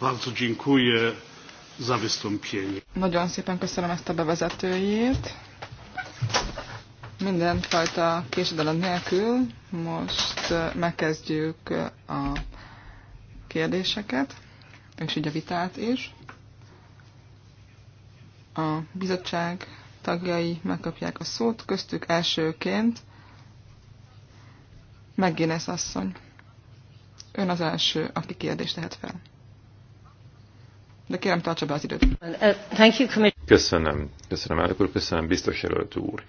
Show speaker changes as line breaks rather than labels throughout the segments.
Bardzo dziękuję za wystąpienie.
Nagyon szépen köszönöm ezt a bevezetőjét. Mindenfajta késedelem nélkül most megkezdjük a kérdéseket, és így a vitát is. A bizottság tagjai megkapják a szót, köztük elsőként Megénesz asszony. Ön az első, aki kérdést tehet fel de kérem tartsa be az időt.
Köszönöm, köszönöm elnök úr, köszönöm biztos jelölt úr.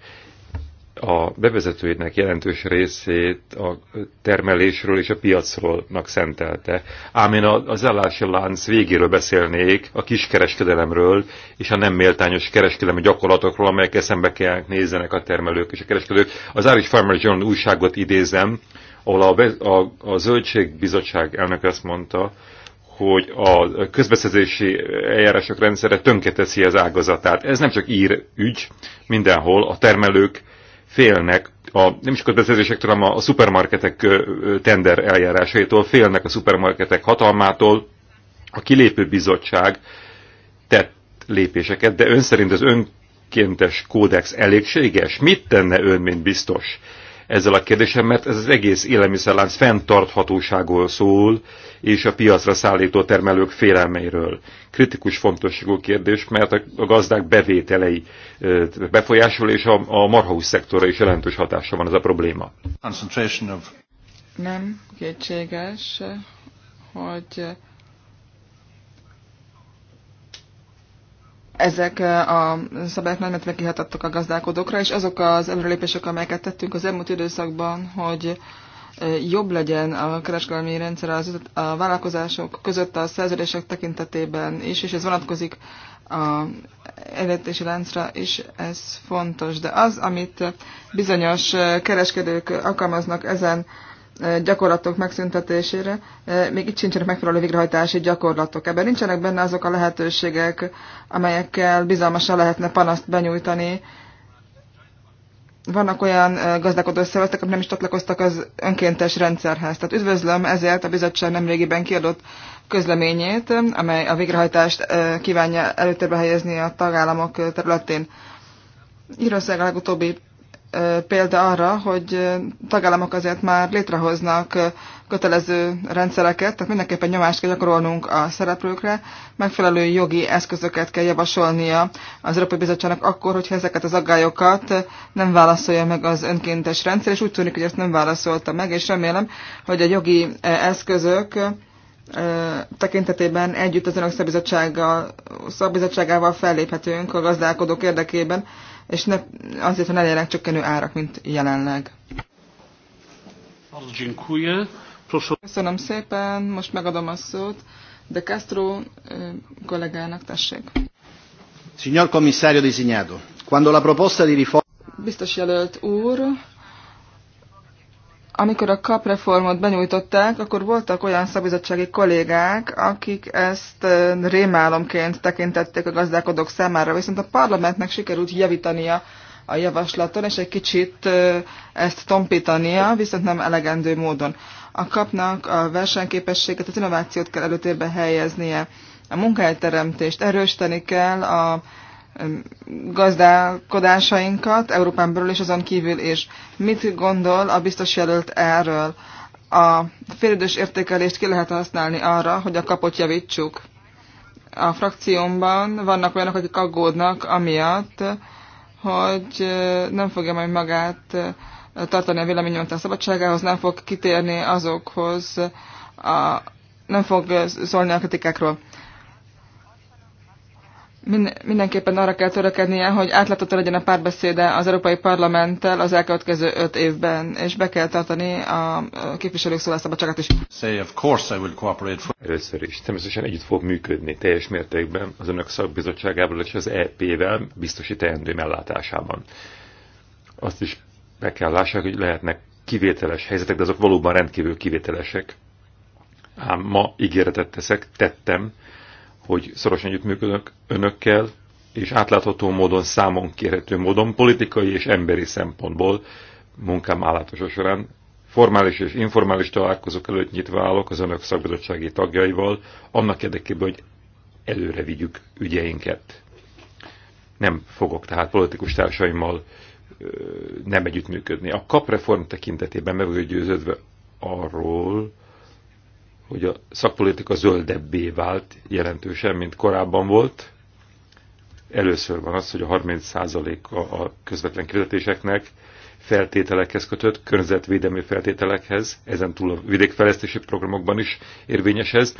A bevezetőjének jelentős részét a termelésről és a piacról szentelte. Ám én az ellási lánc végéről beszélnék, a kiskereskedelemről és a nem méltányos kereskedelmi gyakorlatokról, amelyek eszembe kell nézzenek a termelők és a kereskedők. Az Irish Farmer Journal újságot idézem, ahol a, a, a Zöldségbizottság elnök azt mondta, hogy a közbeszerzési eljárások rendszere tönketeszi az ágazatát. Ez nem csak ír ügy, mindenhol a termelők félnek, a, nem is közbeszerzésektől, hanem a, a szupermarketek tender eljárásaitól, félnek a szupermarketek hatalmától, a kilépő bizottság tett lépéseket, de ön szerint az önkéntes kódex elégséges? Mit tenne ön, mint biztos? ezzel a kérdéssel, mert ez az egész élelmiszerlánc fenntarthatóságról szól, és a piacra szállító termelők félelmeiről. Kritikus fontosságú kérdés, mert a gazdák bevételei befolyásol, és a, a marhaus szektorra is jelentős hatása van ez a probléma.
Nem kétséges, hogy ezek eh, a szabályok nagymetve kihatottak a gazdálkodókra, és azok az előrelépések, amelyeket tettünk az elmúlt időszakban, hogy eh, jobb legyen a kereskedelmi rendszer az, a vállalkozások között a szerződések tekintetében is, és ez vonatkozik a elérési láncra is, ez fontos. De az, amit bizonyos eh, kereskedők alkalmaznak ezen gyakorlatok megszüntetésére, még itt sincsenek megfelelő végrehajtási gyakorlatok. Ebben nincsenek benne azok a lehetőségek, amelyekkel bizalmasan lehetne panaszt benyújtani. Vannak olyan gazdálkodó szervezetek, amik nem is csatlakoztak az önkéntes rendszerhez. Tehát üdvözlöm ezért a bizottság nemrégiben kiadott közleményét, amely a végrehajtást kívánja előtérbe helyezni a tagállamok területén. Írország a legutóbbi példa arra, hogy tagállamok azért már létrehoznak kötelező rendszereket, tehát mindenképpen nyomást kell gyakorolnunk a szereplőkre, megfelelő jogi eszközöket kell javasolnia az Európai Bizottságnak akkor, hogyha ezeket az aggályokat nem válaszolja meg az önkéntes rendszer, és úgy tűnik, hogy ezt nem válaszolta meg, és remélem, hogy a jogi eszközök tekintetében együtt az önök szabizottságával felléphetünk a gazdálkodók érdekében, és ne, azért, hogy ne legyenek csökkenő árak, mint jelenleg. Köszönöm szépen, most megadom a szót. De Castro kollégának tessék.
Signor commissario designato, quando la proposta di riforma...
Biztos jelölt úr, amikor a kapreformot benyújtották, akkor voltak olyan szabizottsági kollégák, akik ezt rémálomként tekintették a gazdálkodók számára, viszont a parlamentnek sikerült javítania a javaslaton, és egy kicsit ezt tompítania, viszont nem elegendő módon. A kapnak a versenyképességet, az innovációt kell előtérbe helyeznie, a munkahelyteremtést erősíteni kell, a gazdálkodásainkat, Európán belül és azon kívül is. Mit gondol a biztos jelölt erről? A félidős értékelést ki lehet használni arra, hogy a kapot javítsuk. A frakciómban vannak olyanok, akik aggódnak amiatt, hogy eh, nem fogja majd magát eh, tartani a véleménynyomtás szabadságához, nem fog kitérni azokhoz, a, nem fog eh, szólni a kritikákról mindenképpen arra kell törekednie, hogy átlátható legyen a párbeszéde az Európai Parlamenttel az elkövetkező öt évben, és be kell tartani a képviselők szólásszabadságát is.
Say, of course I will cooperate for... Először is, természetesen együtt fog működni teljes mértékben az önök szakbizottságával és az EP-vel biztosi teendő ellátásában. Azt is be kell lássák, hogy lehetnek kivételes helyzetek, de azok valóban rendkívül kivételesek. Ám ma ígéretet teszek, tettem, hogy szorosan együttműködök önökkel, és átlátható módon, számon kérhető módon, politikai és emberi szempontból munkám állatosa során formális és informális találkozók előtt nyitva állok az önök szakbizottsági tagjaival, annak érdekében, hogy előre vigyük ügyeinket. Nem fogok tehát politikus társaimmal ö, nem együttműködni. A kapreform tekintetében meg vagyok győződve arról, hogy a szakpolitika zöldebbé vált jelentősen, mint korábban volt. Először van az, hogy a 30% a, a közvetlen kérdéseknek feltételekhez kötött, környezetvédelmi feltételekhez, ezen túl a vidékfejlesztési programokban is érvényes ez.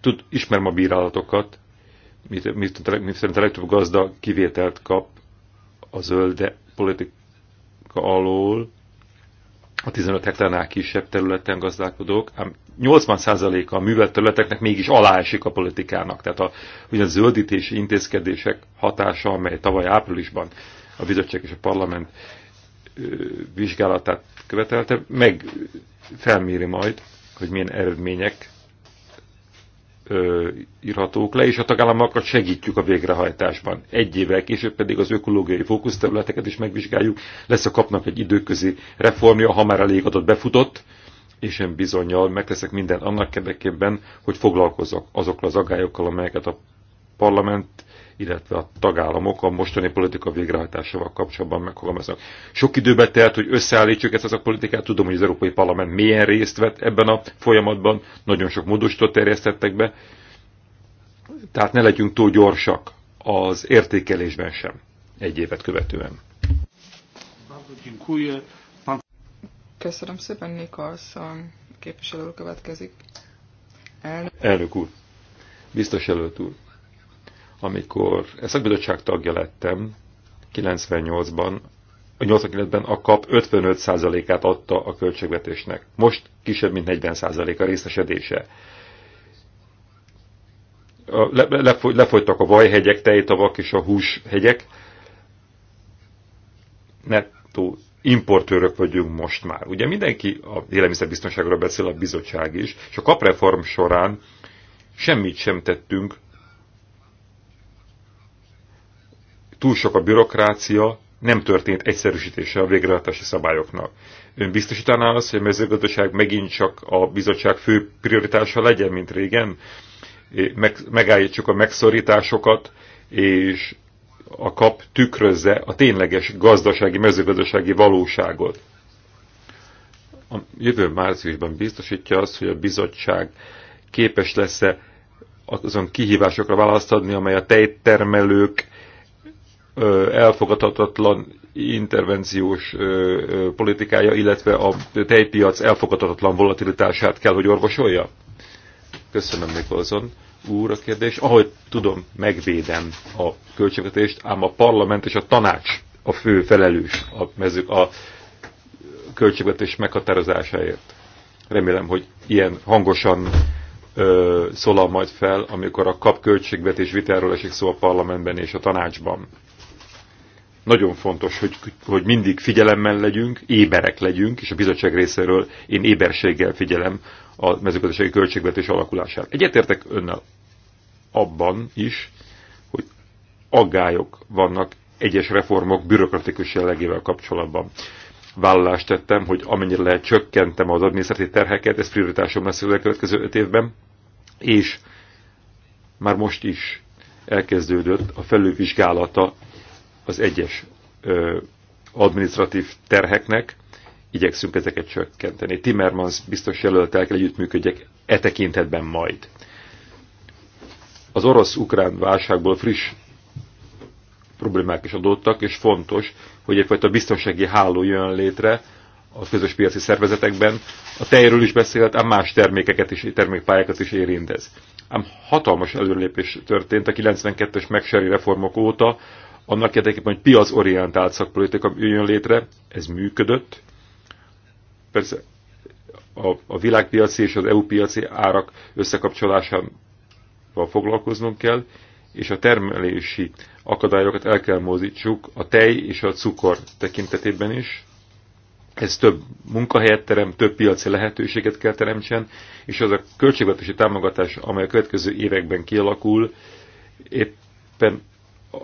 Tud, ismerem a bírálatokat, mint, szerint a legtöbb gazda kivételt kap a zöld politika alól, a 15 hektárnál kisebb területen gazdálkodók, ám 80%-a a művelt területeknek mégis aláesik a politikának. Tehát a, ugye a zöldítési intézkedések hatása, amely tavaly áprilisban a bizottság és a parlament vizsgálatát követelte, meg felméri majd, hogy milyen eredmények ö, írhatók le, és a tagállamokat segítjük a végrehajtásban. Egy évvel később pedig az ökológiai fókuszterületeket is megvizsgáljuk, lesz a kapnak egy időközi reformja, ha már elég adott befutott, és én bizonyal megteszek minden annak érdekében, hogy foglalkozok azokkal az agályokkal, amelyeket a parlament illetve a tagállamok a mostani politika végrehajtásával kapcsolatban megfogalmaznak. Sok időbe telt, hogy összeállítsuk ezt a politikát, tudom, hogy az Európai Parlament milyen részt vett ebben a folyamatban, nagyon sok módosítót terjesztettek be, tehát ne legyünk túl gyorsak az értékelésben sem egy évet követően.
Köszönöm szépen, a képviselő következik. Elnök,
Elnök úr, biztos előtt úr amikor a e szakbizottság tagja lettem, 98-ban, 89-ben a KAP 55%-át adta a költségvetésnek. Most kisebb, mint 40% a részesedése. A, le, le, lefogytak a vajhegyek, tejtavak és a húshegyek. Nettó importőrök vagyunk most már. Ugye mindenki a élelmiszerbiztonságról beszél, a bizottság is, és a kapreform során semmit sem tettünk túl sok a bürokrácia, nem történt egyszerűsítése a végrehajtási szabályoknak. Ön biztosítaná azt, hogy a mezőgazdaság megint csak a bizottság fő prioritása legyen, mint régen? Meg, megállítsuk a megszorításokat, és a kap tükrözze a tényleges gazdasági, mezőgazdasági valóságot. A jövő márciusban biztosítja azt, hogy a bizottság képes lesz-e azon kihívásokra választ adni, amely a tejtermelők elfogadhatatlan intervenciós politikája, illetve a tejpiac elfogadhatatlan volatilitását kell, hogy orvosolja? Köszönöm, Nikolson úr a kérdés, Ahogy tudom, megvédem a költségvetést, ám a parlament és a tanács a fő felelős a, mezők, a költségvetés meghatározásáért. Remélem, hogy ilyen hangosan ö, szólal majd fel, amikor a kap költségvetés vitáról esik szó a parlamentben és a tanácsban. Nagyon fontos, hogy, hogy mindig figyelemmel legyünk, éberek legyünk, és a bizottság részéről én éberséggel figyelem a mezőgazdasági költségvetés alakulását. Egyetértek önnel abban is, hogy aggályok vannak egyes reformok bürokratikus jellegével kapcsolatban. Vállalást tettem, hogy amennyire lehet csökkentem az adminisztratív terheket, ez prioritásom lesz a következő öt évben, és már most is elkezdődött a felülvizsgálata az egyes ö, administratív terheknek, igyekszünk ezeket csökkenteni. Timmermans biztos jelöltel kell együttműködjek e tekintetben majd. Az orosz-ukrán válságból friss problémák is adódtak, és fontos, hogy egyfajta biztonsági háló jön létre a közös piaci szervezetekben. A tejről is beszélt, ám más termékeket is, termékpályákat is érintez. Ám hatalmas előrelépés történt a 92-es megseri reformok óta, annak érdekében, hogy piacorientált szakpolitika jön létre, ez működött. Persze a, a világpiaci és az EU piaci árak összekapcsolásával foglalkoznunk kell, és a termelési akadályokat el kell mozítsuk a tej és a cukor tekintetében is. Ez több munkahelyet terem, több piaci lehetőséget kell teremtsen, és az a költségvetési támogatás, amely a következő években kialakul, éppen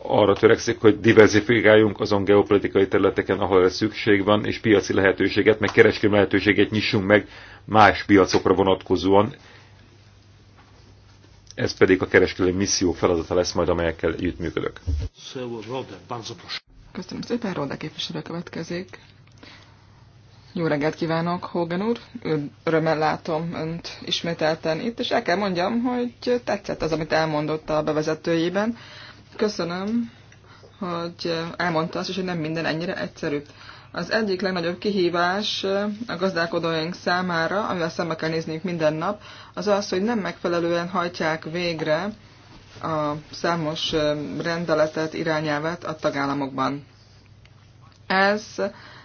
arra törekszik, hogy diversifikáljunk azon geopolitikai területeken, ahol szükség van, és piaci lehetőséget, meg kereskedelmi lehetőséget nyissunk meg más piacokra vonatkozóan. Ez pedig a kereskedelmi misszió feladata lesz majd, amelyekkel együttműködök.
Köszönöm szépen, Róda képviselő következik. Jó reggelt kívánok, Hogan úr! Örömmel látom Önt ismételten itt, és el kell mondjam, hogy tetszett az, amit elmondott a bevezetőjében. Köszönöm, hogy elmondta azt is, hogy nem minden ennyire egyszerű. Az egyik legnagyobb kihívás a gazdálkodóink számára, amivel szembe kell nézniük minden nap, az az, hogy nem megfelelően hajtják végre a számos rendeletet, irányelvet a tagállamokban. Ez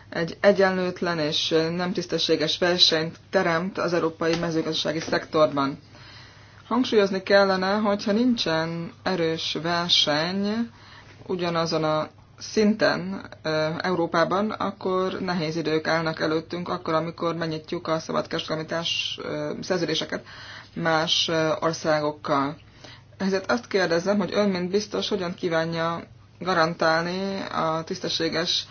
egy egyenlőtlen és nem tisztességes versenyt teremt az európai mezőgazdasági szektorban. Hangsúlyozni kellene, hogyha nincsen erős verseny ugyanazon a szinten Európában, akkor nehéz idők állnak előttünk, akkor, amikor megnyitjuk a szabadkereskedelmi szerződéseket más országokkal. Ezért azt kérdezem, hogy ön, mint biztos, hogyan kívánja garantálni a tisztességes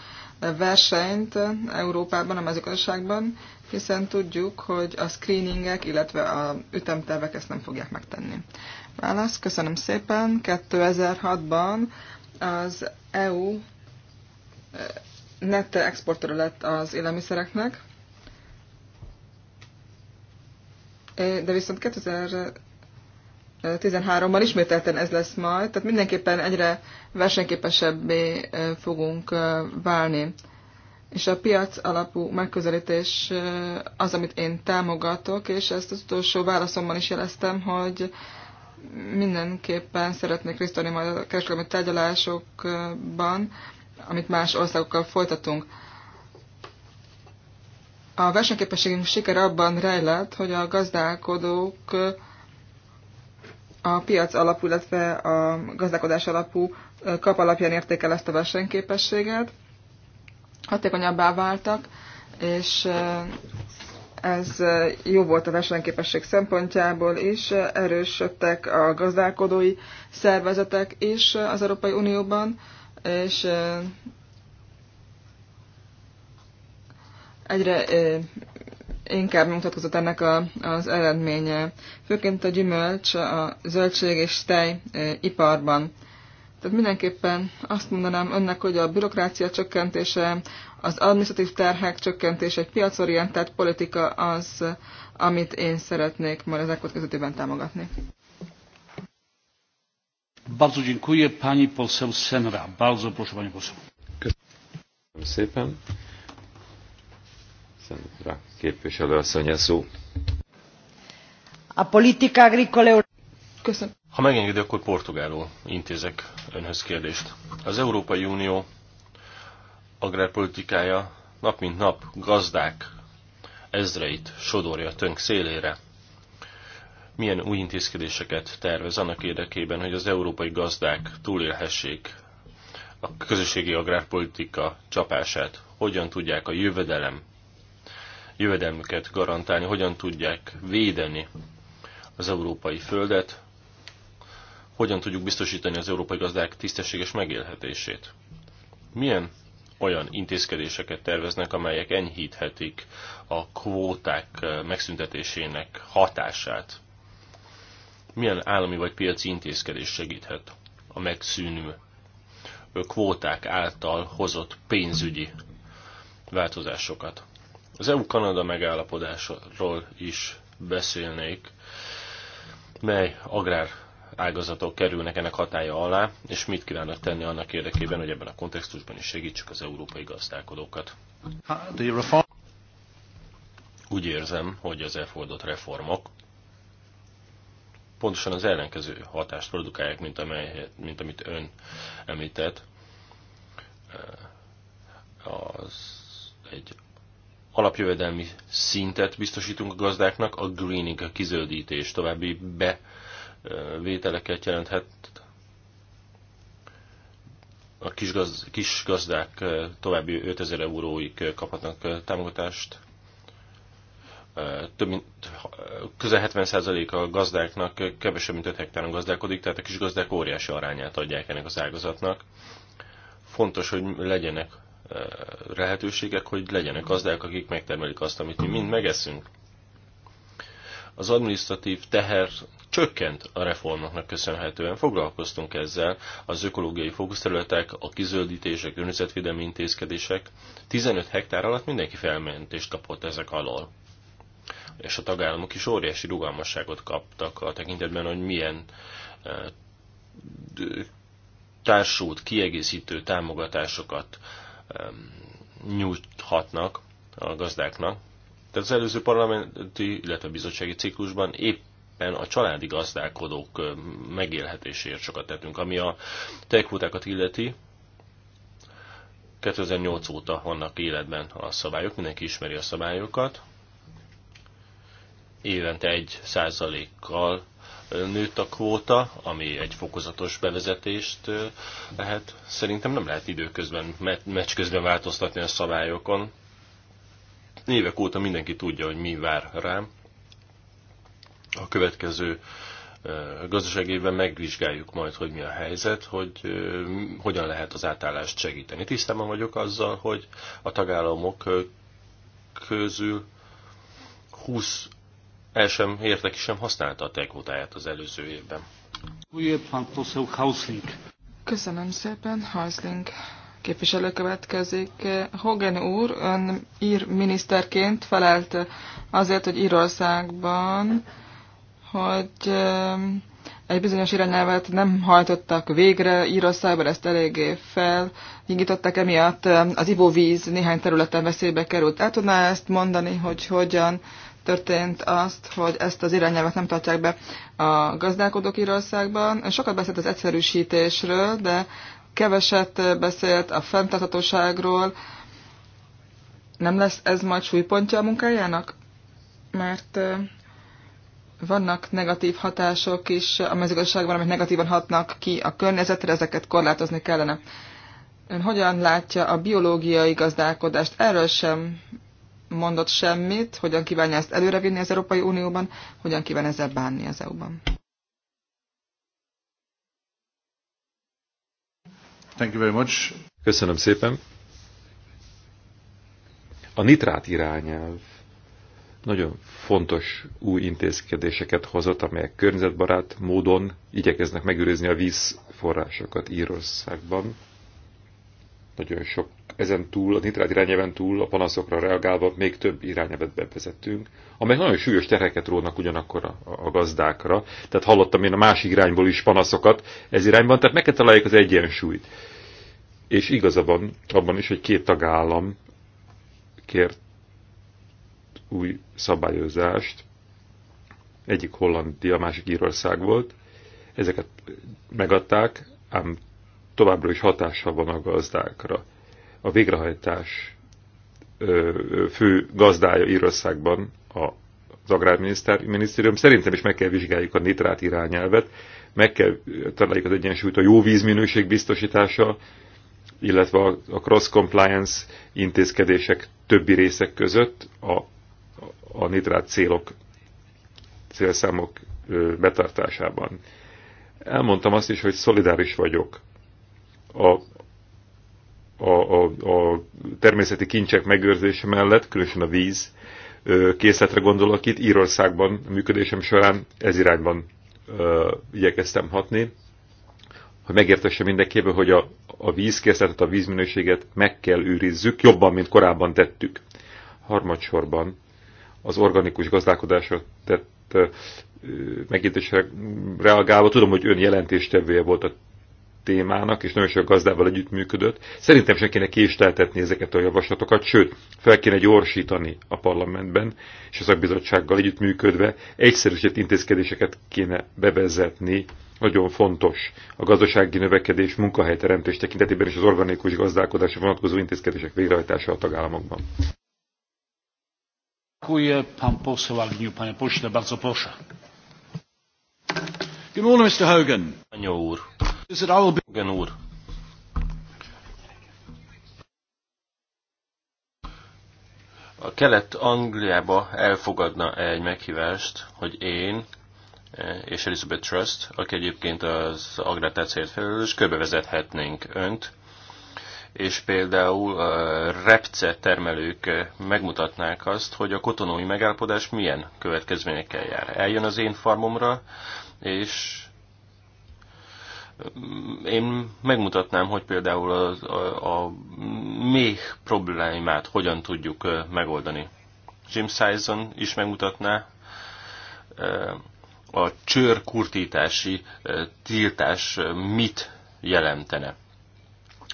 versenyt Európában, a mezőgazdaságban, hiszen tudjuk, hogy a screeningek, illetve a ütemtervek ezt nem fogják megtenni. Válasz, köszönöm szépen. 2006-ban az EU eh, nette exportra lett az élelmiszereknek, eh, de viszont 2013-ban ismételten ez lesz majd, tehát mindenképpen egyre versenyképesebbé eh, fogunk válni és a piac alapú megközelítés az, amit én támogatok, és ezt az utolsó válaszomban is jeleztem, hogy mindenképpen szeretnék részt venni majd a kereskedelmi tárgyalásokban, amit más országokkal folytatunk. A versenyképességünk siker abban rejlett, hogy a gazdálkodók a piac alapú, illetve a gazdálkodás alapú kap alapján értékel ezt a versenyképességet, hatékonyabbá váltak, és eh, ez eh, jó volt a versenyképesség szempontjából is, erősödtek a gazdálkodói szervezetek is eh, az Európai Unióban, és egyre inkább mutatkozott ennek a, az eredménye. Főként a gyümölcs, a zöldség és tej iparban. Tehát mindenképpen azt mondanám önnek, hogy a bürokrácia csökkentése, az administratív terhek csökkentése, egy piacorientált politika az, amit én szeretnék majd az közöttében támogatni.
Bardzo dziękuję pani poseł Senra. Bardzo proszę pani poseł. Köszönöm szépen.
Senra képviselő asszony szó.
A politika agrikola Köszönöm.
Ha megengedi, akkor portugálul intézek önhöz kérdést. Az Európai Unió agrárpolitikája nap mint nap gazdák ezreit sodorja tönk szélére. Milyen új intézkedéseket tervez annak érdekében, hogy az európai gazdák túlélhessék a közösségi agrárpolitika csapását? Hogyan tudják a jövedelem, jövedelmüket garantálni? Hogyan tudják védeni az európai földet, hogyan tudjuk biztosítani az európai gazdák tisztességes megélhetését. Milyen olyan intézkedéseket terveznek, amelyek enyhíthetik a kvóták eh, megszüntetésének hatását? Milyen állami vagy piaci intézkedés segíthet a megszűnő eh, kvóták által hozott pénzügyi változásokat? Az EU-Kanada megállapodásról is beszélnék, mely agrár ágazatok kerülnek ennek hatája alá, és mit kívánnak tenni annak érdekében, hogy ebben a kontextusban is segítsük az európai gazdálkodókat. Úgy érzem, hogy az elfordult reformok pontosan az ellenkező hatást produkálják, mint, amely, mint amit ön említett. Az egy alapjövedelmi szintet biztosítunk a gazdáknak, a greening, a kizöldítés további be vételeket jelenthet a kis, gaz, kis gazdák további 5000 euróig kaphatnak támogatást. Több mint, közel 70% a gazdáknak kevesebb, mint 5 hektáron gazdálkodik, tehát a kis gazdák óriási arányát adják ennek az ágazatnak. Fontos, hogy legyenek lehetőségek, hogy legyenek gazdák, akik megtermelik azt, amit mi mind megeszünk az administratív teher csökkent a reformoknak köszönhetően. Foglalkoztunk ezzel az ökológiai fókuszterületek, a kizöldítések, környezetvédelmi intézkedések. 15 hektár alatt mindenki felmentést kapott ezek alól. És a tagállamok is óriási rugalmasságot kaptak a tekintetben, hogy milyen e, társult, kiegészítő támogatásokat e, nyújthatnak a gazdáknak, tehát az előző parlamenti, illetve bizottsági ciklusban éppen a családi gazdálkodók megélhetéséért sokat tettünk. Ami a tejkvótákat illeti, 2008 óta vannak életben a szabályok, mindenki ismeri a szabályokat. Évente egy százalékkal nőtt a kvóta, ami egy fokozatos bevezetést lehet. Szerintem nem lehet időközben, meccs közben változtatni a szabályokon. Hát évek óta mindenki tudja, hogy mi vár rám. A következő gazdaság évben megvizsgáljuk majd, hogy mi a helyzet, hogy hogyan lehet az átállást segíteni. Tisztában vagyok azzal, hogy a tagállamok közül 20 el sem értek ki sem használta a tekvótáját az előző évben.
Köszönöm szépen, Hausling képviselő következik. Hogan úr, ön ír miniszterként felelt azért, hogy Írországban, hogy egy bizonyos irányelvet nem hajtottak végre, Írországban ezt eléggé felnyigították, emiatt az ivóvíz néhány területen veszélybe került. El tudná ezt mondani, hogy hogyan történt azt, hogy ezt az irányelvet nem tartják be a gazdálkodók Írországban. Sokat beszélt az egyszerűsítésről, de keveset beszélt a fenntarthatóságról. Nem lesz ez majd súlypontja a munkájának? Mert vannak negatív hatások is a mezőgazdaságban, amik negatívan hatnak ki a környezetre, ezeket korlátozni kellene. Ön hogyan látja a biológiai gazdálkodást? Erről sem mondott semmit, hogyan kívánja ezt előrevinni az Európai Unióban, hogyan kíván ezzel bánni az EU-ban.
Thank you very much. Köszönöm szépen. A nitrát irányelv nagyon fontos új intézkedéseket hozott, amelyek környezetbarát módon igyekeznek megőrizni a vízforrásokat Írországban. Nagyon sok ezen túl, a nitrát irányelven túl, a panaszokra reagálva még több irányelvet bevezettünk, amely nagyon súlyos terheket rónak ugyanakkor a, a gazdákra. Tehát hallottam én a másik irányból is panaszokat ez irányban, tehát meg kell találjuk az egyensúlyt. És igaza van abban is, hogy két tagállam kért új szabályozást. Egyik Hollandia, másik Írország volt. Ezeket megadták, ám továbbra is hatással van a gazdákra. A végrehajtás fő gazdája Írországban a az agrárminisztérium. Szerintem is meg kell vizsgáljuk a nitrát irányelvet, meg kell találjuk az egyensúlyt a jó vízminőség biztosítása, illetve a cross-compliance intézkedések többi részek között a, a nitrát célok, célszámok betartásában. Elmondtam azt is, hogy szolidáris vagyok a, a, a, a természeti kincsek megőrzése mellett, különösen a víz készletre gondolok itt. Írországban működésem során ez irányban ö, igyekeztem hatni, hogy megértesse mindenképpen, hogy a, a vízkészletet, a vízminőséget meg kell őrizzük, jobban, mint korábban tettük. Harmadsorban az organikus gazdálkodásra tett megértésre reagálva, tudom, hogy ön jelentéstevője volt a témának, és nagyon sok gazdával együttműködött. Szerintem se kéne késleltetni ezeket a javaslatokat, sőt, fel kéne gyorsítani a parlamentben, és a szakbizottsággal együttműködve egyszerűsített intézkedéseket kéne bevezetni. Nagyon fontos a gazdasági növekedés, munkahelyteremtés tekintetében és az organikus gazdálkodásra vonatkozó intézkedések végrehajtása a tagállamokban.
Dziękuję. Pan poseł Agniu, panie pośle, bardzo proszę. Good morning, Mr. Hogan. Anyó úr.
Hogan úr. A Kelet-Angliába elfogadna -e egy meghívást, hogy én eh, és Elizabeth Trust, aki egyébként az agrátácért felelős, körbevezethetnénk önt, és például a eh, repce termelők eh, megmutatnák azt, hogy a kotonói megállapodás milyen következményekkel jár. Eljön az én farmomra, és mm, én megmutatnám, hogy például az, a, a méh problémát hogyan tudjuk megoldani. Jim Sison is megmutatná a csőrkurtítási tiltás mit jelentene.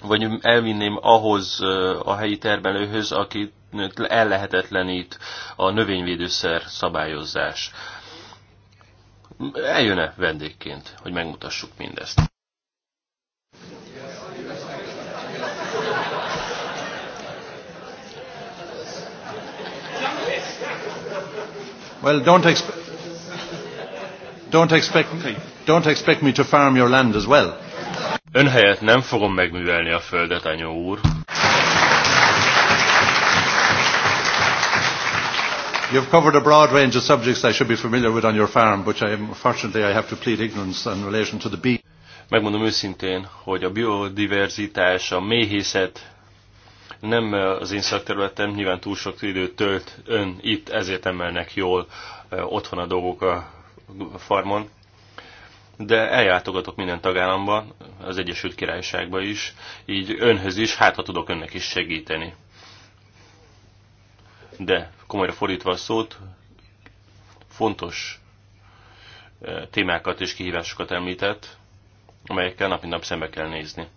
Vagy elvinném ahhoz a helyi termelőhöz, akit ellehetetlenít a növényvédőszer szabályozás eljön-e vendégként, hogy megmutassuk mindezt.
Well, don't, expect, don't, expect don't expect me to farm your land as well. Ön
helyett nem fogom megművelni a földet, anyó úr.
You have covered a broad range of subjects I should be familiar with on your
farm, but I, unfortunately I have to plead ignorance in relation to the bee. Megmondom őszintén, hogy a biodiverzitás, a méhészet nem az én szakterületem, nyilván túl sok időt tölt ön itt, ezért emelnek jól otthon a dolgok a farmon. De eljátogatok minden tagállamban, az Egyesült Királyságba is, így önhöz is, hát ha tudok önnek is segíteni de komolyra fordítva a szót, fontos eh, témákat és kihívásokat említett, amelyekkel nap mint nap szembe kell nézni.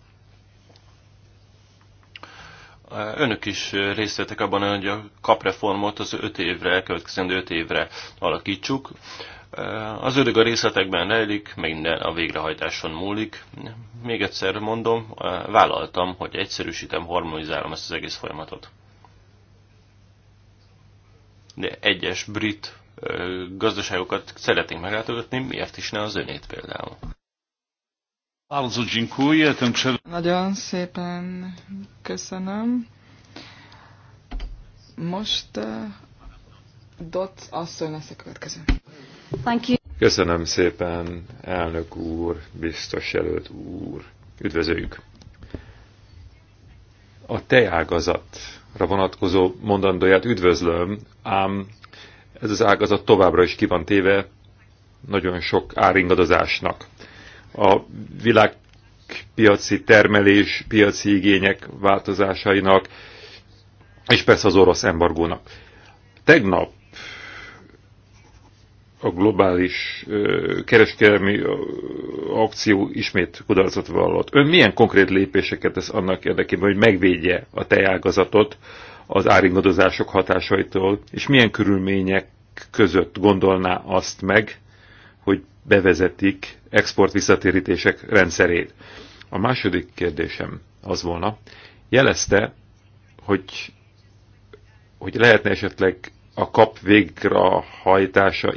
Eh, önök is részt vettek abban, hogy a kapreformot az öt évre, elkövetkezendő öt évre alakítsuk. Eh, az ördög a részletekben rejlik, minden a végrehajtáson múlik. Még egyszer mondom, vállaltam, hogy egyszerűsítem, harmonizálom ezt az egész folyamatot egyes brit gazdaságokat szeretnénk meglátogatni, miért is ne az önét például?
Nagyon
szépen köszönöm. Most uh, Dot asszony lesz a következő. Thank you.
Köszönöm szépen, elnök úr, biztos jelölt úr. Üdvözöljük! A teágazat vonatkozó mondandóját üdvözlöm, ám ez az ágazat továbbra is ki van téve nagyon sok áringadozásnak. A világpiaci termelés, piaci igények változásainak, és persze az orosz embargónak. Tegnap a globális kereskedelmi akció ismét kudarcot vallott. Ön milyen konkrét lépéseket tesz annak érdekében, hogy megvédje a tejágazatot az áringadozások hatásaitól, és milyen körülmények között gondolná azt meg, hogy bevezetik export visszatérítések rendszerét. A második kérdésem az volna, jelezte, hogy, hogy lehetne esetleg a kap végrehajtása,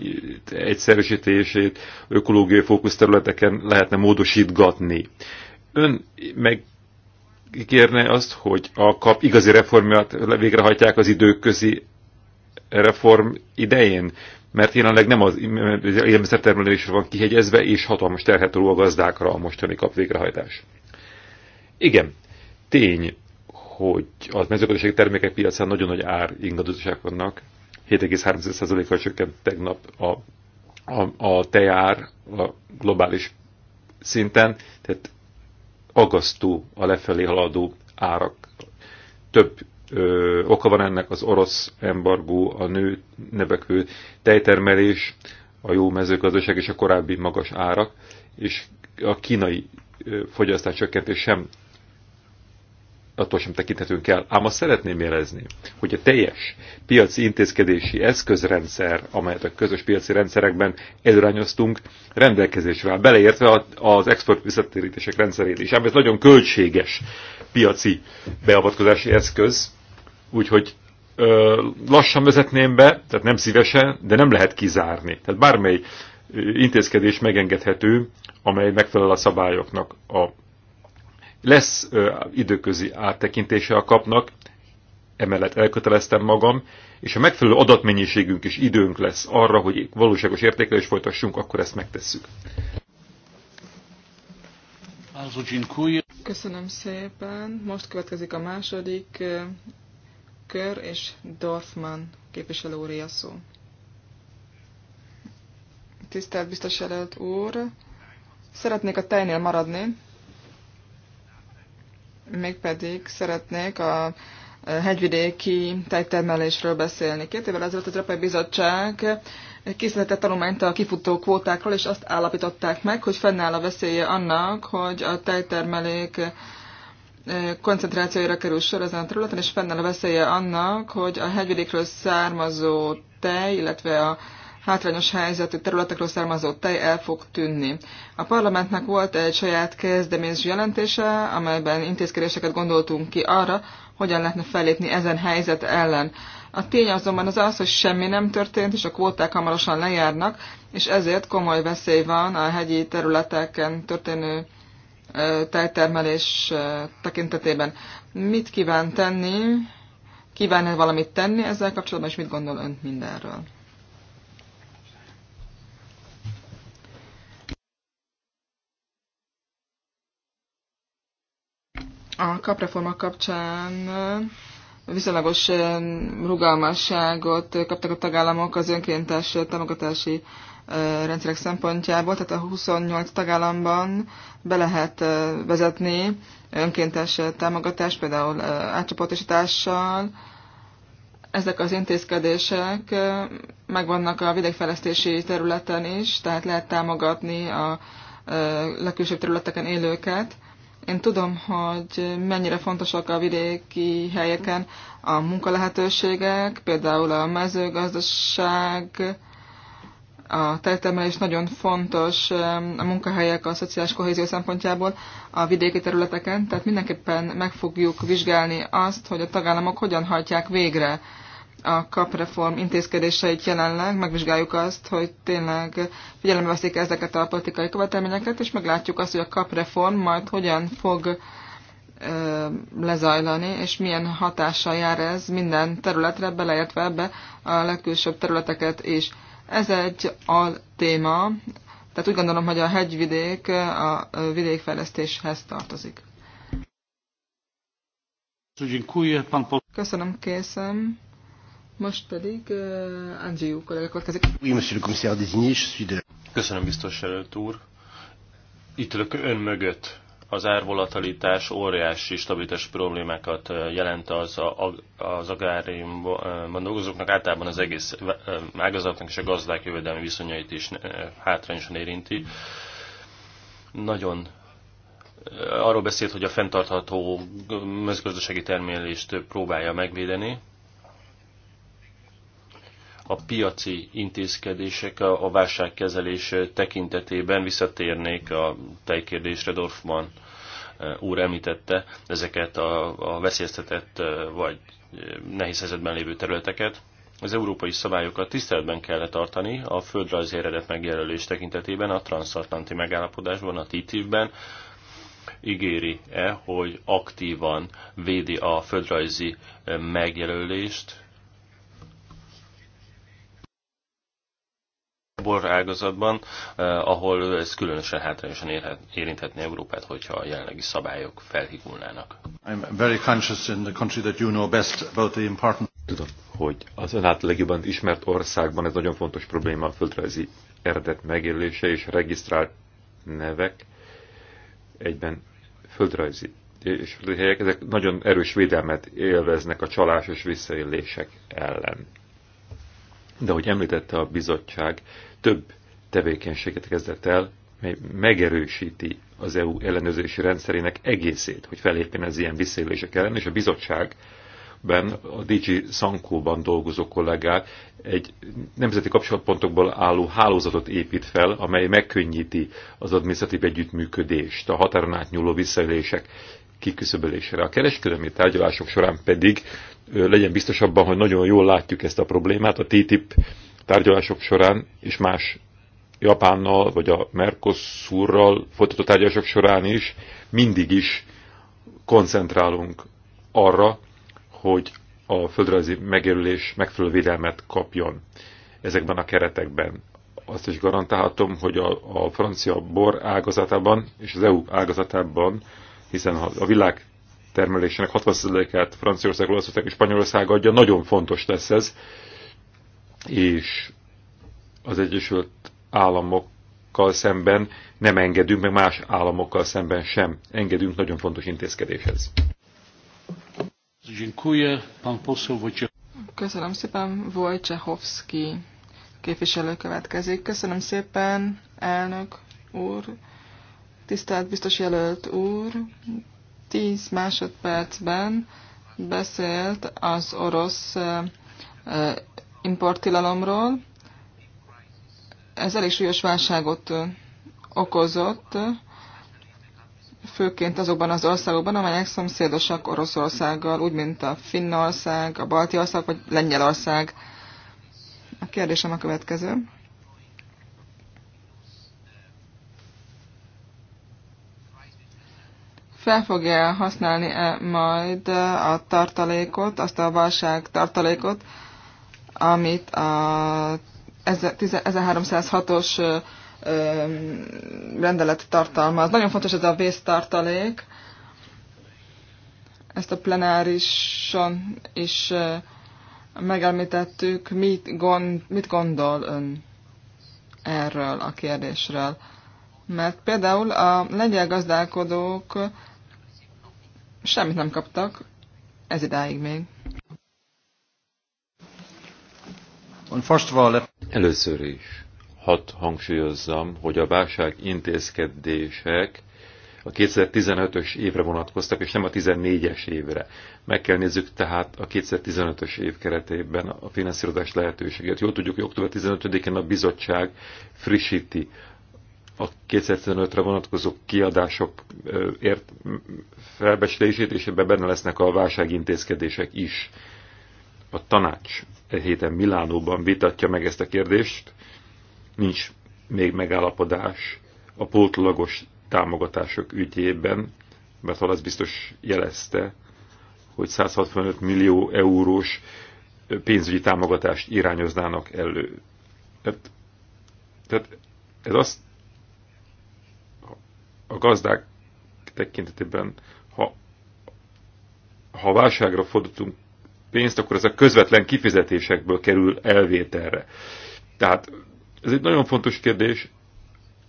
egyszerűsítését ökológiai fókuszterületeken lehetne módosítgatni. Ön meg kérne azt, hogy a kap igazi reformját végrehajtják az időközi reform idején, mert jelenleg nem az élelmiszertermelésre van kihegyezve, és hatalmas terhet a gazdákra a mostani kap végrehajtás. Igen, tény, hogy az mezőgazdasági termékek piacán nagyon nagy ár ingadozások vannak, 7,3%-kal csökkent tegnap a, a, a tejár a globális szinten, tehát agasztó a lefelé haladó árak. Több ö, oka van ennek az orosz embargó, a nő nevekvő tejtermelés, a jó mezőgazdaság és a korábbi magas árak, és a kínai fogyasztás csökkentés sem attól sem tekinthetünk el. Ám azt szeretném jelezni, hogy a teljes piaci intézkedési eszközrendszer, amelyet a közös piaci rendszerekben előrányoztunk, rendelkezésre áll, beleértve az export visszatérítések rendszerét is. Ám ez nagyon költséges piaci beavatkozási eszköz, úgyhogy ö, lassan vezetném be, tehát nem szívesen, de nem lehet kizárni. Tehát bármely intézkedés megengedhető, amely megfelel a szabályoknak a lesz ö, időközi áttekintése a kapnak, emellett elköteleztem magam, és ha megfelelő adatmennyiségünk és időnk lesz arra, hogy valóságos értékelés folytassunk, akkor ezt megtesszük.
Köszönöm szépen. Most következik a második kör, és Dorfman képviselő úr a szó. Tisztelt biztos előtt úr, szeretnék a tejnél maradni mégpedig szeretnék a hegyvidéki tejtermelésről beszélni. Két évvel ezelőtt az Európai Bizottság készítette tanulmányt a kifutó kvótákról, és azt állapították meg, hogy fennáll a veszélye annak, hogy a tejtermelék eh, koncentrációira kerül sor ezen a területen, és fennáll a veszélye annak, hogy a hegyvidékről származó tej, illetve a hátrányos helyzetű területekről származó tej el fog tűnni. A parlamentnek volt egy saját kezdeményező jelentése, amelyben intézkedéseket gondoltunk ki arra, hogyan lehetne fellépni ezen helyzet ellen. A tény azonban az az, hogy semmi nem történt, és a kvóták hamarosan lejárnak, és ezért komoly veszély van a hegyi területeken történő tejtermelés tekintetében. Mit kíván tenni? Kíván-e valamit tenni ezzel kapcsolatban, és mit gondol önt mindenről? a kapreforma kapcsán viszonylagos rugalmasságot kaptak a tagállamok az önkéntes támogatási rendszerek szempontjából, tehát a 28 tagállamban be lehet vezetni önkéntes támogatást, például átcsoportosítással. Ezek az intézkedések megvannak a vidékfejlesztési területen is, tehát lehet támogatni a legkülsőbb területeken élőket, én tudom, hogy mennyire fontosak a vidéki helyeken a munkalehetőségek, például a mezőgazdaság, a tejtermelés nagyon fontos a munkahelyek a szociális kohézió szempontjából a vidéki területeken, tehát mindenképpen meg fogjuk vizsgálni azt, hogy a tagállamok hogyan hajtják végre a kapreform intézkedéseit jelenleg, megvizsgáljuk azt, hogy tényleg figyelembe veszik ezeket a politikai követelményeket, és meglátjuk azt, hogy a kapreform majd hogyan fog ö, lezajlani, és milyen hatással jár ez minden területre, beleértve ebbe a legkülsőbb területeket is. Ez egy téma, tehát úgy gondolom, hogy a hegyvidék a vidékfejlesztéshez tartozik. Köszönöm, készem. Most pedig uh, Andrzej kollega következik. Oui,
monsieur le commissaire désigné, je suis
de... Köszönöm biztos előtt úr. Itt ülök ön mögött. Az árvolatalitás óriási stabilitás problémákat jelent az, a, az agráriumban dolgozóknak, általában az egész ágazatnak és a gazdák jövedelmi viszonyait is hátrányosan érinti. Nagyon arról beszélt, hogy a fenntartható mezőgazdasági termelést próbálja megvédeni, a piaci intézkedések a válságkezelés tekintetében visszatérnék a tejkérdésre, Dorfman e, úr említette ezeket a, a veszélyeztetett e, vagy e, nehéz helyzetben lévő területeket. Az európai szabályokat tiszteletben kell tartani a földrajzi eredet megjelölés tekintetében, a transatlanti megállapodásban, a TTIP-ben, ígéri-e, hogy aktívan védi a földrajzi megjelölést, borágazatban, eh, ahol ez különösen hátrányosan érhet, érinthetné Európát, hogyha a jelenlegi szabályok felhigulnának.
You know Tudom, hogy az ön által legjobban ismert országban ez nagyon fontos probléma a földrajzi eredet megjelölése és regisztrált nevek egyben földrajzi és helyek, ezek nagyon erős védelmet élveznek a csalásos visszaélések ellen de ahogy említette a bizottság, több tevékenységet kezdett el, mely megerősíti az EU ellenőrzési rendszerének egészét, hogy felépjen ez ilyen visszaélések ellen, és a bizottság ben a DG Sankóban dolgozó kollégák egy nemzeti kapcsolatpontokból álló hálózatot épít fel, amely megkönnyíti az adminisztratív együttműködést, a határon átnyúló visszaélések kiküszöbölésére. A kereskedelmi tárgyalások során pedig legyen biztos abban, hogy nagyon jól látjuk ezt a problémát a TTIP tárgyalások során és más Japánnal vagy a Mercosurral folytatott tárgyalások során is mindig is koncentrálunk arra, hogy a földrajzi megérülés megfelelő védelmet kapjon ezekben a keretekben. Azt is garantálhatom, hogy a, a francia bor ágazatában és az EU ágazatában hiszen a világ termelésének 60%-át Franciaország, Olaszország és Spanyolország adja, nagyon fontos lesz ez, és az Egyesült Államokkal szemben nem engedünk, meg más államokkal szemben sem engedünk nagyon fontos intézkedéshez.
Köszönöm szépen, Wojciechowski képviselő következik. Köszönöm szépen, elnök úr. Tisztelt biztos jelölt úr, 10 másodpercben beszélt az orosz importtilalomról. Ez elég súlyos válságot okozott, főként azokban az országokban, amelyek szomszédosak Oroszországgal, úgy mint a Finnország, a Balti ország vagy Lengyelország. A kérdésem a következő. fel fogja használni -e majd eh, a tartalékot, azt a válság tartalékot, amit a 1306-os eh, rendelet tartalmaz. Nagyon fontos ez a vésztartalék. Ezt a plenárison is megelmítettük. Mit, gond, mit gondol ön erről a kérdésről? Mert például a lengyel gazdálkodók Semmit nem kaptak, ez idáig még.
Először is hat hangsúlyozzam, hogy a válság intézkedések a 2015-ös évre vonatkoztak, és nem a 14-es évre. Meg kell nézzük tehát a 2015-ös év keretében a finanszírozás lehetőséget. Jól tudjuk, hogy október 15-én a bizottság frissíti a 2015-re vonatkozó kiadások ért felbeszélését és ebben benne lesznek a válságintézkedések is. A tanács egy héten Milánóban vitatja meg ezt a kérdést, nincs még megállapodás a pótlagos támogatások ügyében, mert az biztos jelezte, hogy 165 millió eurós pénzügyi támogatást irányoznának elő. Tehát, tehát ez azt a gazdák tekintetében, ha, ha válságra fordítunk pénzt, akkor ez a közvetlen kifizetésekből kerül elvételre. Tehát ez egy nagyon fontos kérdés,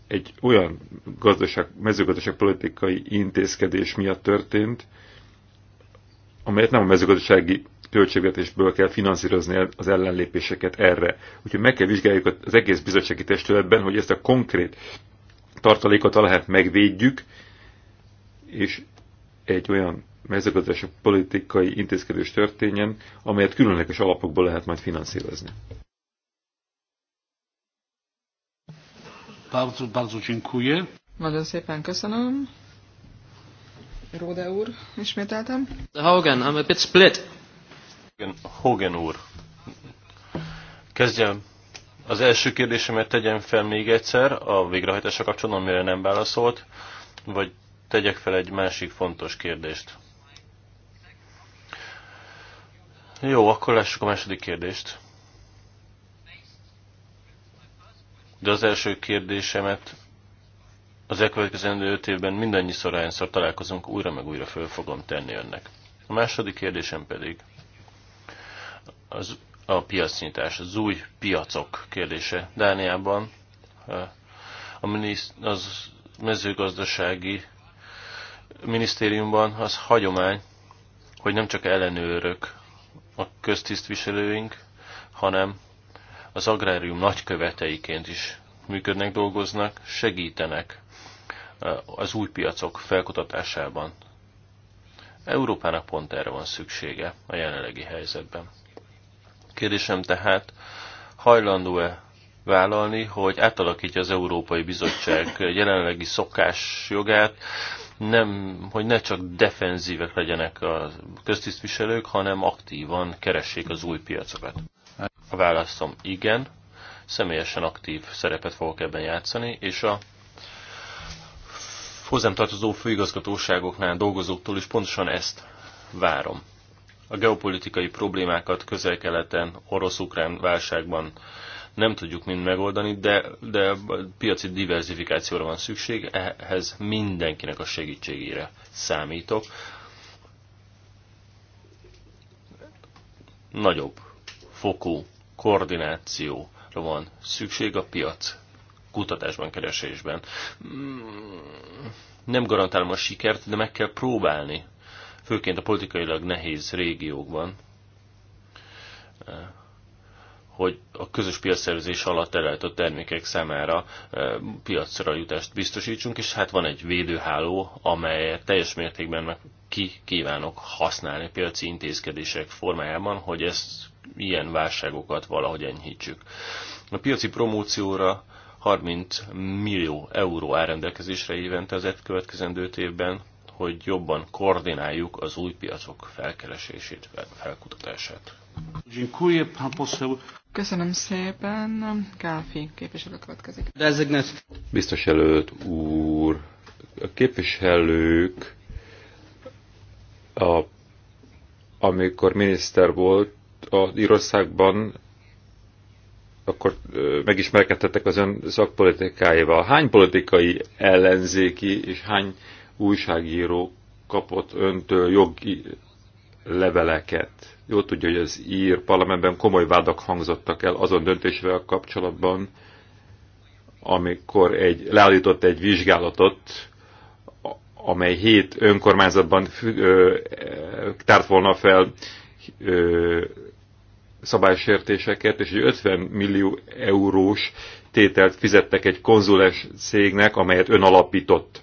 egy olyan gazdaság, mezőgazdaság politikai intézkedés miatt történt, amelyet nem a mezőgazdasági költségvetésből kell finanszírozni az ellenlépéseket erre. Úgyhogy meg kell vizsgáljuk az egész bizottsági testületben, hogy ezt a konkrét tartalékot lehet megvédjük, és egy olyan mezőgazdasági politikai intézkedés történjen, amelyet különleges alapokból lehet majd finanszírozni.
Bardzo, bardzo dziękuję.
Nagyon szépen köszönöm. Róde úr, ismételtem.
Hogan, I'm a bit split. Hogan
úr. Kezdjem az első kérdésemet tegyem fel még egyszer, a végrehajtása kapcsolatban, amire nem válaszolt, vagy tegyek fel egy másik fontos kérdést. Jó, akkor lássuk a második kérdést. De az első kérdésemet az elkövetkezendő öt évben mindannyiszor hányszor találkozunk, újra meg újra föl fogom tenni önnek. A második kérdésem pedig az a piacnyitás, az új piacok kérdése. Dániában a miniszt, az mezőgazdasági minisztériumban az hagyomány, hogy nem csak ellenőrök a köztisztviselőink, hanem az agrárium nagyköveteiként is működnek, dolgoznak, segítenek az új piacok felkutatásában. Európának pont erre van szüksége a jelenlegi helyzetben. Kérdésem tehát, hajlandó-e vállalni, hogy átalakítja az Európai Bizottság jelenlegi szokás jogát, nem, hogy ne csak defenzívek legyenek a köztisztviselők, hanem aktívan keressék az új piacokat. A válaszom igen, személyesen aktív szerepet fogok ebben játszani, és a hozzám tartozó főigazgatóságoknál dolgozóktól is pontosan ezt várom a geopolitikai problémákat közel-keleten, orosz-ukrán válságban nem tudjuk mind megoldani, de, de piaci diversifikációra van szükség, ehhez mindenkinek a segítségére számítok. Nagyobb fokú koordinációra van szükség a piac kutatásban, keresésben. Nem garantálom a sikert, de meg kell próbálni főként a politikailag nehéz régiókban, eh, hogy a közös piacszervezés alatt elrejtett termékek számára eh, piacra jutást biztosítsunk, és hát van egy védőháló, amelyet teljes mértékben meg ki kívánok használni piaci intézkedések formájában, hogy ezt ilyen válságokat valahogy enyhítsük. A piaci promócióra 30 millió euró áll rendelkezésre évente az következendő évben, hogy jobban koordináljuk az új piacok felkeresését, felkutatását.
Köszönöm szépen. Káfi képviselő következik.
Designate. Biztos előtt úr, a képviselők, a, amikor miniszter volt a Írországban, akkor megismerkedtettek az ön szakpolitikáival. Hány politikai ellenzéki és hány újságíró kapott öntől jogi leveleket. Jó tudja, hogy az ír parlamentben komoly vádak hangzottak el azon döntésvel kapcsolatban, amikor egy, leállított egy vizsgálatot, amely hét önkormányzatban ö, tárt volna fel ö, szabálysértéseket, és egy 50 millió eurós tételt fizettek egy konzules cégnek, amelyet ön alapított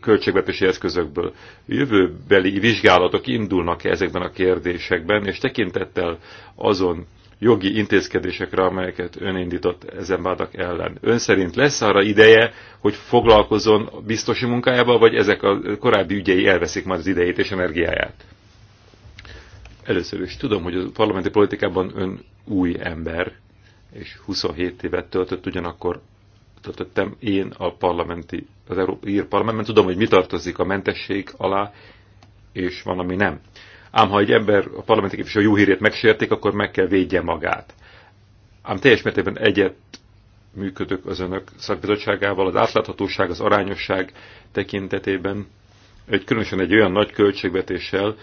költségvetési eszközökből. Jövőbeli vizsgálatok indulnak -e ezekben a kérdésekben, és tekintettel azon jogi intézkedésekre, amelyeket ön indított ezen vádak ellen. Ön szerint lesz arra ideje, hogy foglalkozzon a biztosi munkájával, vagy ezek a korábbi ügyei elveszik már az idejét és energiáját? Először is tudom, hogy a parlamenti politikában ön új ember, és 27 évet töltött ugyanakkor töltöttem én a parlamenti, az Európai Ír Parlamentben, tudom, hogy mi tartozik a mentesség alá, és van, ami nem. Ám ha egy ember a parlamenti képviselő jó hírét megsértik, akkor meg kell védje magát. Ám teljes mértékben egyet működök az önök szakbizottságával, az átláthatóság, az arányosság tekintetében, egy, különösen egy olyan nagy költségvetéssel,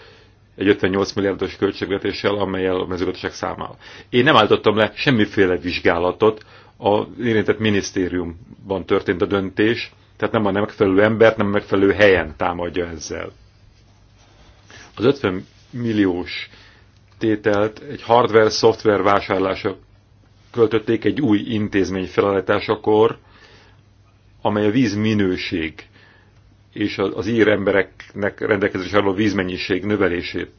egy 58 milliárdos költségvetéssel, amelyel a mezőgazdaság számára. Én nem állítottam le semmiféle vizsgálatot az érintett minisztériumban történt a döntés, tehát nem a nem megfelelő embert, nem a megfelelő helyen támadja ezzel. Az 50 milliós tételt egy hardware-szoftver vásárlása költötték egy új intézmény felállításakor, amely a víz minőség és az ír embereknek rendelkezés álló vízmennyiség növelését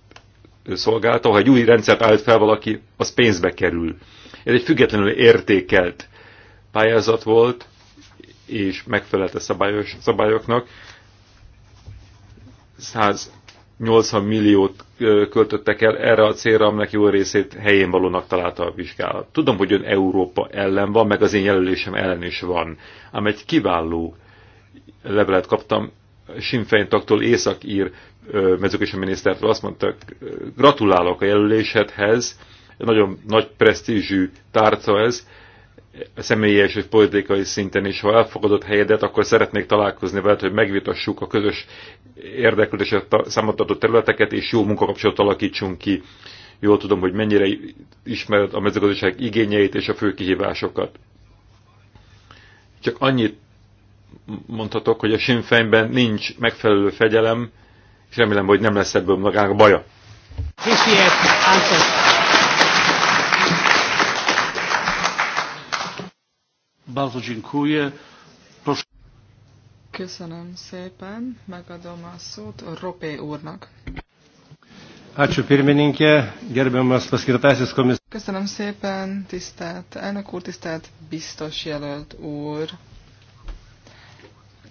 szolgálta. Ha egy új rendszert állít fel valaki, az pénzbe kerül. Ez egy függetlenül értékelt pályázat volt, és megfelelt a szabályos, szabályoknak. 180 milliót költöttek el erre a célra, aminek jó részét helyén valónak találta a vizsgálat. Tudom, hogy ön Európa ellen van, meg az én jelölésem ellen is van, ám egy kiváló levelet kaptam Sinfein taktól ír mezőkösen minisztertől azt mondta, gratulálok a jelöléshez, nagyon nagy presztízsű tárca ez, személyes és politikai szinten is, ha elfogadott helyedet, akkor szeretnék találkozni veled, hogy megvitassuk a közös érdeklődésre számot területeket, és jó munkakapcsolatot alakítsunk ki. Jól tudom, hogy mennyire ismered a mezőgazdaság igényeit és a fő kihívásokat. Csak annyit mondhatok, hogy a sinfejben nincs megfelelő fegyelem, és remélem, hogy nem lesz ebből magának baja.
Köszönjük, Bardzo dziękuję. Proszę.
Köszönöm szépen, megadom a szót Ropé úrnak.
Ačiū pirmininkė, gerbiamas paskirtasis komisaris.
Köszönöm szépen, tisztelt elnök úr, tisztelt biztos jelölt úr.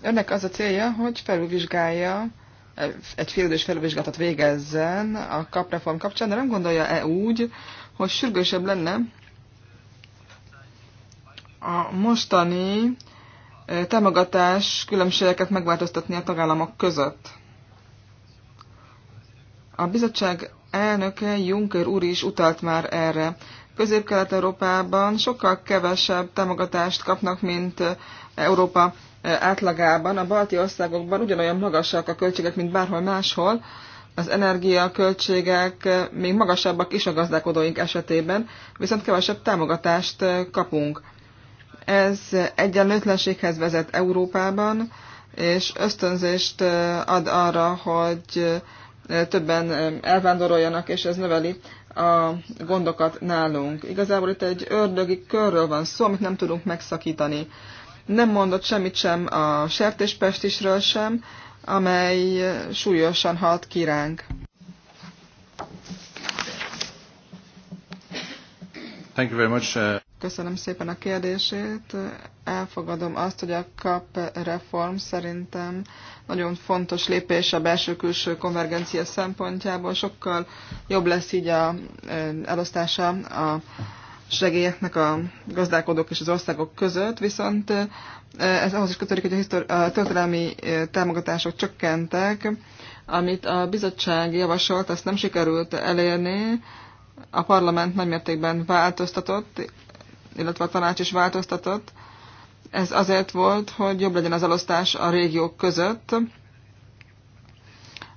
Önnek az a célja, hogy felülvizsgálja, egy félidős felülvizsgálatot végezzen a kapreform kapcsán, de nem gondolja-e úgy, hogy sürgősebb lenne a mostani támogatás különbségeket megváltoztatni a tagállamok között. A bizottság elnöke Juncker úr is utalt már erre. Közép-Kelet-Európában sokkal kevesebb támogatást kapnak, mint Európa átlagában. A balti országokban ugyanolyan magasak a költségek, mint bárhol máshol. Az energiaköltségek még magasabbak is a gazdálkodóink esetében, viszont kevesebb támogatást kapunk. Ez egyenlőtlenséghez vezet Európában, és ösztönzést ad arra, hogy többen elvándoroljanak, és ez növeli a gondokat nálunk. Igazából itt egy ördögi körről van szó, amit nem tudunk megszakítani. Nem mondott semmit sem a sertéspestisről sem, amely súlyosan hat kiránk.
Thank you very much. Uh,
Köszönöm szépen a kérdését. Elfogadom azt, hogy a cap reform szerintem nagyon fontos lépés a belső-külső konvergencia szempontjából. Sokkal jobb lesz így a elosztása a segélyeknek a gazdálkodók és az országok között, viszont ez ahhoz is kötődik, hogy a, histori- a történelmi támogatások csökkentek, amit a bizottság javasolt, azt nem sikerült elérni, a parlament nagymértékben változtatott, illetve a tanács is változtatott. Ez azért volt, hogy jobb legyen az elosztás a régiók között.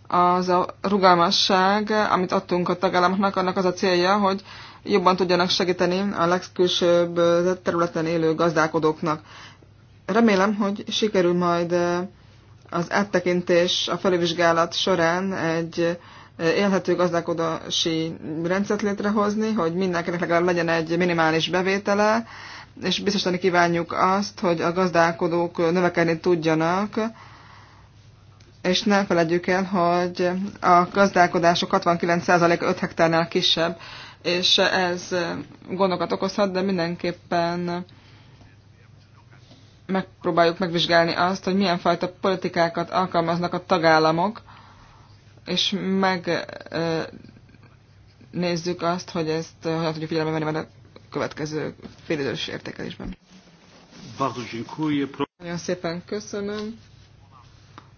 Az a rugalmasság, amit adtunk a tagállamoknak, annak az a célja, hogy jobban tudjanak segíteni a legkülsőbb területen élő gazdálkodóknak. Remélem, hogy sikerül majd az áttekintés a felvizsgálat során egy élhető gazdálkodási rendszert létrehozni, hogy mindenkinek legalább legyen egy minimális bevétele, és biztosan kívánjuk azt, hogy a gazdálkodók növekedni tudjanak, és ne felejtjük el, hogy a gazdálkodások 69% 5 hektárnál kisebb, és ez gondokat okozhat, de mindenképpen megpróbáljuk megvizsgálni azt, hogy milyen fajta politikákat alkalmaznak a tagállamok, és meg nézzük azt, hogy ezt hogyan tudjuk figyelembe venni a következő félidős értékelésben. Nagyon szépen köszönöm.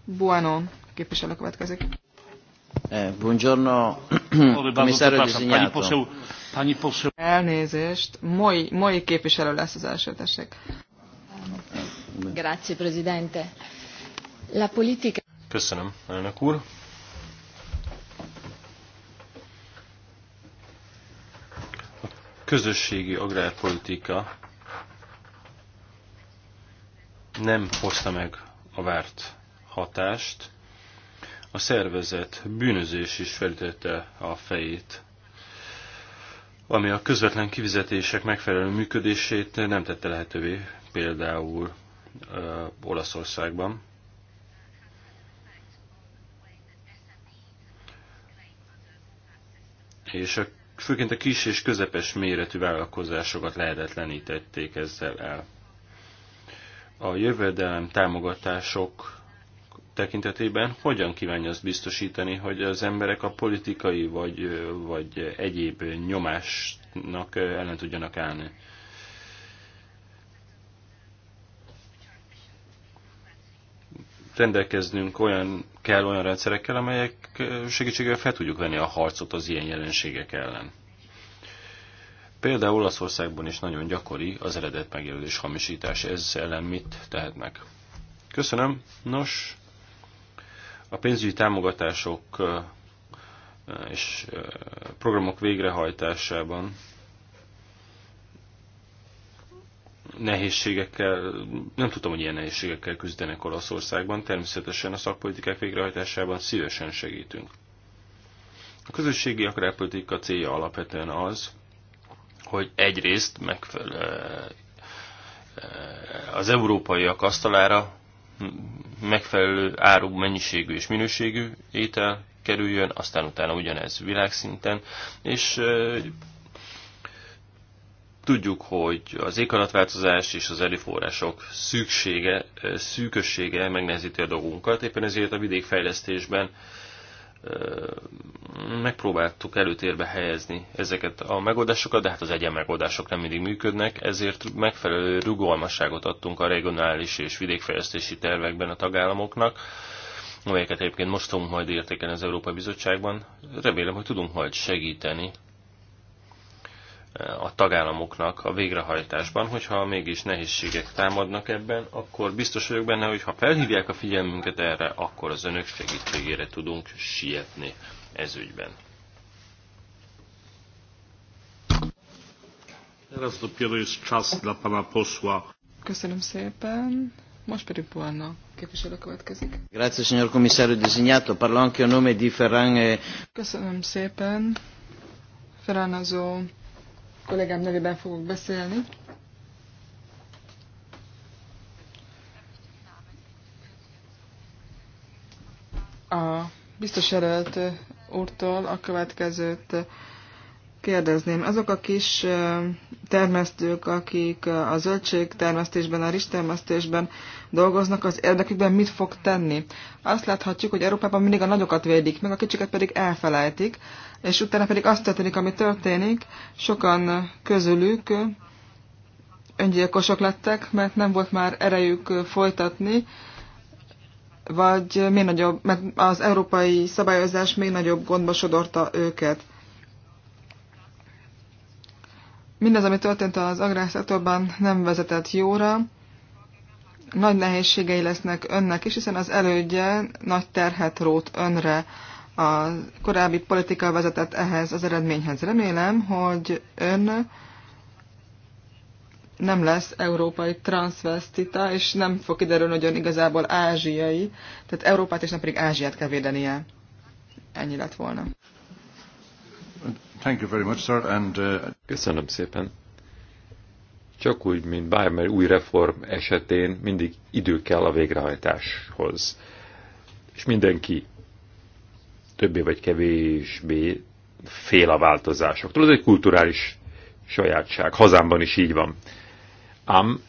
Buono képviselő következik.
E, buongiorno, komisszáról designato.
Elnézést, mai, moi képviselő lesz az első, tessék.
E,
Grazie, Presidente. La politica...
Köszönöm, elnök úr. közösségi agrárpolitika nem hozta meg a várt hatást, a szervezet bűnözés is felütette a fejét, ami a közvetlen kivizetések megfelelő működését nem tette lehetővé, például uh, Olaszországban. És a főként a kis és közepes méretű vállalkozásokat lehetetlenítették ezzel el. A jövedelem támogatások tekintetében hogyan kívánja azt biztosítani, hogy az emberek a politikai vagy, vagy egyéb nyomásnak ellen tudjanak állni? rendelkeznünk olyan, kell olyan rendszerekkel, amelyek segítségével fel tudjuk venni a harcot az ilyen jelenségek ellen. Például Olaszországban is nagyon gyakori az eredet megjelölés hamisítás. Ez ellen mit tehetnek? Köszönöm. Nos, a pénzügyi támogatások és programok végrehajtásában nehézségekkel, nem tudtam, hogy ilyen nehézségekkel küzdenek Olaszországban, természetesen a szakpolitikák végrehajtásában szívesen segítünk. A közösségi akrápolitika célja alapvetően az, hogy egyrészt megfelelő eh, az európaiak asztalára megfelelő áru mennyiségű és minőségű étel kerüljön, aztán utána ugyanez világszinten, és eh, Tudjuk, hogy az éghajlatváltozás és az erőforrások szüksége, szűkössége megnehezíti a dolgunkat, éppen ezért a vidékfejlesztésben megpróbáltuk előtérbe helyezni ezeket a megoldásokat, de hát az egyen megoldások nem mindig működnek, ezért megfelelő rugalmasságot adtunk a regionális és vidékfejlesztési tervekben a tagállamoknak, amelyeket egyébként most fogunk majd értékelni az Európai Bizottságban. Remélem, hogy tudunk majd segíteni a tagállamoknak a végrehajtásban, hogyha mégis nehézségek támadnak ebben, akkor biztos vagyok benne, hogy ha felhívják a figyelmünket erre, akkor az önök segítségére tudunk sietni ez ügyben.
Köszönöm szépen. Most pedig Buanna képviselő következik.
Grazie, signor commissario designato. Parlo anche a nome di Ferran. E-
Köszönöm szépen. Ferran azó kollégám nevében fogok beszélni. A biztos jelölt úrtól a következőt kérdezném. Azok a kis termesztők, akik a zöldségtermesztésben, a rizstermesztésben dolgoznak, az érdekükben mit fog tenni. Azt láthatjuk, hogy Európában mindig a nagyokat védik, meg a kicsiket pedig elfelejtik, és utána pedig azt történik, ami történik, sokan közülük öngyilkosok lettek, mert nem volt már erejük folytatni, vagy még nagyobb, mert az európai szabályozás még nagyobb gondba sodorta őket. Mindez, ami történt az agrárszektorban, nem vezetett jóra. Nagy nehézségei lesznek önnek is, hiszen az elődje nagy terhet rót önre. A korábbi politika vezetett ehhez az eredményhez. Remélem, hogy ön nem lesz európai transvestita, és nem fog kiderülni, hogy ön igazából ázsiai, tehát Európát és nem pedig Ázsiát kell védenie. Ennyi lett volna.
Thank you very much, sir, and, uh... Köszönöm szépen. Csak úgy, mint bármely új reform esetén mindig idő kell a végrehajtáshoz. És mindenki többé vagy kevésbé fél a változásoktól. Ez egy kulturális sajátság. Hazámban is így van. Ám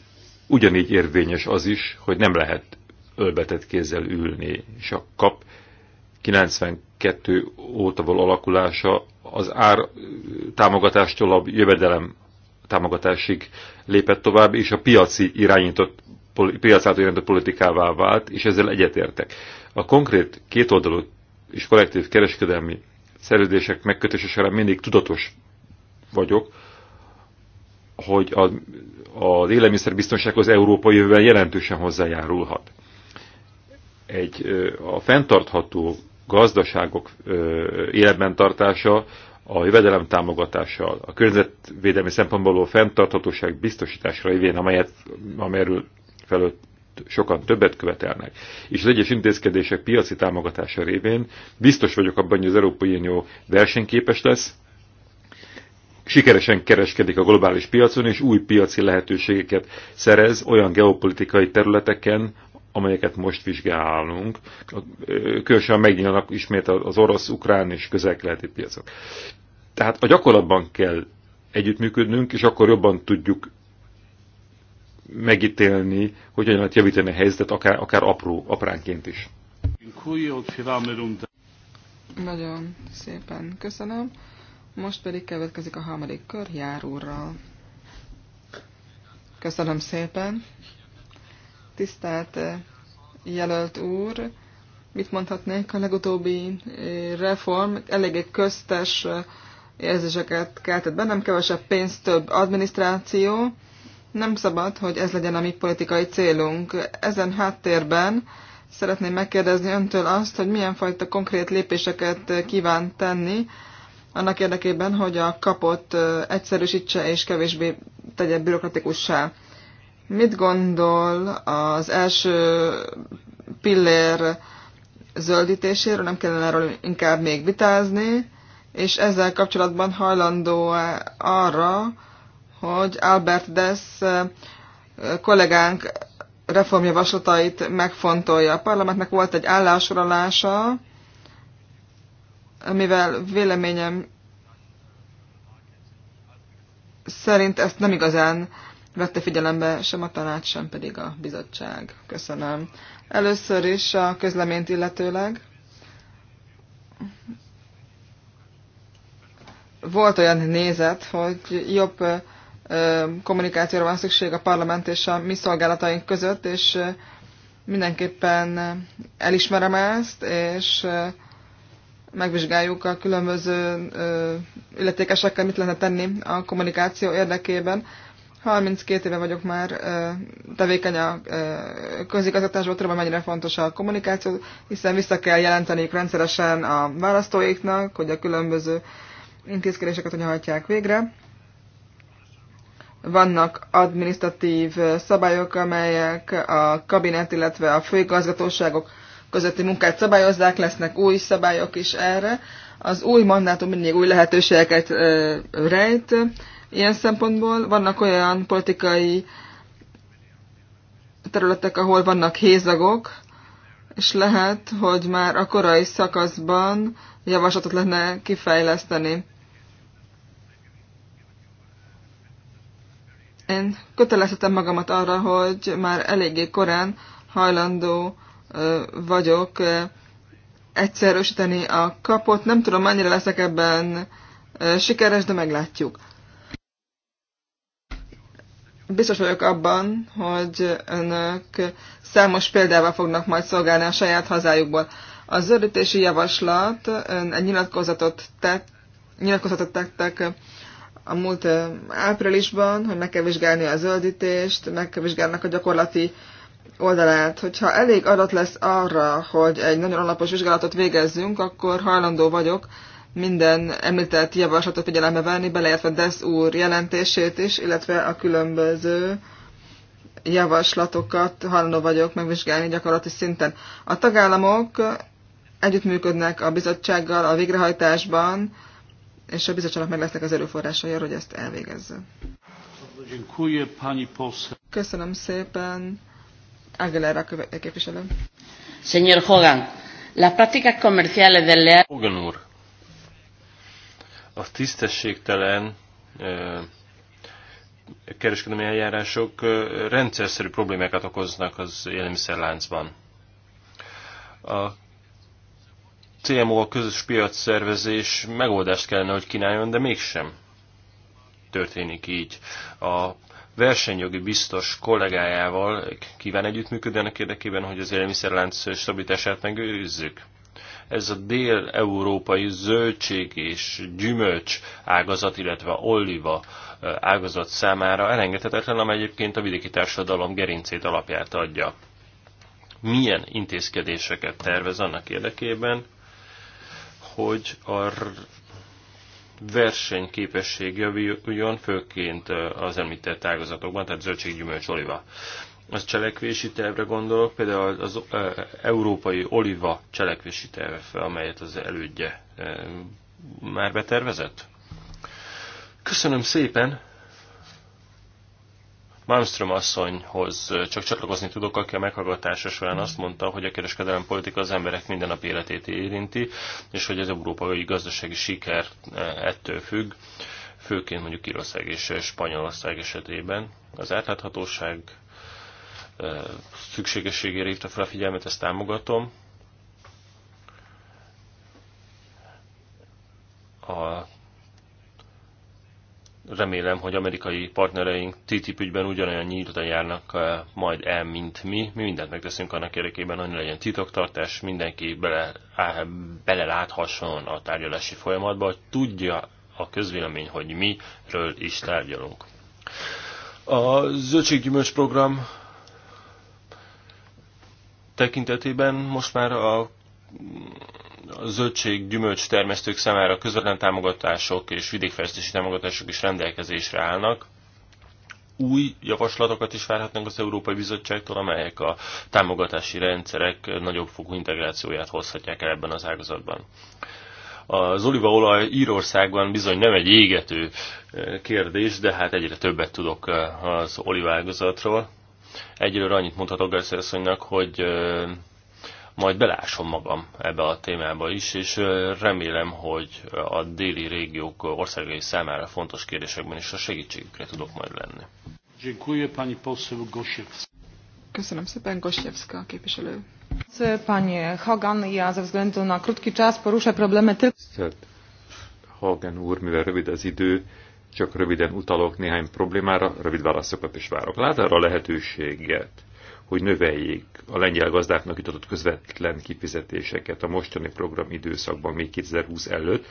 ugyanígy érvényes az is, hogy nem lehet ölbetett kézzel ülni, és a kap 92 óta való alakulása az ár támogatástól a jövedelem támogatásig lépett tovább, és a piaci irányított, piac által irányított politikává vált, és ezzel egyetértek. A konkrét kétoldalú és kollektív kereskedelmi szerződések megkötése során mindig tudatos vagyok, hogy a, az az európai jövőben jelentősen hozzájárulhat. Egy a fenntartható gazdaságok életben tartása a jövedelem támogatással, a környezetvédelmi szempontból való fenntarthatóság biztosításra évén, amelyet, amelyről felőtt sokan többet követelnek, és az egyes intézkedések piaci támogatása révén biztos vagyok abban, hogy az Európai Unió versenyképes lesz, sikeresen kereskedik a globális piacon, és új piaci lehetőségeket szerez olyan geopolitikai területeken, amelyeket most vizsgálunk, különösen megnyílnak ismét az orosz, ukrán és közelkeleti piacok. Tehát a gyakorlatban kell együttműködnünk, és akkor jobban tudjuk megítélni, hogy hogyan lehet javítani a helyzetet, akár, akár apró, apránként is.
Nagyon szépen köszönöm. Most pedig következik a harmadik kör járórral. Köszönöm szépen. Tisztelt eh, jelölt úr, mit mondhatnék, a legutóbbi eh, reform eléggé köztes eh, érzéseket keltett bennem, kevesebb pénz, több adminisztráció. Nem szabad, hogy ez legyen a mi politikai célunk. Ezen háttérben szeretném megkérdezni öntől azt, hogy milyen fajta konkrét lépéseket kíván tenni, annak érdekében, hogy a kapott egyszerűsítse és kevésbé tegye bürokratikussá. Mit gondol az első pillér zöldítéséről, nem kellene erről inkább még vitázni, és ezzel kapcsolatban hajlandó arra, hogy Albert Dess kollégánk reformjavaslatait megfontolja. A parlamentnek volt egy állásuralása, mivel véleményem szerint ezt nem igazán vette figyelembe sem a tanács, sem pedig a bizottság. Köszönöm. Először is a közleményt illetőleg. Volt olyan nézet, hogy jobb kommunikációra van szükség a parlament és a mi szolgálataink között, és mindenképpen elismerem ezt, és megvizsgáljuk a különböző illetékesekkel, mit lehetne tenni a kommunikáció érdekében. 32 éve vagyok már tevékeny a közigazgatásban, tudom, mennyire fontos a kommunikáció, hiszen vissza kell jelenteniük rendszeresen a választóiknak, hogy a különböző intézkedéseket hogyan hajtják végre. Vannak adminisztratív szabályok, amelyek a kabinet, illetve a főigazgatóságok közötti munkát szabályozzák, lesznek új szabályok is erre. Az új mandátum mindig új lehetőségeket rejt, Ilyen szempontból vannak olyan politikai területek, ahol vannak hézagok, és lehet, hogy már a korai szakaszban javaslatot lehetne kifejleszteni. Én kötelezhetem magamat arra, hogy már eléggé korán hajlandó vagyok egyszerűsíteni a kapot. Nem tudom, mennyire leszek ebben sikeres, de meglátjuk. Biztos vagyok abban, hogy önök számos példával fognak majd szolgálni a saját hazájukból. A zöldítési javaslat ön egy nyilatkozatot tett, nyilatkozatot tettek a múlt áprilisban, hogy meg kell vizsgálni a zöldítést, meg kell vizsgálnak a gyakorlati oldalát. Hogyha elég adat lesz arra, hogy egy nagyon alapos vizsgálatot végezzünk, akkor hajlandó vagyok minden említett javaslatot figyelembe venni, beleértve Desz úr jelentését is, illetve a különböző javaslatokat hallandó vagyok megvizsgálni gyakorlati szinten. A tagállamok együttműködnek a bizottsággal a végrehajtásban, és a bizottságnak meg lesznek az erőforrásai arra, hogy ezt elvégezze. Köszönöm szépen. Aguilera képviselő. Señor Hogan, las prácticas comerciales del
Hogan úr, a tisztességtelen kereskedelmi eljárások rendszerszerű problémákat okoznak az élelmiszerláncban. A CMO a közös piac szervezés megoldást kellene, hogy kínáljon, de mégsem történik így. A versenyjogi biztos kollégájával kíván együttműködni érdekében, hogy az élelmiszerlánc stabilitását megőrizzük. Ez a dél-európai zöldség és gyümölcs ágazat, illetve oliva ágazat számára elengedhetetlen, amely egyébként a vidéki társadalom gerincét alapját adja. Milyen intézkedéseket tervez annak érdekében, hogy a versenyképesség javuljon, főként az említett ágazatokban, tehát zöldséggyümölcs oliva az cselekvési tervre gondolok, például az európai oliva cselekvési tervre, amelyet az elődje már betervezett. Köszönöm szépen! Malmström asszonyhoz csak csatlakozni tudok, aki a meghallgatása során azt mondta, hogy a kereskedelmi politika az emberek mindennapi életét érinti, és hogy az európai gazdasági siker ettől függ, főként mondjuk Írország és Spanyolország esetében. Az átláthatóság szükségességére hívta fel a figyelmet, ezt támogatom. A remélem, hogy amerikai partnereink TTIP ügyben ugyanolyan nyíltan járnak majd el, mint mi. Mi mindent megteszünk annak érdekében, hogy legyen titoktartás, mindenki bele, á, beleláthasson a tárgyalási folyamatba, hogy tudja a közvélemény, hogy miről is tárgyalunk. A zöldséggyümölcs program tekintetében most már a a zöldség, gyümölcs termesztők számára közvetlen támogatások és vidékfejlesztési támogatások is rendelkezésre állnak. Új javaslatokat is várhatnak az Európai Bizottságtól, amelyek a támogatási rendszerek nagyobb fokú integrációját hozhatják el ebben az ágazatban. Az olívaolaj Írországban bizony nem egy égető kérdés, de hát egyre többet tudok az olívágazatról. Egyelőre annyit mondhatok Gerszerasszonynak, hogy majd belásom magam ebbe a témába is, és remélem, hogy a déli régiók országai számára fontos kérdésekben is
a segítségükre tudok majd lenni. Köszönöm
szépen, Gosiewska képviselő. Panie Hagan, ja ze względu na krótki czas poruszę problemy tylko...
Hagan úr, mivel rövid az idő, csak röviden utalok néhány problémára, rövid válaszokat is várok. Lát arra a lehetőséget, hogy növeljék a lengyel gazdáknak jutott közvetlen kifizetéseket a mostani program időszakban, még 2020 előtt,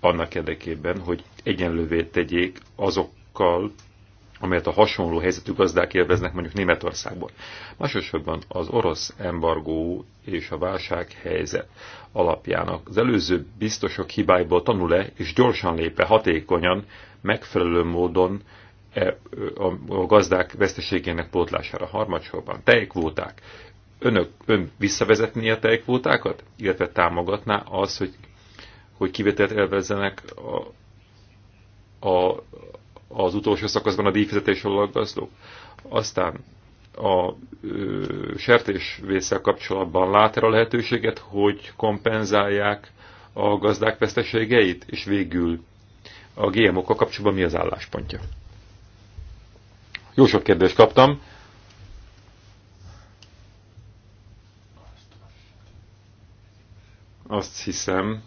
annak érdekében, hogy egyenlővé tegyék azokkal amelyet a hasonló helyzetű gazdák élveznek mondjuk Németországban. Másosabban az orosz embargó és a válsághelyzet alapjának az előző biztosok hibáiból tanul-e és gyorsan lépe hatékonyan, megfelelő módon e, a gazdák veszteségének pótlására harmadsorban. Tejkvóták. Önök ön visszavezetné a tejkvótákat, illetve támogatná az, hogy, hogy kivételt elvezzenek a, a, az utolsó szakaszban a díjfizetéssel aggasztó. Aztán a ö, sertésvészsel kapcsolatban lát a lehetőséget, hogy kompenzálják a gazdák veszteségeit, és végül a GMO-kkal kapcsolatban mi az álláspontja? Jó sok kérdést kaptam. Azt hiszem,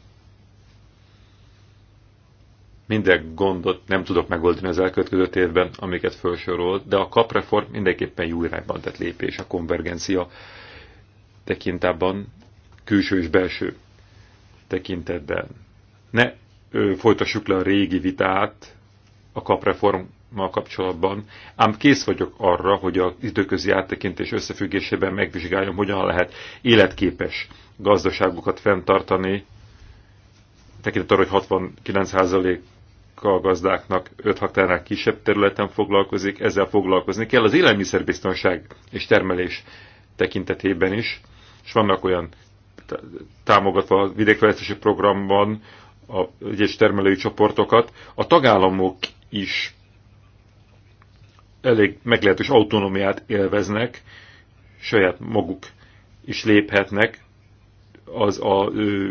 minden gondot nem tudok megoldani az elkövetkező évben, amiket felsorolt, de a kapreform mindenképpen jó irányban tett lépés a konvergencia tekintetben, külső és belső tekintetben. Ne ö, folytassuk le a régi vitát a kapreformmal kapcsolatban, ám kész vagyok arra, hogy az időközi áttekintés összefüggésében megvizsgáljam, hogyan lehet életképes gazdaságokat fenntartani, tekintet arra, hogy 69% gazdáknak 5 hektárnál kisebb területen foglalkozik, ezzel foglalkozni kell az élelmiszerbiztonság és termelés tekintetében is, és vannak olyan támogatva a vidékfejlesztési programban a egyes termelői csoportokat, a tagállamok is elég meglehetős autonómiát élveznek, saját maguk is léphetnek az a ö,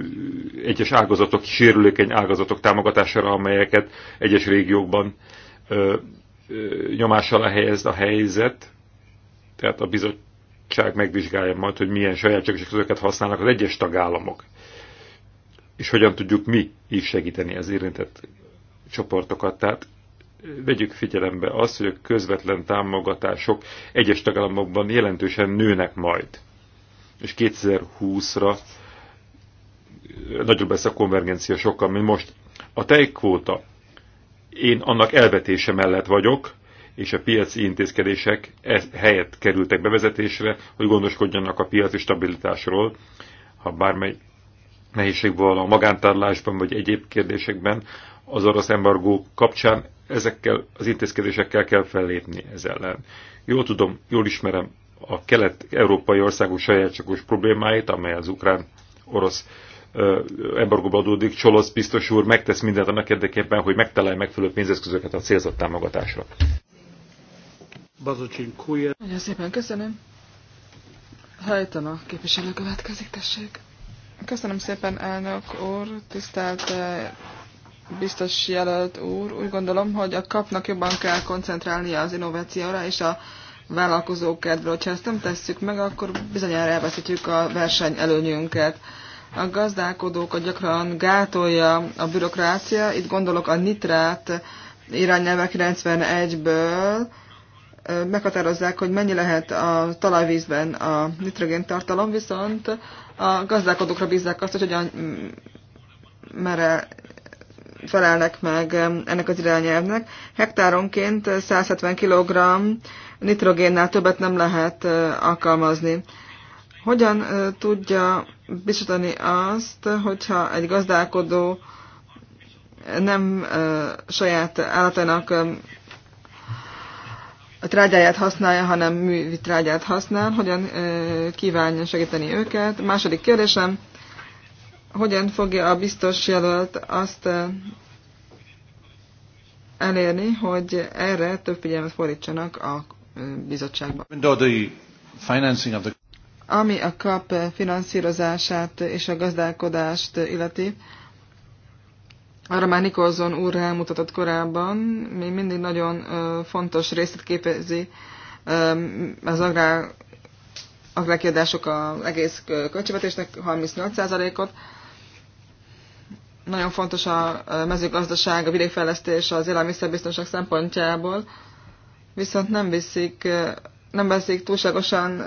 egyes ágazatok, sérülékeny ágazatok támogatására, amelyeket egyes régiókban ö, ö, nyomás alá helyez a helyzet. Tehát a bizottság megvizsgálja majd, hogy milyen sajátságos használnak az egyes tagállamok, és hogyan tudjuk mi is segíteni az érintett csoportokat. Tehát vegyük figyelembe azt, hogy a közvetlen támogatások egyes tagállamokban jelentősen nőnek majd és 2020-ra nagyobb lesz a konvergencia sokkal, mint most. A tejkvóta, én annak elvetése mellett vagyok, és a piaci intézkedések e helyett kerültek bevezetésre, hogy gondoskodjanak a piaci stabilitásról, ha bármely van a magántárlásban vagy egyéb kérdésekben az orosz embargó kapcsán ezekkel az intézkedésekkel kell fellépni ez ellen. Jól tudom, jól ismerem a kelet-európai országok sajátságos problémáit, amely az ukrán-orosz embargóba adódik, Csolosz biztos úr megtesz mindent annak érdekében, hogy megtalálja megfelelő pénzeszközöket a célzott támogatásra.
Nagyon szépen köszönöm.
Helyten a képviselő következik, tessék. Köszönöm szépen, elnök úr, tisztelt biztos jelölt úr. Úgy gondolom, hogy a kapnak jobban kell koncentrálnia az innovációra és a vállalkozókedvről. Ha ezt nem tesszük meg, akkor bizonyára elveszítjük a verseny előnyünket a gazdálkodókat gyakran gátolja a bürokrácia. Itt gondolok a nitrát irányelve 91-ből. Meghatározzák, hogy mennyi lehet a talajvízben a nitrogén tartalom, viszont a gazdálkodókra bízzák azt, hogy hogyan mere felelnek meg ennek az irányelvnek. Hektáronként 170 kg nitrogénnál többet nem lehet alkalmazni. Hogyan tudja biztosítani azt, hogyha egy gazdálkodó nem saját állatának a trágyáját használja, hanem művi trágyát használ, hogyan kívánja segíteni őket. A második kérdésem, hogyan fogja a biztos jelölt azt elérni, hogy erre több figyelmet fordítsanak a bizottságban. Ami a kap finanszírozását és a gazdálkodást illeti, arra már Nikolzon úr elmutatott korábban, mi mindig nagyon fontos részt képezi az agrár, agrárkiadások az egész költségvetésnek 38%-ot. Nagyon fontos a mezőgazdaság, a vidékfejlesztés az élelmiszerbiztonság szempontjából, viszont nem viszik, nem veszik túlságosan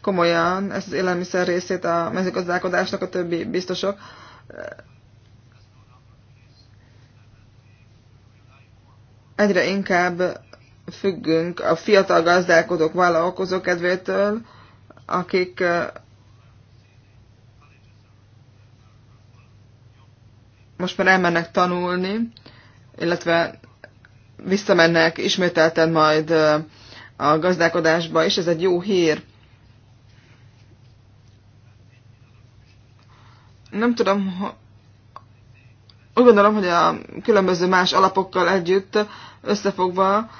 komolyan ezt az élelmiszer részét a mezőgazdálkodásnak, a többi biztosok. Egyre inkább függünk a fiatal gazdálkodók, vállalkozó kedvétől, akik most már elmennek tanulni, illetve visszamennek ismételten majd a gazdálkodásba, és ez egy jó hír nem tudom, úgy gondolom, hogy a különböző más alapokkal együtt összefogva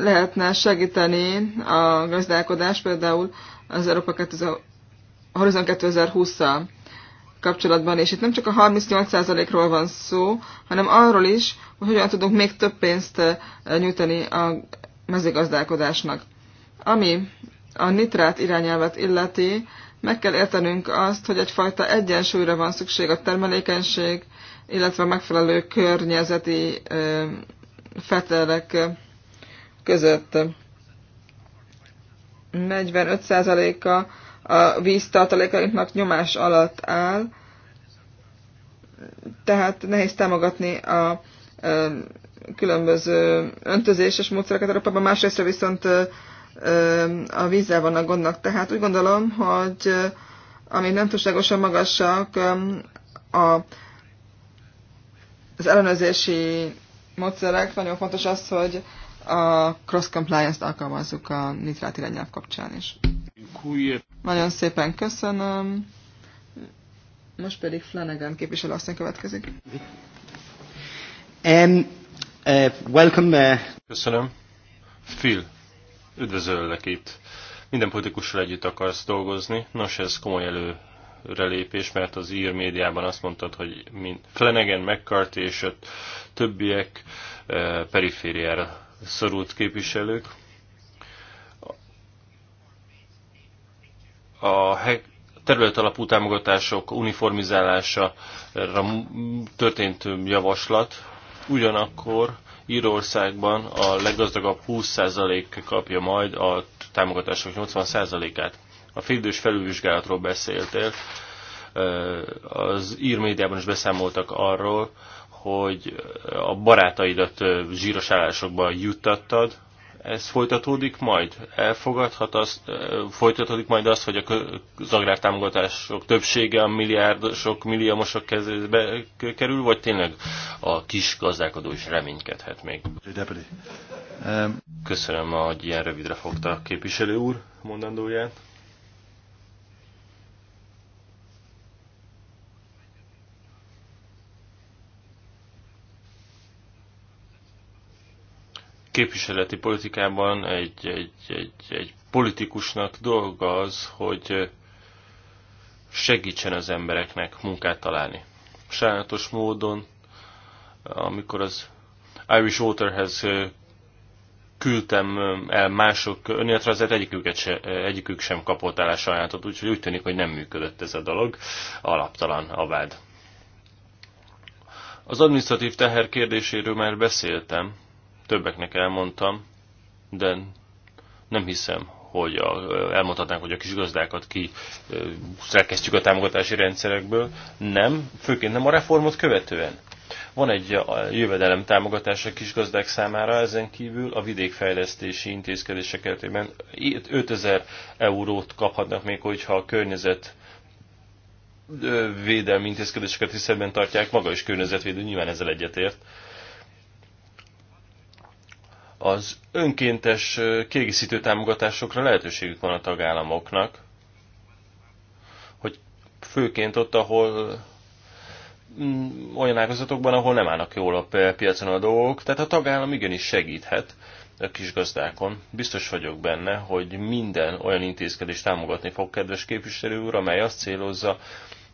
lehetne segíteni a gazdálkodás, például az Európa 2000, 2020-szal kapcsolatban, és itt nem csak a 38%-ról van szó, hanem arról is, hogy hogyan tudunk még több pénzt nyújtani a mezőgazdálkodásnak. Ami a nitrát irányelvet illeti, meg kell értenünk azt, hogy egyfajta egyensúlyra van szükség a termelékenység, illetve a megfelelő környezeti fetelek között. 45%-a a víztartalékainknak nyomás alatt áll, tehát nehéz támogatni a különböző öntözéses módszereket Európában, másrészt viszont a vízzel van a gondnak. Tehát úgy gondolom, hogy ami nem túlságosan magasak a, az ellenőrzési módszerek, nagyon fontos az, hogy a cross-compliance-t alkalmazzuk a nitrát irányelv kapcsán is. Nagyon szépen köszönöm. Most pedig Flanagan képviselő aztán következik.
Um, uh, welcome. Uh... Köszönöm. Phil, üdvözöllek itt. Minden politikussal együtt akarsz dolgozni. Nos, ez komoly előrelépés, mert az ír médiában azt mondtad, hogy mint Flanagan, McCarthy és a többiek eh, perifériára szorult képviselők. A terület alapú támogatások uniformizálása történt javaslat, ugyanakkor Írországban a leggazdagabb 20% kapja majd a támogatások 80%-át. A félidős felülvizsgálatról beszéltél. Az ír médiában is beszámoltak arról, hogy a barátaidat zsíros állásokba juttattad, ez folytatódik majd? Elfogadhat azt, folytatódik majd azt, hogy az agrártámogatások többsége a milliárdosok, milliómosok kezébe kerül, vagy tényleg a kis gazdálkodó is reménykedhet még? Köszönöm, hogy ilyen rövidre fogta a képviselő úr mondandóját. képviseleti politikában egy, egy, egy, egy politikusnak dolga az, hogy segítsen az embereknek munkát találni. Sajnálatos módon, amikor az Irish Waterhez küldtem el mások önéletrajzát, egyiküket se, egyikük sem kapott el a sajátot, úgyhogy úgy tűnik, hogy nem működött ez a dolog. Alaptalan a vád. Az administratív teher kérdéséről már beszéltem, többeknek elmondtam, de nem hiszem, hogy a, elmondhatnánk, hogy a kis gazdákat ki szerkesztjük a támogatási rendszerekből. Nem, főként nem a reformot követően. Van egy jövedelem támogatás a kisgazdák számára, ezen kívül a vidékfejlesztési intézkedések keretében 5000 eurót kaphatnak még, hogyha a környezet védelmi intézkedéseket tiszteletben tartják, maga is környezetvédő, nyilván ezzel egyetért. Az önkéntes kiegészítő támogatásokra lehetőségük van a tagállamoknak, hogy főként ott, ahol mm, olyan ágazatokban, ahol nem állnak jól a piacon a dolgok, tehát a tagállam igenis segíthet a kisgazdákon. Biztos vagyok benne, hogy minden olyan intézkedést támogatni fog, kedves képviselő úr, amely azt célozza,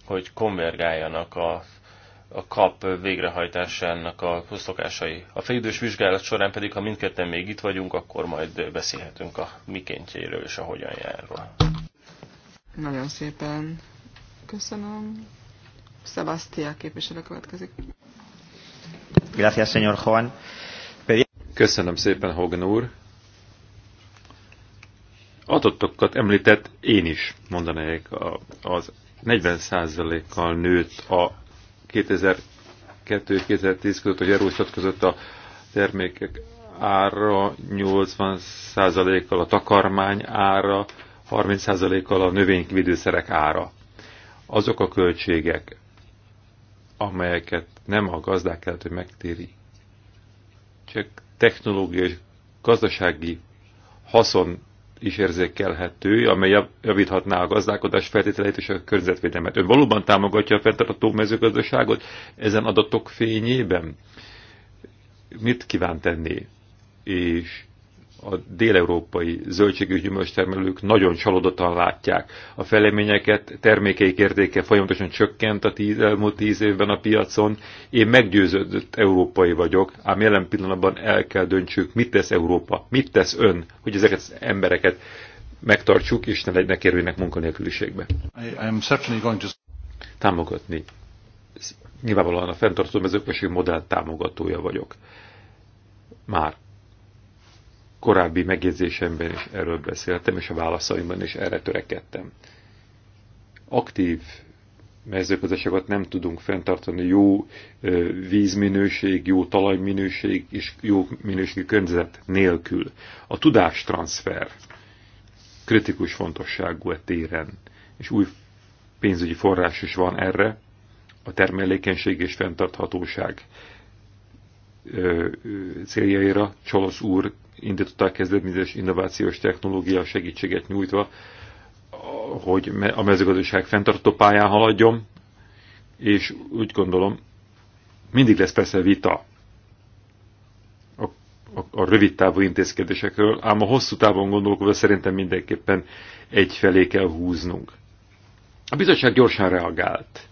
hogy konvergáljanak a a kap végrehajtásának a szokásai. A félidős vizsgálat során pedig, ha mindketten még itt vagyunk, akkor majd beszélhetünk a mikéntjéről és a hogyan járról.
Nagyon szépen köszönöm. Sebastián képviselő következik.
Gracias, señor Juan. Köszönöm szépen, Hogan úr. Adottokat említett én is, mondanék, az 40%-kal nőtt a 2002-2010 között, hogy erőszak között a termékek ára 80%-kal a takarmány ára, 30%-kal a növényvédőszerek ára. Azok a költségek, amelyeket nem a gazdák kellett, hogy megtéri, csak technológiai gazdasági haszon is érzékelhető, amely javíthatná a gazdálkodás feltételeit és a környezetvédelmet. Ön valóban támogatja a fenntartható mezőgazdaságot ezen adatok fényében? Mit kíván tenni? És a déleurópai zöldségű gyümölcstermelők nagyon csalódottan látják a feleményeket, termékeik értéke folyamatosan csökkent a tíz, elmúlt tíz évben a piacon. Én meggyőződött európai vagyok, ám jelen pillanatban el kell döntsük, mit tesz Európa, mit tesz ön, hogy ezeket az embereket megtartsuk, és ne, ne kerüljenek munkanélküliségbe. Támogatni. Nyilvánvalóan a fenntartó mezőgazdasági modell támogatója vagyok. Már korábbi megjegyzésemben is erről beszéltem, és a válaszaimban is erre törekedtem. Aktív mezőgazdaságot nem tudunk fenntartani jó vízminőség, jó talajminőség és jó minőségű környezet nélkül. A tudástranszfer kritikus fontosságú a e téren, és új pénzügyi forrás is van erre, a termelékenység és fenntarthatóság céljaira Csolosz úr indították kezdeményezés innovációs technológia segítséget nyújtva, hogy a mezőgazdaság fenntartó pályán haladjon, és úgy gondolom, mindig lesz persze vita a, a, a rövid távú intézkedésekről, ám a hosszú távon gondolkodva szerintem mindenképpen egyfelé kell húznunk. A bizottság gyorsan reagált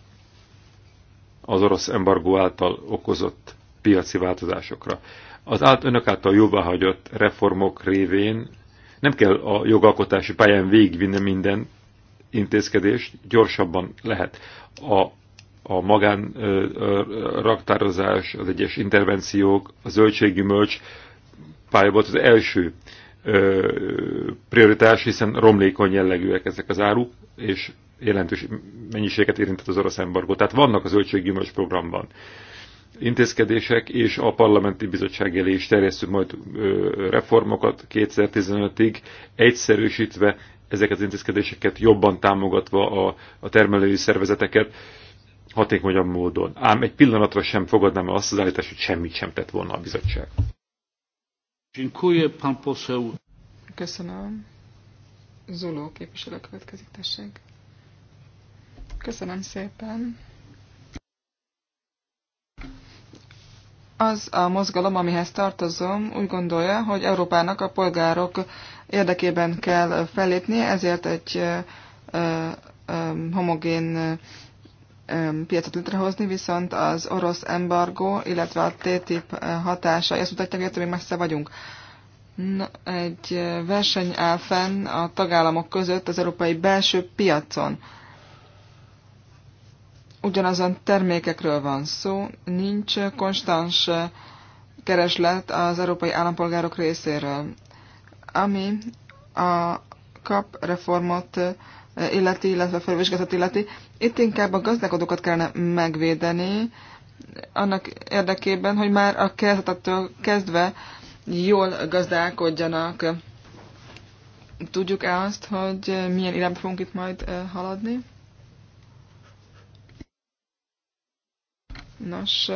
az orosz embargó által okozott piaci változásokra. Az át, önök által jóváhagyott reformok révén nem kell a jogalkotási pályán végigvinni minden intézkedést, gyorsabban lehet a, a magán ö, ö, raktározás, az egyes intervenciók, a zöldséggyümölcs pálya volt az első ö, prioritás, hiszen romlékony jellegűek ezek az áruk, és jelentős mennyiséget érintett az orosz embargó. Tehát vannak az zöldséggyümölcs programban intézkedések és a parlamenti bizottság elé is terjesztünk majd reformokat 2015-ig, egyszerűsítve ezeket az intézkedéseket, jobban támogatva a, a termelői szervezeteket hatékonyabb módon. Ám egy pillanatra sem fogadnám el azt az állítást, hogy semmit sem tett volna a bizottság.
Köszönöm. Zuló képviselő következik, tessék. Köszönöm szépen. az a mozgalom, amihez tartozom, úgy gondolja, hogy Európának a polgárok érdekében kell fellépnie, ezért egy homogén piacot létrehozni, viszont az orosz embargó, illetve a TTIP hatása, ezt mutatják, hogy még messze vagyunk. Na, egy verseny áll fenn a tagállamok között az európai belső piacon ugyanazon termékekről van szó, nincs konstans kereslet az európai állampolgárok részéről, ami a kap reformot illeti, illetve felvizsgálatot illeti. Itt inkább a gazdálkodókat kellene megvédeni, annak érdekében, hogy már a kezdetettől kezdve jól gazdálkodjanak. Tudjuk-e azt, hogy milyen irányba fogunk itt majd eh, haladni? Nos,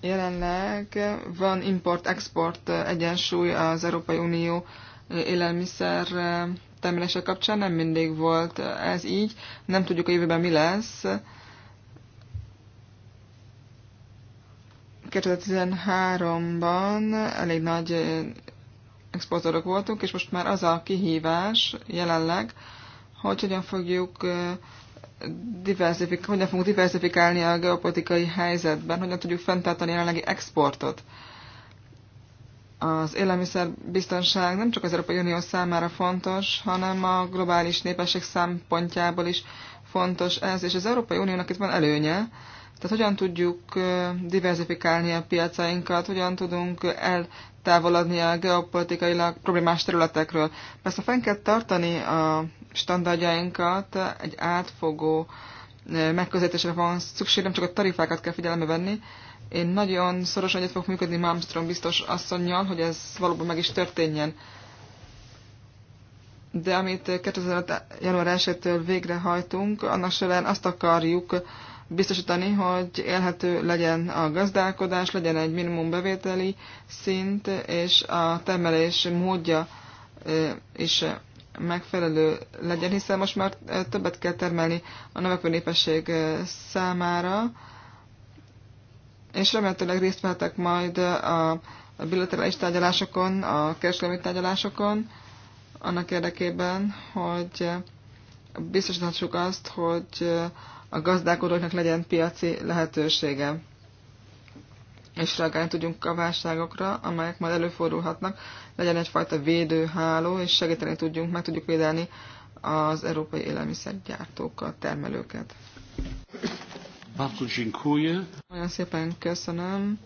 jelenleg van import-export egyensúly az Európai Unió élelmiszer termelése kapcsán, nem mindig volt ez így, nem tudjuk a jövőben mi lesz. 2013-ban elég nagy exportőrök voltunk, és most már az a kihívás jelenleg, hogy hogyan fogjuk diversifik, hogyan fogunk diversifikálni a geopolitikai helyzetben, hogyan tudjuk fenntartani a jelenlegi exportot. Az élelmiszerbiztonság nem csak az Európai Unió számára fontos, hanem a globális népesség szempontjából is fontos ez, és az Európai Uniónak itt van előnye, tehát hogyan tudjuk diversifikálni a piacainkat, hogyan tudunk eltávolodni a geopolitikailag problémás területekről. Persze fenn kell tartani a standardjainkat, egy átfogó megközelítésre van szükség, nem csak a tarifákat kell figyelembe venni. Én nagyon szorosan egyet fogok működni Malmström biztos asszonynal, hogy ez valóban meg is történjen. De amit 2005. január 1-től végrehajtunk, annak során azt akarjuk, biztosítani, hogy élhető legyen a gazdálkodás, legyen egy minimum bevételi szint, és a termelés módja is megfelelő legyen, hiszen most már többet kell termelni a növekvő népesség számára, és remélhetőleg részt vehetek majd a bilaterális tárgyalásokon, a kereskedelmi tárgyalásokon, annak érdekében, hogy biztosíthassuk azt, hogy a gazdálkodóknak legyen piaci lehetősége, és reagálni tudjunk a válságokra, amelyek majd előfordulhatnak, legyen egyfajta védőháló, és segíteni tudjunk, meg tudjuk védelni az európai élelmiszergyártókat, termelőket.
Bardzo dziękuję.
Nagyon szépen köszönöm.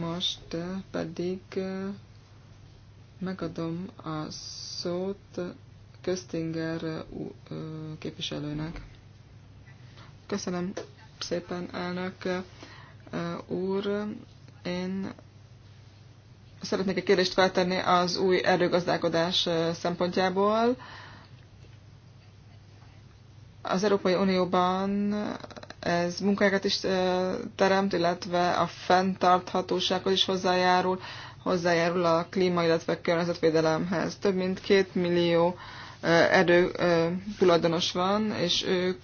Most eh, pedig eh, megadom a szót Köztinger eh, képviselőnek. Köszönöm szépen, elnök eh, úr. Én szeretnék egy kérdést feltenni az új erőgazdálkodás eh, szempontjából. Az Európai Unióban ez munkákat is eh, teremt, illetve a fenntarthatósághoz is hozzájárul, hozzájárul a klíma, illetve a környezetvédelemhez. Több mint két millió erő tulajdonos van, és ők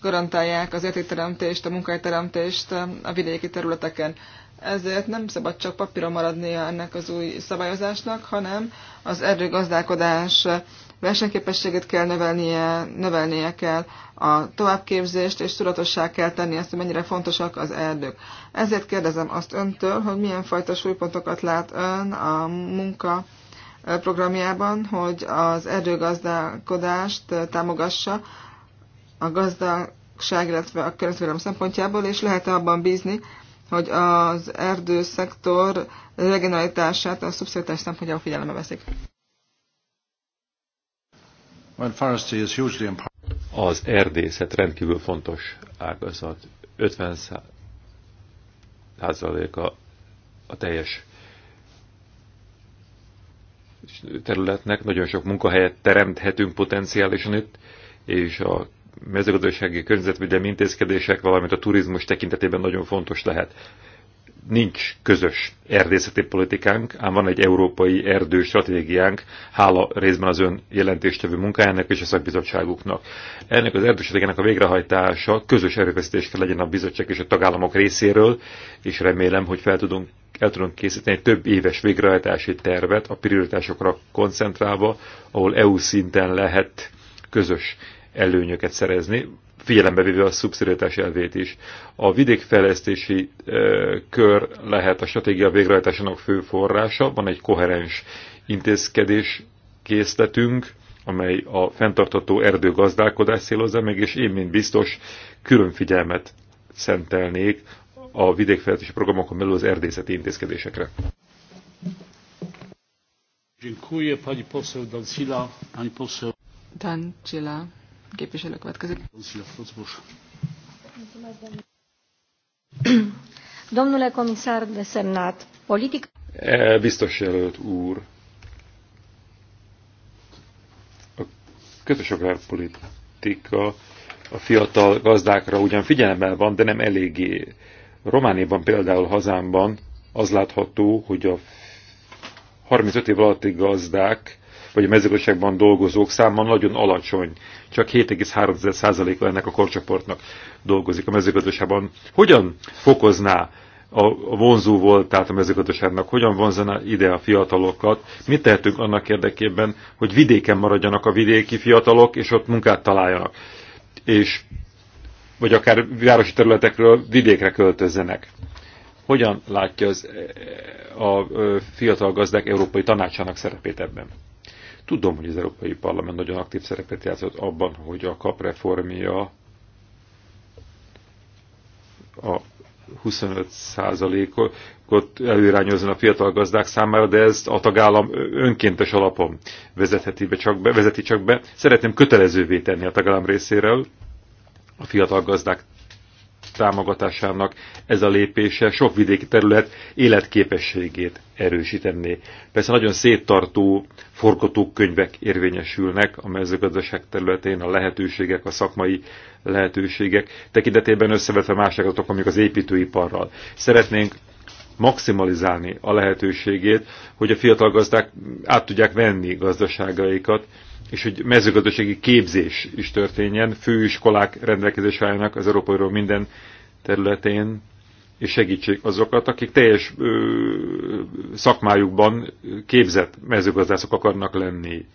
garantálják az értékteremtést, a munkahelyteremtést a vidéki területeken. Ezért nem szabad csak papíron maradnia ennek az új szabályozásnak, hanem az erdőgazdálkodás versenyképességét kell növelnie, növelnie kell a továbbképzést, és tudatossá kell tenni azt, hogy mennyire fontosak az erdők. Ezért kérdezem azt öntől, hogy milyen fajta súlypontokat lát ön a munka programjában, hogy az erdőgazdálkodást támogassa a gazdagság, illetve a környezetvédelem szempontjából, és lehet -e abban bízni, hogy az erdőszektor regionalitását a szubszidiaritás szempontjából figyelembe veszik.
Az erdészet rendkívül fontos ágazat. 50 százaléka a teljes területnek, nagyon sok munkahelyet teremthetünk potenciálisan itt, és a mezőgazdasági környezetvédelmi intézkedések, valamint a turizmus tekintetében nagyon fontos lehet nincs közös erdészeti politikánk, ám van egy európai erdő stratégiánk, hála részben az ön jelentéstevő munkájának és a szakbizottságuknak. Ennek az erdőstratégiának a végrehajtása közös erőfeszítés kell legyen a bizottság és a tagállamok részéről, és remélem, hogy fel tudunk, el tudunk készíteni egy több éves végrehajtási tervet a prioritásokra koncentrálva, ahol EU szinten lehet közös előnyöket szerezni, figyelembe véve a szubszidiaritás elvét is. A vidékfejlesztési e, kör lehet a stratégia végrehajtásának fő forrása, van egy koherens intézkedés készletünk, amely a fenntartható erdőgazdálkodás célozza meg, és én, mint biztos, külön figyelmet szentelnék a vidékfejlesztési programokon belül az erdészeti intézkedésekre.
Dziękuję pani poseł Dancila, pani poseł
Dancila
képviselő
következik.
Domnule komisár desemnát, politika... E,
biztos jelölt úr, a közös agrárpolitika a fiatal gazdákra ugyan figyelemmel van, de nem eléggé. Romániában például hazámban az látható, hogy a 35 év alatti gazdák vagy a mezőgazdaságban dolgozók száma nagyon alacsony. Csak 7,3%-a ennek a korcsoportnak dolgozik a mezőgazdaságban. Hogyan fokozná a vonzó tehát a mezőgazdaságnak, hogyan vonzana ide a fiatalokat, mit tehetünk annak érdekében, hogy vidéken maradjanak a vidéki fiatalok, és ott munkát találjanak, és vagy akár városi területekről vidékre költözzenek. Hogyan látja az, e, a e, fiatal gazdák európai tanácsának szerepét ebben? Tudom, hogy az Európai Parlament nagyon aktív szerepet játszott abban, hogy a kap reformja a 25%-ot előirányozni a fiatal gazdák számára, de ezt a tagállam önkéntes alapon vezetheti be csak be, vezeti csak be. Szeretném kötelezővé tenni a tagállam részéről a fiatal gazdák támogatásának ez a lépése sok vidéki terület életképességét erősítené. Persze nagyon széttartó forgatókönyvek érvényesülnek a mezőgazdaság területén, a lehetőségek, a szakmai lehetőségek tekintetében összevetve más adatok, amik az építőiparral. Szeretnénk maximalizálni a lehetőségét, hogy a fiatal gazdák át tudják venni gazdaságaikat, és hogy mezőgazdasági képzés is történjen, főiskolák rendelkezés állnak az Európai minden területén, és segítsék azokat, akik teljes ö, szakmájukban képzett mezőgazdászok akarnak lenni.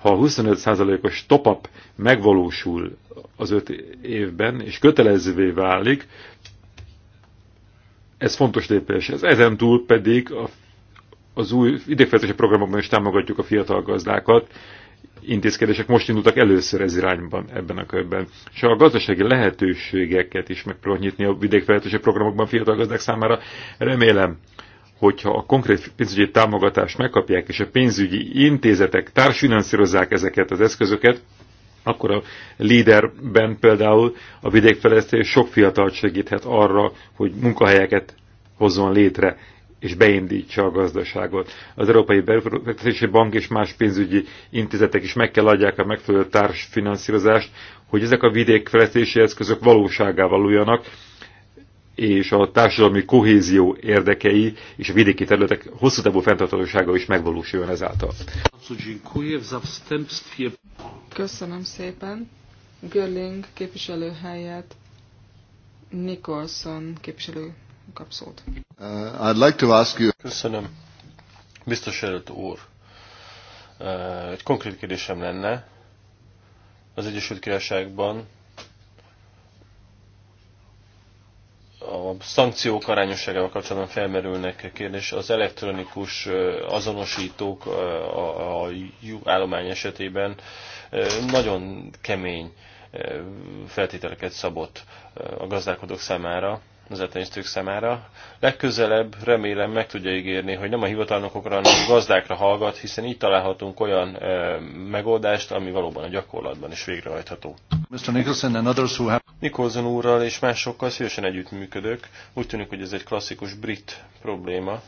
Ha a 25%-os top-up megvalósul az öt évben, és kötelezővé válik, ez fontos lépés. Ez ezen túl pedig a, az új idegfejlesztési programokban is támogatjuk a fiatal gazdákat, intézkedések most indultak először ez irányban ebben a körben. És a gazdasági lehetőségeket is megpróbáljuk nyitni a vidékfejlesztési programokban fiatal gazdák számára. Remélem, hogyha a konkrét pénzügyi támogatást megkapják, és a pénzügyi intézetek társfinanszírozzák ezeket az eszközöket, akkor a líderben például a vidékfejlesztés sok fiatal segíthet arra, hogy munkahelyeket hozzon létre és beindítsa a gazdaságot. Az Európai Befektetési Bank és más pénzügyi intézetek is meg kell adják a megfelelő társfinanszírozást, hogy ezek a vidékfejlesztési eszközök valóságá valójanak, és a társadalmi kohézió érdekei és a vidéki területek hosszú távú fenntarthatósága is megvalósuljon ezáltal.
Köszönöm szépen. Görling képviselőhelyet, helyett Nicholson képviselő kapszót.
Uh, I'd like to ask you... Köszönöm. Biztos előtt úr. Uh, egy konkrét kérdésem lenne. Az Egyesült Királyságban a szankciók arányosságával kapcsolatban felmerülnek kérdés. Az elektronikus uh, azonosítók uh, a jó állomány esetében uh, nagyon kemény feltételeket szabott a gazdálkodók számára az etenyésztők számára. Legközelebb remélem meg tudja ígérni, hogy nem a hivatalnokokra, hanem a gazdákra hallgat, hiszen itt találhatunk olyan e, megoldást, ami valóban a gyakorlatban is végrehajtható. Mr. Nicholson,
and others who have...
Nicholson úrral és másokkal szívesen együttműködök. Úgy tűnik, hogy ez egy klasszikus brit probléma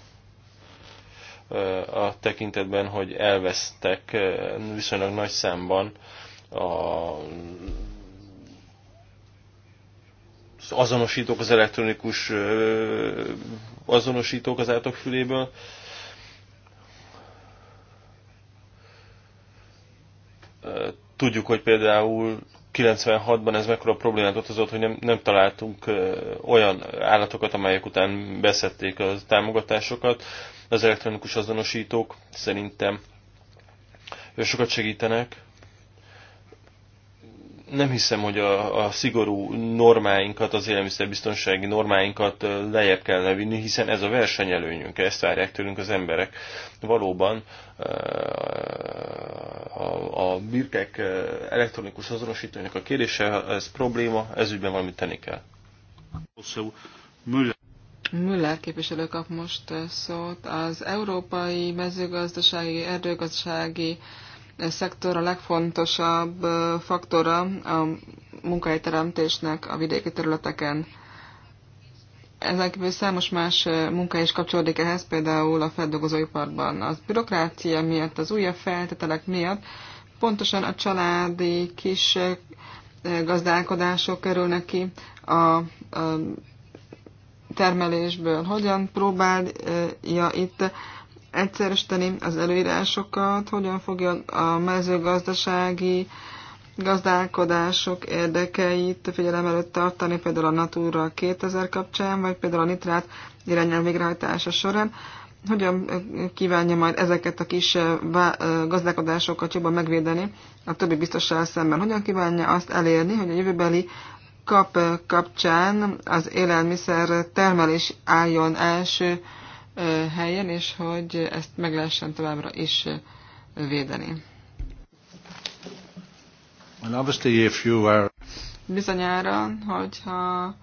e, a tekintetben, hogy elvesztek e, viszonylag nagy számban a azonosítók, az elektronikus azonosítók az állatok füléből. Tudjuk, hogy például 96-ban ez mekkora problémát okozott, hogy nem, nem találtunk olyan állatokat, amelyek után beszették a támogatásokat. Az elektronikus azonosítók szerintem sokat segítenek nem hiszem, hogy a, a szigorú normáinkat, az élelmiszerbiztonsági normáinkat lejjebb kellene vinni, hiszen ez a versenyelőnyünk, ezt várják tőlünk az emberek. Valóban a, a birkek elektronikus azonosítójának a kérése, ez probléma, ez ügyben valamit tenni kell.
Müller képviselő kap most szót. Az európai mezőgazdasági, erdőgazdasági szektor a legfontosabb faktora a munkahelyteremtésnek a vidéki területeken. Ezen kívül számos más munka is kapcsolódik ehhez, például a feldolgozóiparban. Az bürokrácia miatt, az újabb feltételek miatt pontosan a családi kis gazdálkodások kerülnek ki a termelésből. Hogyan próbálja itt egyszerűsíteni az előírásokat, hogyan fogja a mezőgazdasági gazdálkodások érdekeit figyelem előtt tartani, például a Natura 2000 kapcsán, vagy például a nitrát irányel végrehajtása során. Hogyan kívánja majd ezeket a kis gazdálkodásokat jobban megvédeni a többi biztossal szemben? Hogyan kívánja azt elérni, hogy a jövőbeli kap kapcsán az élelmiszer termelés álljon első helyen, és hogy ezt meg lehessen továbbra is védeni. Bizonyára, hogyha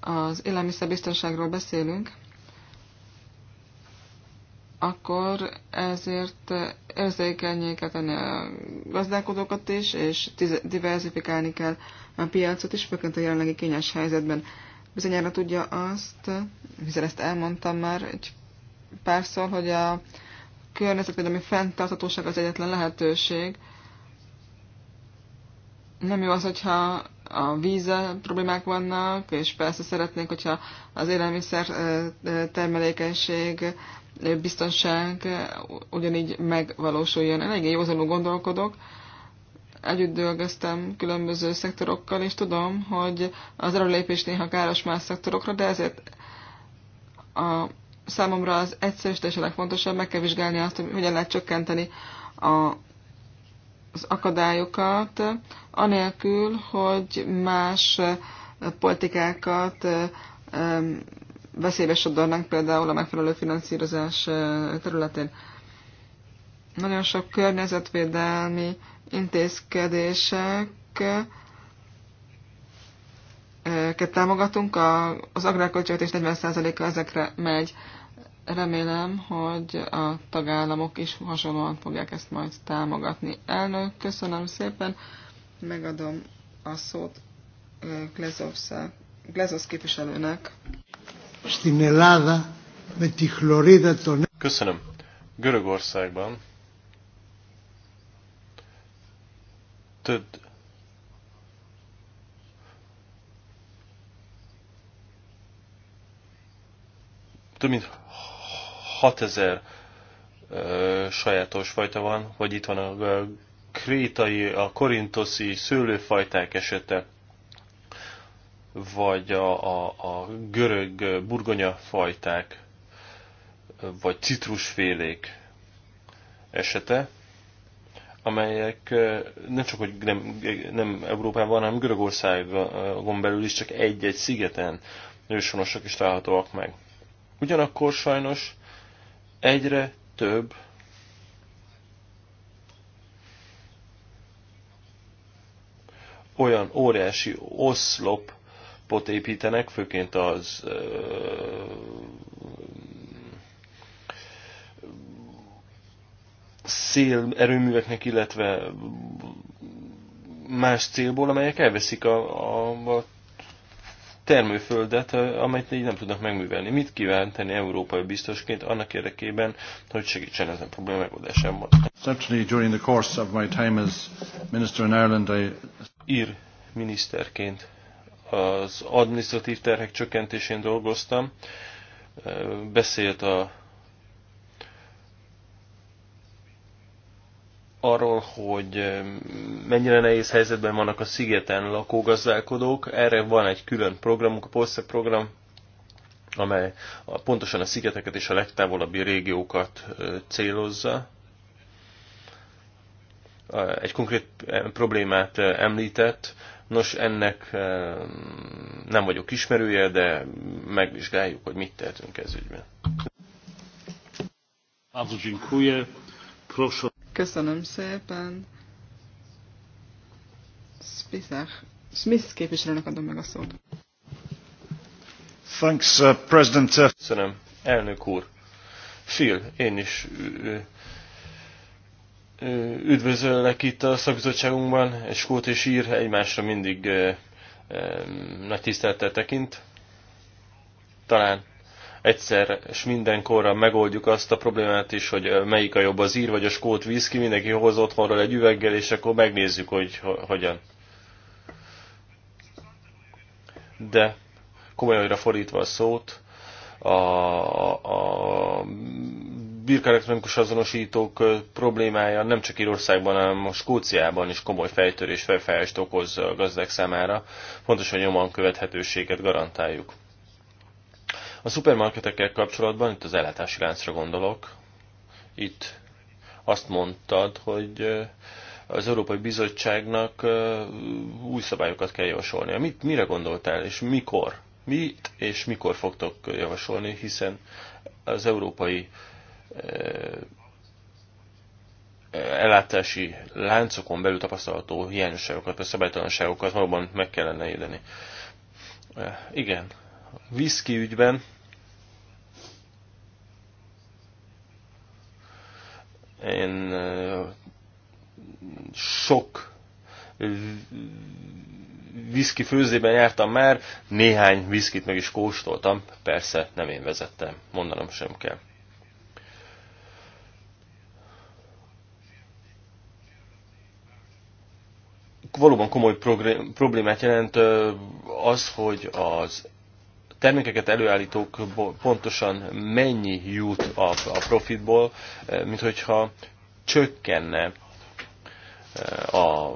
az élelmiszerbiztonságról beszélünk, akkor ezért érzékenyé kell tenni a gazdálkodókat is, és diversifikálni kell a piacot is, főként a jelenlegi kényes helyzetben bizonyára tudja azt, hiszen ezt elmondtam már egy párszor, hogy a környezetvédelmi fenntarthatóság az egyetlen lehetőség. Nem jó az, hogyha a vízzel problémák vannak, és persze szeretnénk, hogyha az élelmiszer termelékenység, biztonság ugyanígy megvalósuljon. Elég józanul gondolkodok, együtt dolgoztam különböző szektorokkal, és tudom, hogy az erőlépés néha káros más szektorokra, de ezért a, számomra az és a legfontosabb, meg kell vizsgálni azt, hogy hogyan lehet csökkenteni a az akadályokat, anélkül, hogy más politikákat veszélybe sodornánk például a megfelelő finanszírozás eh, területén. Nagyon sok környezetvédelmi intézkedéseket támogatunk, a, az agrárköltségvetés 40%-a ezekre megy. Remélem, hogy a tagállamok is hasonlóan fogják ezt majd támogatni. Elnök, köszönöm szépen, megadom a szót Glezovsz képviselőnek.
Köszönöm.
Görögországban több több mint 6000 sajátos fajta van, vagy itt van a krétai, a korintoszi szőlőfajták esete, vagy a, a, a görög burgonya fajták, vagy citrusfélék esete amelyek nem csak, hogy nem, nem Európában, hanem Görögországon belül is csak egy-egy szigeten őshonosak is találhatóak meg. Ugyanakkor sajnos egyre több olyan óriási oszlopot építenek, főként az szél erőműveknek, illetve más célból, amelyek elveszik a, a, a termőföldet, amelyet így nem tudnak megművelni. Mit kíván tenni európai biztosként annak érdekében, hogy segítsen ezen probléma megoldásában?
during the course of my time as minister in Ireland, I...
Ír miniszterként az administratív terhek csökkentésén dolgoztam, beszélt a arról, hogy mennyire nehéz helyzetben vannak a szigeten lakógazdálkodók. Erre van egy külön programunk, a POSZE program, amely pontosan a szigeteket és a legtávolabbi régiókat célozza. Egy konkrét problémát említett, nos ennek nem vagyok ismerője, de megvizsgáljuk, hogy mit tehetünk ez ügyben.
Bardzo dziękuję. Proszę Köszönöm szépen.
Spizach. Smith képviselőnek adom meg a szót.
Thanks, uh, President. Uh, Köszönöm, elnök úr. Phil, én is üdvözöllek itt a szakbizottságunkban, és Skót és Ír egymásra mindig nagy tisztelettel tekint. Talán egyszer és mindenkorra megoldjuk azt a problémát is, hogy melyik a jobb, az ír vagy a skót viszki, mindenki hoz otthonról egy üveggel, és akkor megnézzük, hogy hogyan. De komolyanra fordítva a szót, a, a birkelektronikus azonosítók problémája nem csak Írországban, hanem a Skóciában is komoly fejtörés, fejfájást okoz a gazdák számára. Fontos, hogy nyomon követhetőséget garantáljuk. A szupermarketekkel kapcsolatban, itt az ellátási láncra gondolok, itt azt mondtad, hogy az Európai Bizottságnak új szabályokat kell javasolnia. Mit, mire gondoltál, és mikor? Mit és mikor fogtok javasolni, hiszen az európai ellátási láncokon belül tapasztalható hiányosságokat, vagy szabálytalanságokat valóban meg kellene érdeni. Igen, viszki ügyben én sok viszki főzében jártam már, néhány viszkit meg is kóstoltam, persze nem én vezettem, mondanom sem kell. Valóban komoly problémát jelent az, hogy az termékeket előállítók pontosan mennyi jut a, a profitból, eh, mint hogyha csökkenne eh, a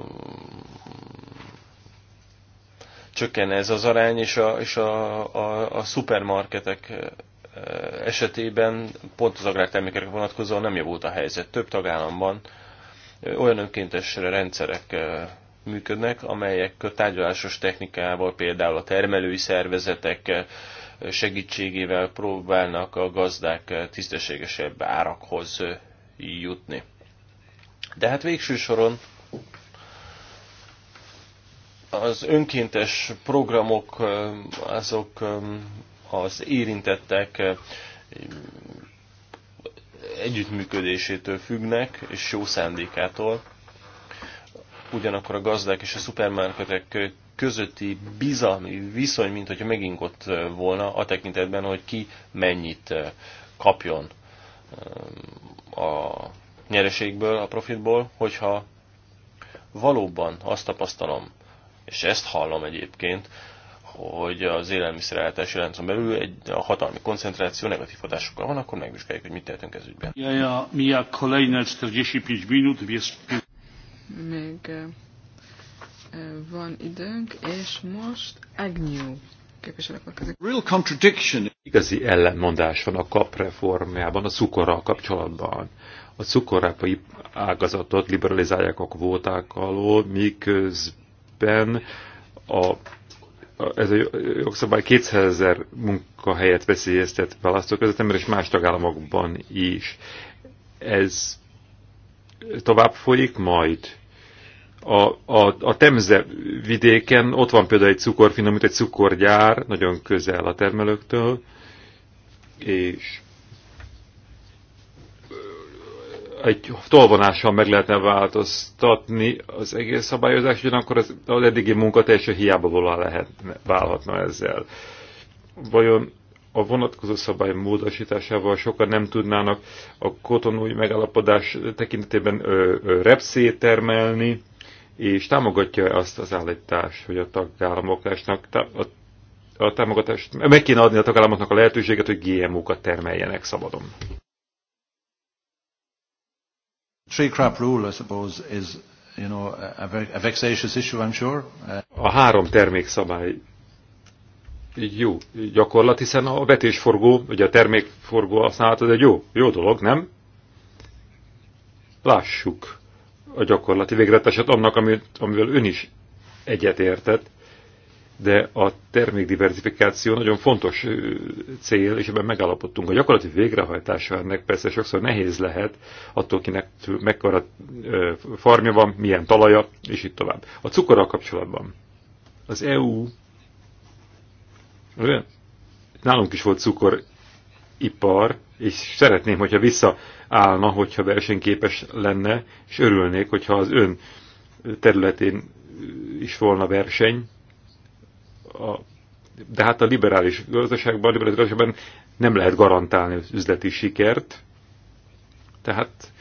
csökkenne ez az arány, és a, és a, a, a szupermarketek eh, esetében pont az agrártermékekre vonatkozóan nem javult a helyzet. Több tagállamban olyan önkéntes rendszerek működnek, amelyek a tárgyalásos technikával, például a termelői szervezetek segítségével próbálnak a gazdák tisztességesebb árakhoz jutni. De hát végső soron az önkéntes programok, azok az érintettek együttműködésétől függnek, és jó szándékától ugyanakkor a gazdák és a szupermarketek közötti bizalmi viszony, mint hogyha megingott volna a tekintetben, hogy ki mennyit kapjon a nyereségből, a profitból, hogyha valóban azt tapasztalom, és ezt hallom egyébként, hogy az élelmiszerállítási láncon belül egy a hatalmi koncentráció negatív hatásokkal van, akkor megvizsgáljuk, hogy mit tehetünk ez ügyben.
Ja, ja, mi a kolejne 45 minut, még
van időnk, és most Agnew
Real contradiction. Igazi ellenmondás van a kap reformjában, a cukorral kapcsolatban. A cukorrápai ágazatot liberalizálják a kvóták alól, miközben a ez a jogszabály 200 ezer munkahelyet veszélyeztet választók között, és más tagállamokban is. Ez tovább folyik majd. A, a, a Temze vidéken ott van például egy cukorfinom, mint egy cukorgyár, nagyon közel a termelőktől, és egy tolvonással meg lehetne változtatni az egész szabályozást, ugyanakkor az, az eddigi munka teljesen hiába volna lehetne, válhatna ezzel. Vajon a vonatkozó szabály módosításával sokan nem tudnának a kotonói megállapodás tekintetében repszét termelni, és támogatja -e azt az állítást, hogy a tagállamoknak a, a támogatást, meg kéne adni a tagállamoknak a lehetőséget, hogy GMO-kat termeljenek szabadon.
Tree crop rule, I suppose, is you know, a vexatious issue, I'm sure. A három
termék szabály jó gyakorlat, hiszen a vetésforgó, vagy a termékforgó használat az egy jó, jó dolog, nem? Lássuk a gyakorlati végleteset annak, amivel ön is egyetértett, de a termékdiversifikáció nagyon fontos cél, és ebben megállapodtunk. A gyakorlati végrehajtása ennek persze sokszor nehéz lehet, attól kinek mekkora farmja van, milyen talaja, és itt tovább. A cukorral kapcsolatban az EU olyan? Nálunk is volt cukoripar, és szeretném, hogyha visszaállna, hogyha versenyképes lenne, és örülnék, hogyha az ön területén is volna verseny. A, de hát a liberális gazdaságban, a liberális gazdaságban nem lehet garantálni az üzleti sikert, tehát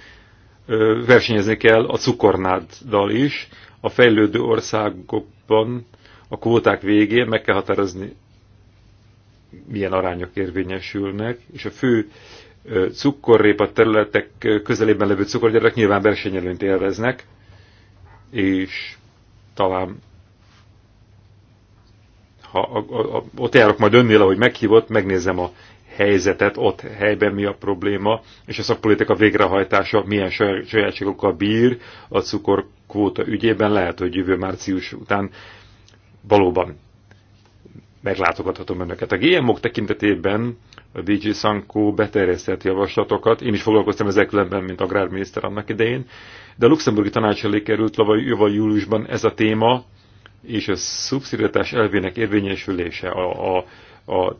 ö, versenyezni kell a cukornáddal is. A fejlődő országokban a kvóták végén meg kell határozni milyen arányok érvényesülnek, és a fő cukorrépa területek közelében levő cukorgyárak nyilván versenyelőnyt élveznek, és talán ha a, a, a, ott járok majd önnél, ahogy meghívott, megnézem a helyzetet, ott helyben mi a probléma, és a szakpolitika végrehajtása milyen sajátságokkal bír a cukorkvóta ügyében, lehet, hogy jövő március után valóban meglátogathatom önöket. A gmo -ok tekintetében a DG Sanko beterjesztett javaslatokat, én is foglalkoztam ezek különben, mint agrárminiszter annak idején, de a luxemburgi tanács elé került javar júliusban ez a téma, és a szubszidiatás elvének érvényesülése, a, a, a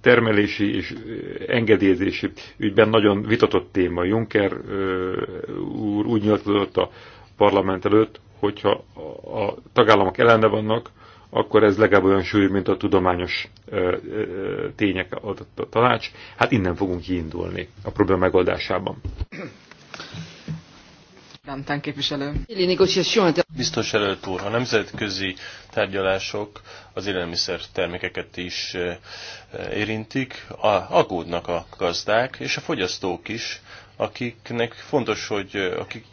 termelési és engedélyezési ügyben nagyon vitatott téma. Juncker úr úgy nyilatkozott a parlament előtt, hogyha a tagállamok ellene vannak, akkor ez legalább olyan sűrű, mint a tudományos ö, ö, tények adott a tanács. Hát innen fogunk kiindulni a probléma megoldásában.
Rántán képviselő.
Biztos előtt úr, a nemzetközi tárgyalások az élelmiszer termékeket is érintik, a, aggódnak a gazdák és a fogyasztók is, akiknek fontos, hogy, akik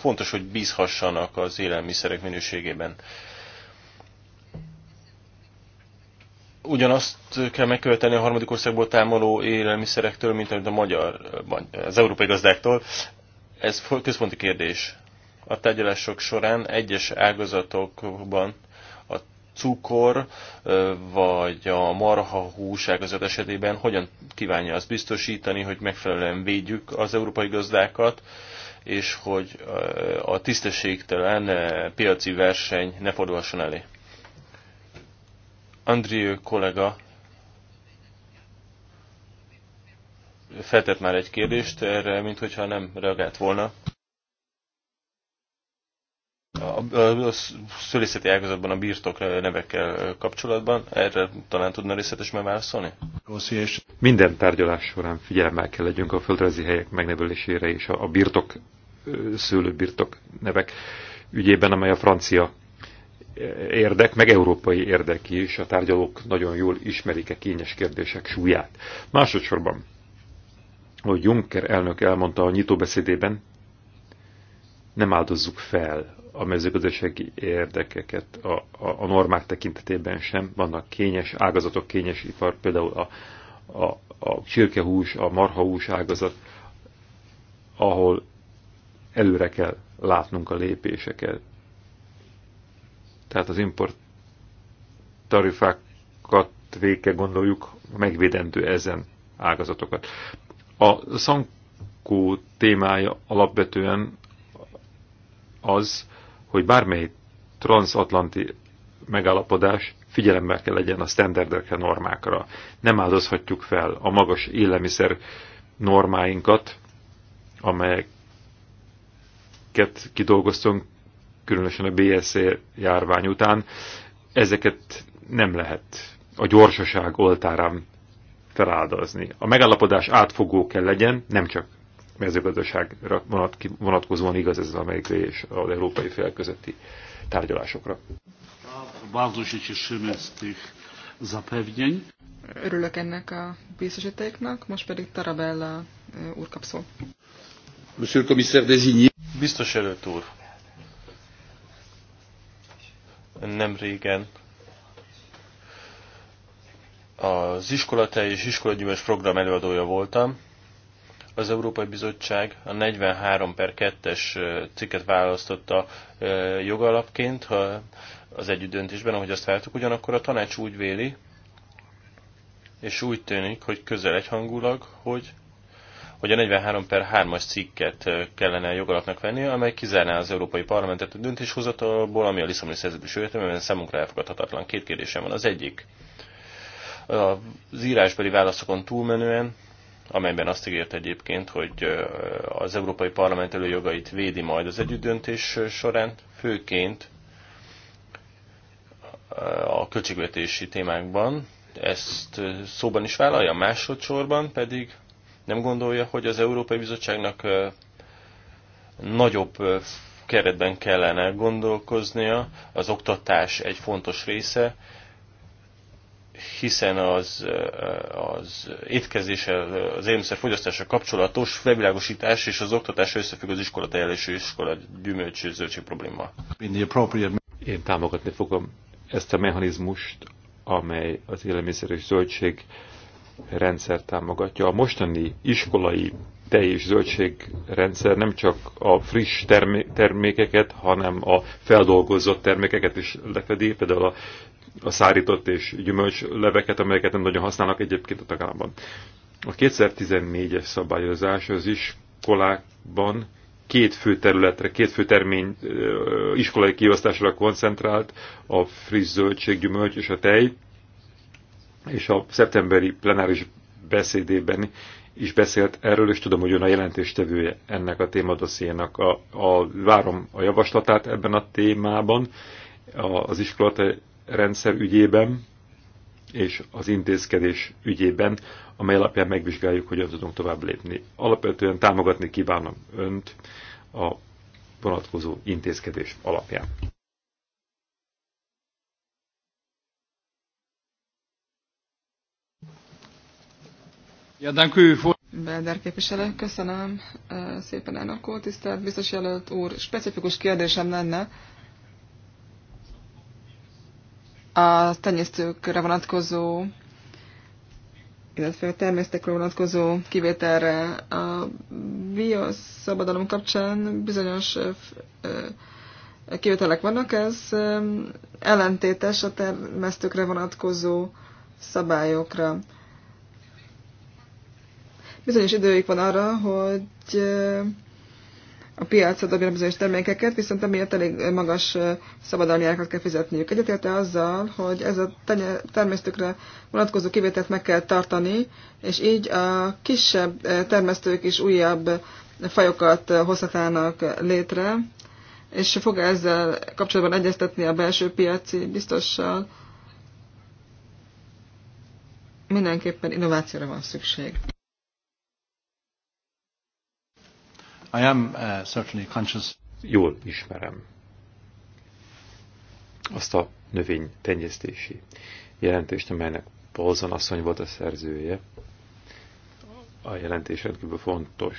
fontos, hogy bízhassanak az élelmiszerek minőségében. ugyanazt kell megkövetelni a harmadik országból támoló élelmiszerektől, mint amit a magyar, az európai gazdáktól. Ez központi kérdés. A tárgyalások során egyes ágazatokban a cukor vagy a marha hús ágazat esetében hogyan kívánja azt biztosítani, hogy megfelelően védjük az európai gazdákat, és hogy a tisztességtelen piaci verseny ne fordulhasson elé. Andrieu kollega feltett már egy kérdést erre, mint hogyha nem reagált volna. A, a, a szülészeti ágazatban a birtok nevekkel kapcsolatban, erre talán tudna részletesen válaszolni?
Minden tárgyalás során figyelemmel kell legyünk a földrajzi helyek megnevelésére és a, a birtok, szőlőbirtok nevek ügyében, amely a francia érdek, meg európai érdek is, a tárgyalók nagyon jól ismerik-e kényes kérdések súlyát. Másodszorban, hogy Juncker elnök elmondta a nyitóbeszédében, nem áldozzuk fel a mezőgazdasági érdekeket a, a, a normák tekintetében sem. Vannak kényes ágazatok, kényes ipar, például a, a, a csirkehús, a marhahús ágazat, ahol előre kell látnunk a lépéseket tehát az import tarifákat véke gondoljuk megvédendő ezen ágazatokat. A szankó témája alapvetően az, hogy bármely transatlanti megállapodás figyelemmel kell legyen a standardekre, normákra. Nem áldozhatjuk fel a magas élelmiszer normáinkat, amelyeket kidolgoztunk különösen a BSC járvány után, ezeket nem lehet a gyorsaság oltárán feláldozni. A megállapodás átfogó kell legyen, nem csak mezőgazdaságra vonatkozóan igaz ez az amerikai és az európai fél közötti tárgyalásokra.
Örülök
ennek a biztosítéknak, most pedig Tarabella úr
Monsieur le commissaire désigné. Biztos előtt úr, nem régen az iskolatei és iskolagyűlös program előadója voltam. Az Európai Bizottság a 43 per 2-es cikket választotta jogalapként ha az döntésben, ahogy azt váltuk, Ugyanakkor a tanács úgy véli, és úgy tűnik, hogy közel egyhangulag, hogy hogy a 43 per 3-as cikket kellene jogalapnak venni, amely kizárná az Európai Parlamentet a döntéshozatalból, ami a Lisszaboni szerződés értelmében számunkra elfogadhatatlan. Két kérdésem van. Az egyik, az írásbeli válaszokon túlmenően, amelyben azt ígért egyébként, hogy az Európai Parlament előjogait védi majd az együttdöntés során, főként a költségvetési témákban, ezt szóban is vállalja, másodszorban pedig nem gondolja, hogy az Európai Bizottságnak nagyobb keretben kellene gondolkoznia, az oktatás egy fontos része, hiszen az, az étkezéssel, az fogyasztása kapcsolatos felvilágosítás és az oktatás összefügg az iskola teljes iskola gyümölcső zöldség probléma.
Én támogatni fogom ezt a mechanizmust, amely az élelmiszer és zöldség rendszer támogatja. A mostani iskolai tej és zöldségrendszer nem csak a friss termé termékeket, hanem a feldolgozott termékeket is lefedi, például a, a szárított és gyümölcsleveket, amelyeket nem nagyon használnak egyébként a tagállamban. A 2014-es szabályozás az iskolákban két fő területre, két fő termény iskolai kiosztásra koncentrált, a friss zöldség, gyümölcs és a tej, és a szeptemberi plenáris beszédében is beszélt erről, és tudom, hogy ön a jelentéstevője ennek a témadosszénak. A, a, várom a javaslatát ebben a témában, a az iskolata rendszer ügyében és az intézkedés ügyében, amely alapján megvizsgáljuk, hogyan tudunk tovább lépni. Alapvetően támogatni kívánom önt a vonatkozó intézkedés alapján.
Ja,
Belder képviselő, köszönöm szépen elnök úr, tisztelt biztos jelölt úr. Specifikus kérdésem lenne a tenyésztőkre vonatkozó, illetve a természetekre vonatkozó kivételre a szabadalom kapcsán bizonyos kivételek vannak, ez ellentétes a termesztőkre vonatkozó szabályokra. Bizonyos időjük van arra, hogy a piacra dobjon bizonyos termékeket, viszont emiatt elég magas szabadalmi árakat kell fizetniük. Egyetérte azzal, hogy ez a termesztőkre vonatkozó kivételt meg kell tartani, és így a kisebb termesztők is újabb fajokat hozhatnának létre, és fog ezzel kapcsolatban egyeztetni a belső piaci biztossal. Mindenképpen innovációra van szükség.
I am uh, certainly conscious. Jól ismerem azt a növény tenyésztési jelentést, amelynek Paulson asszony volt a szerzője. A jelentés rendkívül fontos,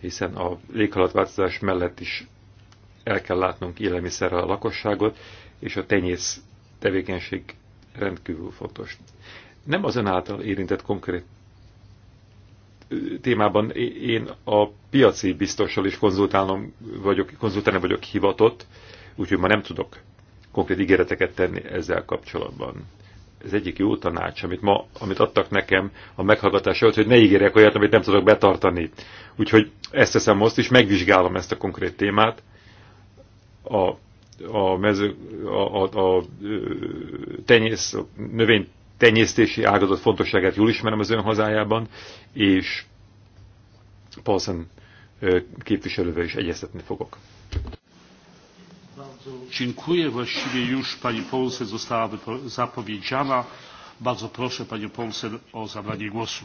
hiszen a léghalatváltozás mellett is el kell látnunk élelmiszerrel a lakosságot, és a tenyész tevékenység rendkívül fontos. Nem azon által érintett konkrét témában én a piaci biztossal is konzultálnom vagyok, konzultálni vagyok hivatott, úgyhogy ma nem tudok konkrét ígéreteket tenni ezzel kapcsolatban. Ez egyik jó tanács, amit ma, amit adtak nekem a meghallgatás előtt, hogy ne ígérjek olyat, amit nem tudok betartani. Úgyhogy ezt teszem most is, megvizsgálom ezt a konkrét témát. A, a mező, a, a, a, tenyész, a növény tenyésztési ágazat fontosságát jól ismerem az ön hazájában, és Paulsen képviselővel is egyeztetni fogok.
Dziękuję. Właściwie już pani Paulsen została zapowiedziana. Bardzo proszę panią Paulsen o zabranie głosu.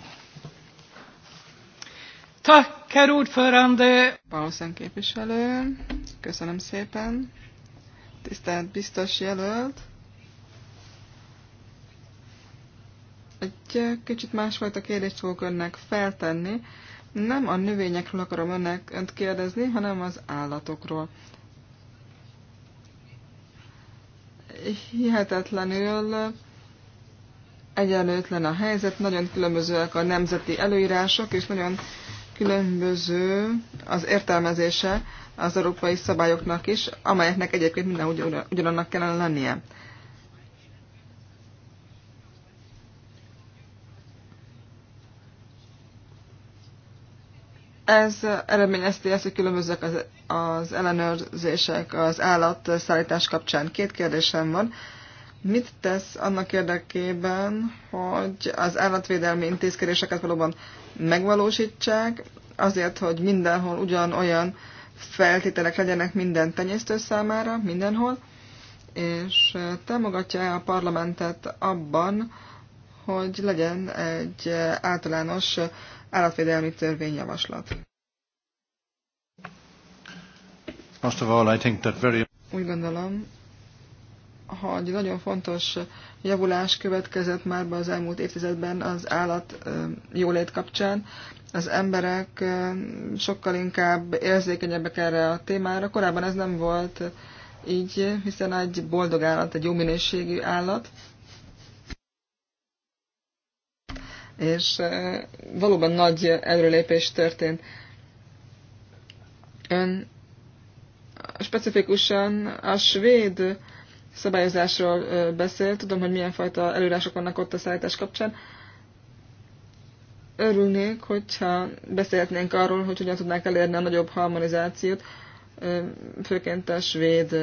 Tack, herr ordförande! Paulsen képviselő, köszönöm szépen. Tisztelt biztos jelölt! Egy eh, kicsit másfajta kérdést fogok önnek feltenni. Nem a növényekről akarom önnek, önt kérdezni, hanem az állatokról. Hihetetlenül egyenlőtlen a helyzet, nagyon különbözőek a nemzeti előírások, és nagyon különböző az értelmezése az európai szabályoknak is, amelyeknek egyébként minden ugyanannak kellene lennie. Ez eredményezti ezt, hogy különbözők az, az ellenőrzések az állatszállítás kapcsán. Két kérdésem van. Mit tesz annak érdekében, hogy az állatvédelmi intézkedéseket valóban megvalósítsák, azért, hogy mindenhol ugyanolyan feltételek legyenek minden tenyésztő számára, mindenhol, és támogatja a parlamentet abban, hogy legyen egy általános állatvédelmi törvényjavaslat. Úgy gondolom, hogy nagyon fontos javulás következett már be az elmúlt évtizedben az állat jólét kapcsán. Az emberek sokkal inkább érzékenyebbek erre a témára. Korábban ez nem volt így, hiszen egy boldog állat, egy jó minőségű állat, és valóban nagy előrelépés történt. Ön specifikusan a svéd szabályozásról beszélt, tudom, hogy milyen fajta előrások vannak ott a szállítás kapcsán. Örülnék, hogyha beszélhetnénk arról, hogy hogyan tudnák elérni a nagyobb harmonizációt, főként a svéd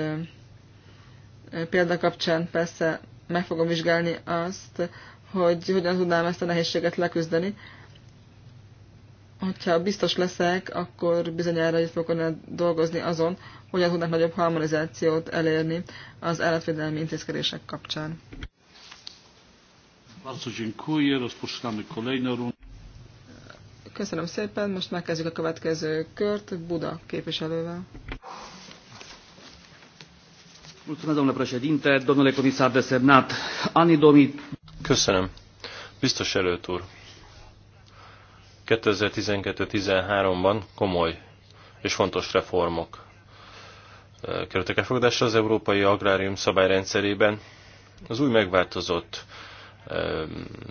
példa kapcsán persze meg fogom vizsgálni azt, hogy hogyan tudnám ezt a nehézséget leküzdeni. Hogyha biztos leszek, akkor bizonyára is fogok dolgozni azon, hogyan tudnak nagyobb harmonizációt elérni az állatvédelmi intézkedések kapcsán. Köszönöm szépen, most megkezdjük a következő kört Buda képviselővel.
Mulțumesc, domnule președinte, domnule comisar desemnat. Anii 2000...
Köszönöm. Biztos előtt úr. 2012-13-ban komoly és fontos reformok kerültek elfogadásra az európai agrárium szabályrendszerében. Az új megváltozott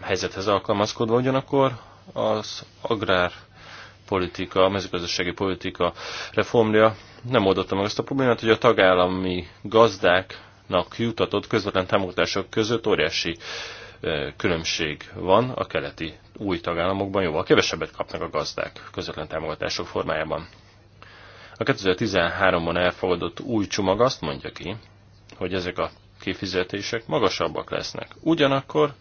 helyzethez alkalmazkodva ugyanakkor az agrár politika, a mezőgazdasági politika reformja nem oldotta meg azt a problémát, hogy a tagállami gazdáknak jutatott közvetlen támogatások között óriási különbség van a keleti új tagállamokban, jóval kevesebbet kapnak a gazdák közvetlen támogatások formájában. A 2013-ban elfogadott új csomag azt mondja ki, hogy ezek a kifizetések magasabbak lesznek. Ugyanakkor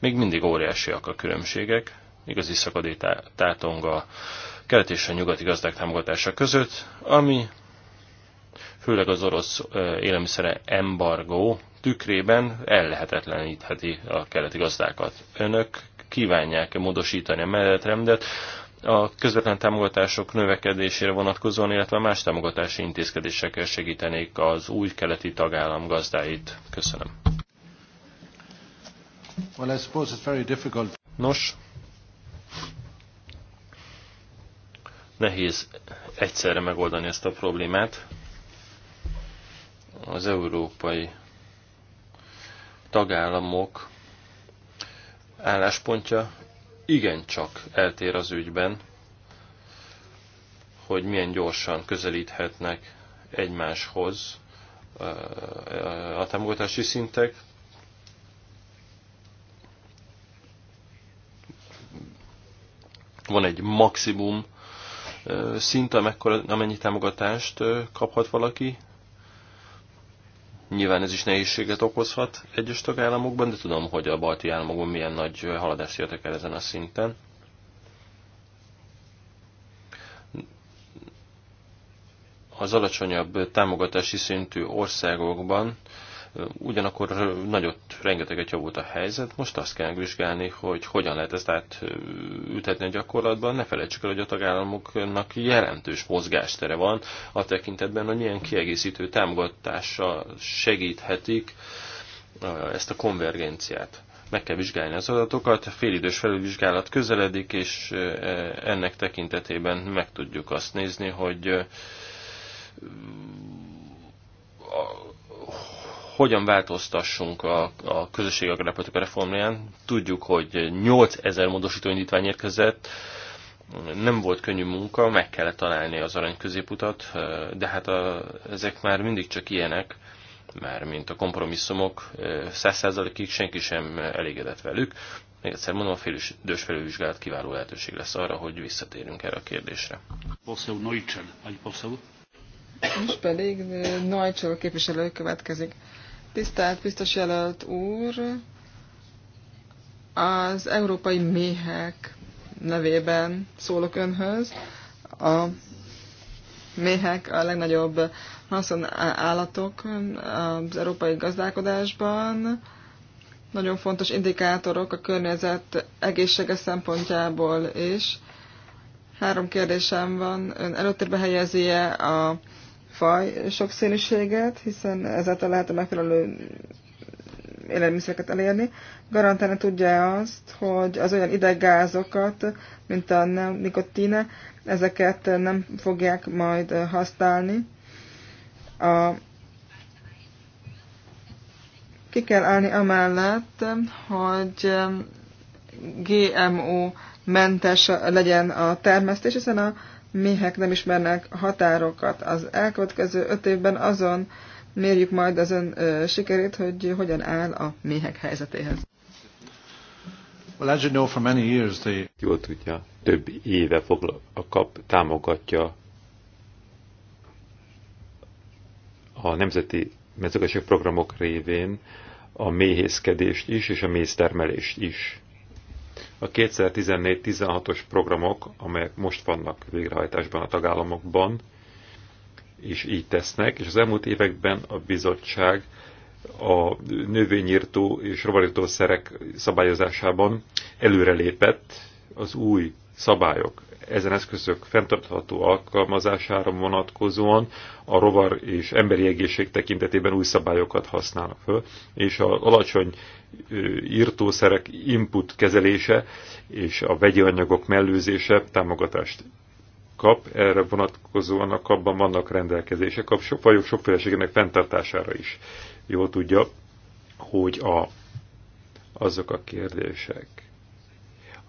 még mindig óriásiak a különbségek, igazi szakadély tátong a kelet és a nyugati gazdák támogatása között, ami főleg az orosz élelmiszere embargó tükrében ellehetetlenítheti a keleti gazdákat. Önök kívánják-e módosítani a menetrendet a közvetlen támogatások növekedésére vonatkozóan, illetve más támogatási intézkedésekkel segítenék az új keleti tagállam gazdáit. Köszönöm.
Well, I suppose it's very difficult. Nos,
nehéz egyszerre megoldani ezt a problémát. Az Európai tagállamok álláspontja igencsak eltér az ügyben, hogy milyen gyorsan közelíthetnek egymáshoz a támogatási szintek. Van egy maximum szint, amekkora, amennyi támogatást kaphat valaki, Nyilván ez is nehézséget okozhat egyes tagállamokban, de tudom, hogy a balti államokban milyen nagy haladást értek el ezen a szinten. Az alacsonyabb támogatási szintű országokban Ugyanakkor nagyot, rengeteget javult a helyzet, most azt kell vizsgálni, hogy hogyan lehet ezt átültetni a gyakorlatban. Ne felejtsük el, hogy a tagállamoknak jelentős mozgástere van a tekintetben, hogy milyen kiegészítő támogatással segíthetik ezt a konvergenciát. Meg kell vizsgálni az adatokat, a félidős felülvizsgálat közeledik, és ennek tekintetében meg tudjuk azt nézni, hogy hogyan változtassunk a, a közösségi agrárpolitika reformján. Tudjuk, hogy 8000 módosító indítvány érkezett, nem volt könnyű munka, meg kellett találni az arany középutat, de hát a, ezek már mindig csak ilyenek, már mint a kompromisszumok, 100%-ig senki sem elégedett velük. Még egyszer mondom, a félidős felülvizsgálat kiváló lehetőség lesz arra, hogy visszatérünk erre a
kérdésre. Most
pedig Neucsel képviselő következik. Tisztelt biztos jelölt úr, az európai méhek nevében szólok önhöz. A méhek a legnagyobb haszon állatok az európai gazdálkodásban. Nagyon fontos indikátorok a környezet egészsége szempontjából is. Három kérdésem van. Ön előttérbe helyezi -e a faj sokszínűséget, hiszen ezáltal lehet a megfelelő élelmiszereket elérni. Garantálni tudja azt, hogy az olyan ideggázokat, mint a nikotine, ezeket nem fogják majd használni. A ki kell állni amellett, hogy GMO mentes legyen a termesztés, hiszen a méhek nem ismernek határokat. Az elkövetkező öt évben azon mérjük majd az ön ö, sikerét, hogy hogyan áll a méhek helyzetéhez.
Well, as you know, for many years they... Jól tudja, több éve foglal, a kap támogatja a nemzeti mezőgazdaság programok révén a méhészkedést is és a méztermelést is. A 2014-16-os programok, amelyek most vannak végrehajtásban a tagállamokban, és így tesznek, és az elmúlt években a bizottság a növényírtó és rovarírtó szerek szabályozásában előrelépett az új szabályok ezen eszközök fenntartható alkalmazására vonatkozóan a rovar és emberi egészség tekintetében új szabályokat használnak föl, és az alacsony írtószerek input kezelése és a vegyi anyagok mellőzése támogatást kap, erre vonatkozóan a kapban vannak rendelkezések, a fajok sokféleségének fenntartására is. Jól tudja, hogy a, azok a kérdések,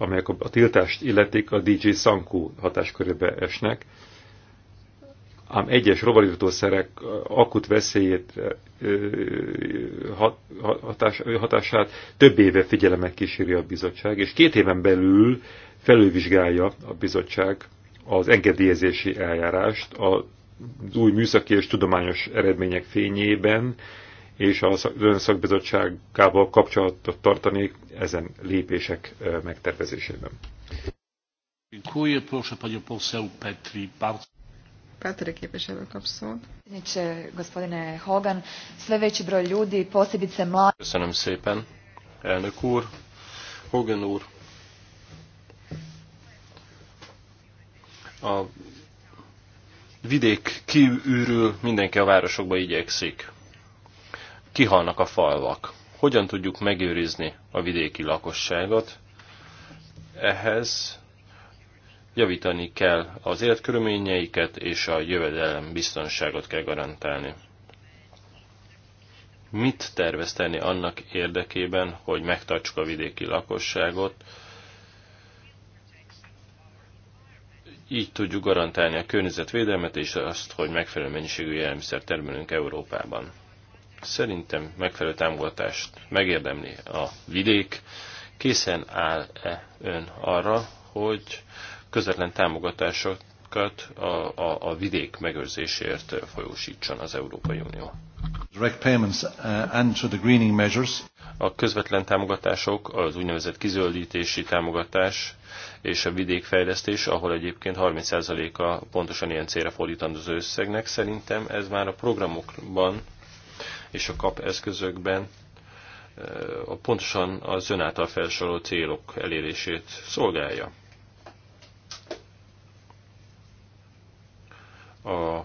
amelyek a tiltást illetik a DJ Sankó hatáskörébe esnek, ám egyes rovarítószerek akut veszélyét hatását több éve figyelemek kíséri a bizottság, és két éven belül felülvizsgálja a bizottság az engedélyezési eljárást az új műszaki és tudományos eredmények fényében, és az önszakbizottságával kapcsolatot tartani ezen lépések megtervezésében.
Petri képviselő kap szót. gospodine
Hogan, sve broj ljudi, posebice mladi.
Köszönöm szépen, elnök úr, Hogan úr. A vidék kívülről mindenki a városokba igyekszik kihalnak a falvak. Hogyan tudjuk megőrizni a vidéki lakosságot? Ehhez javítani kell az életkörülményeiket, és a jövedelem biztonságot kell garantálni. Mit tervez tenni annak érdekében, hogy megtartsuk a vidéki lakosságot, így tudjuk garantálni a környezetvédelmet és azt, hogy megfelelő mennyiségű élelmiszer termelünk Európában. Szerintem megfelelő támogatást megérdemli a vidék. Készen áll-e ön arra, hogy közvetlen támogatásokat a, a, a vidék megőrzésért folyósítson az Európai Unió? Uh, a közvetlen támogatások, az úgynevezett kizöldítési támogatás és a vidékfejlesztés, ahol egyébként 30%-a pontosan ilyen célra fordítandó az összegnek, szerintem ez már a programokban és a kap eszközökben pontosan az ön által felsorolt célok elérését szolgálja. A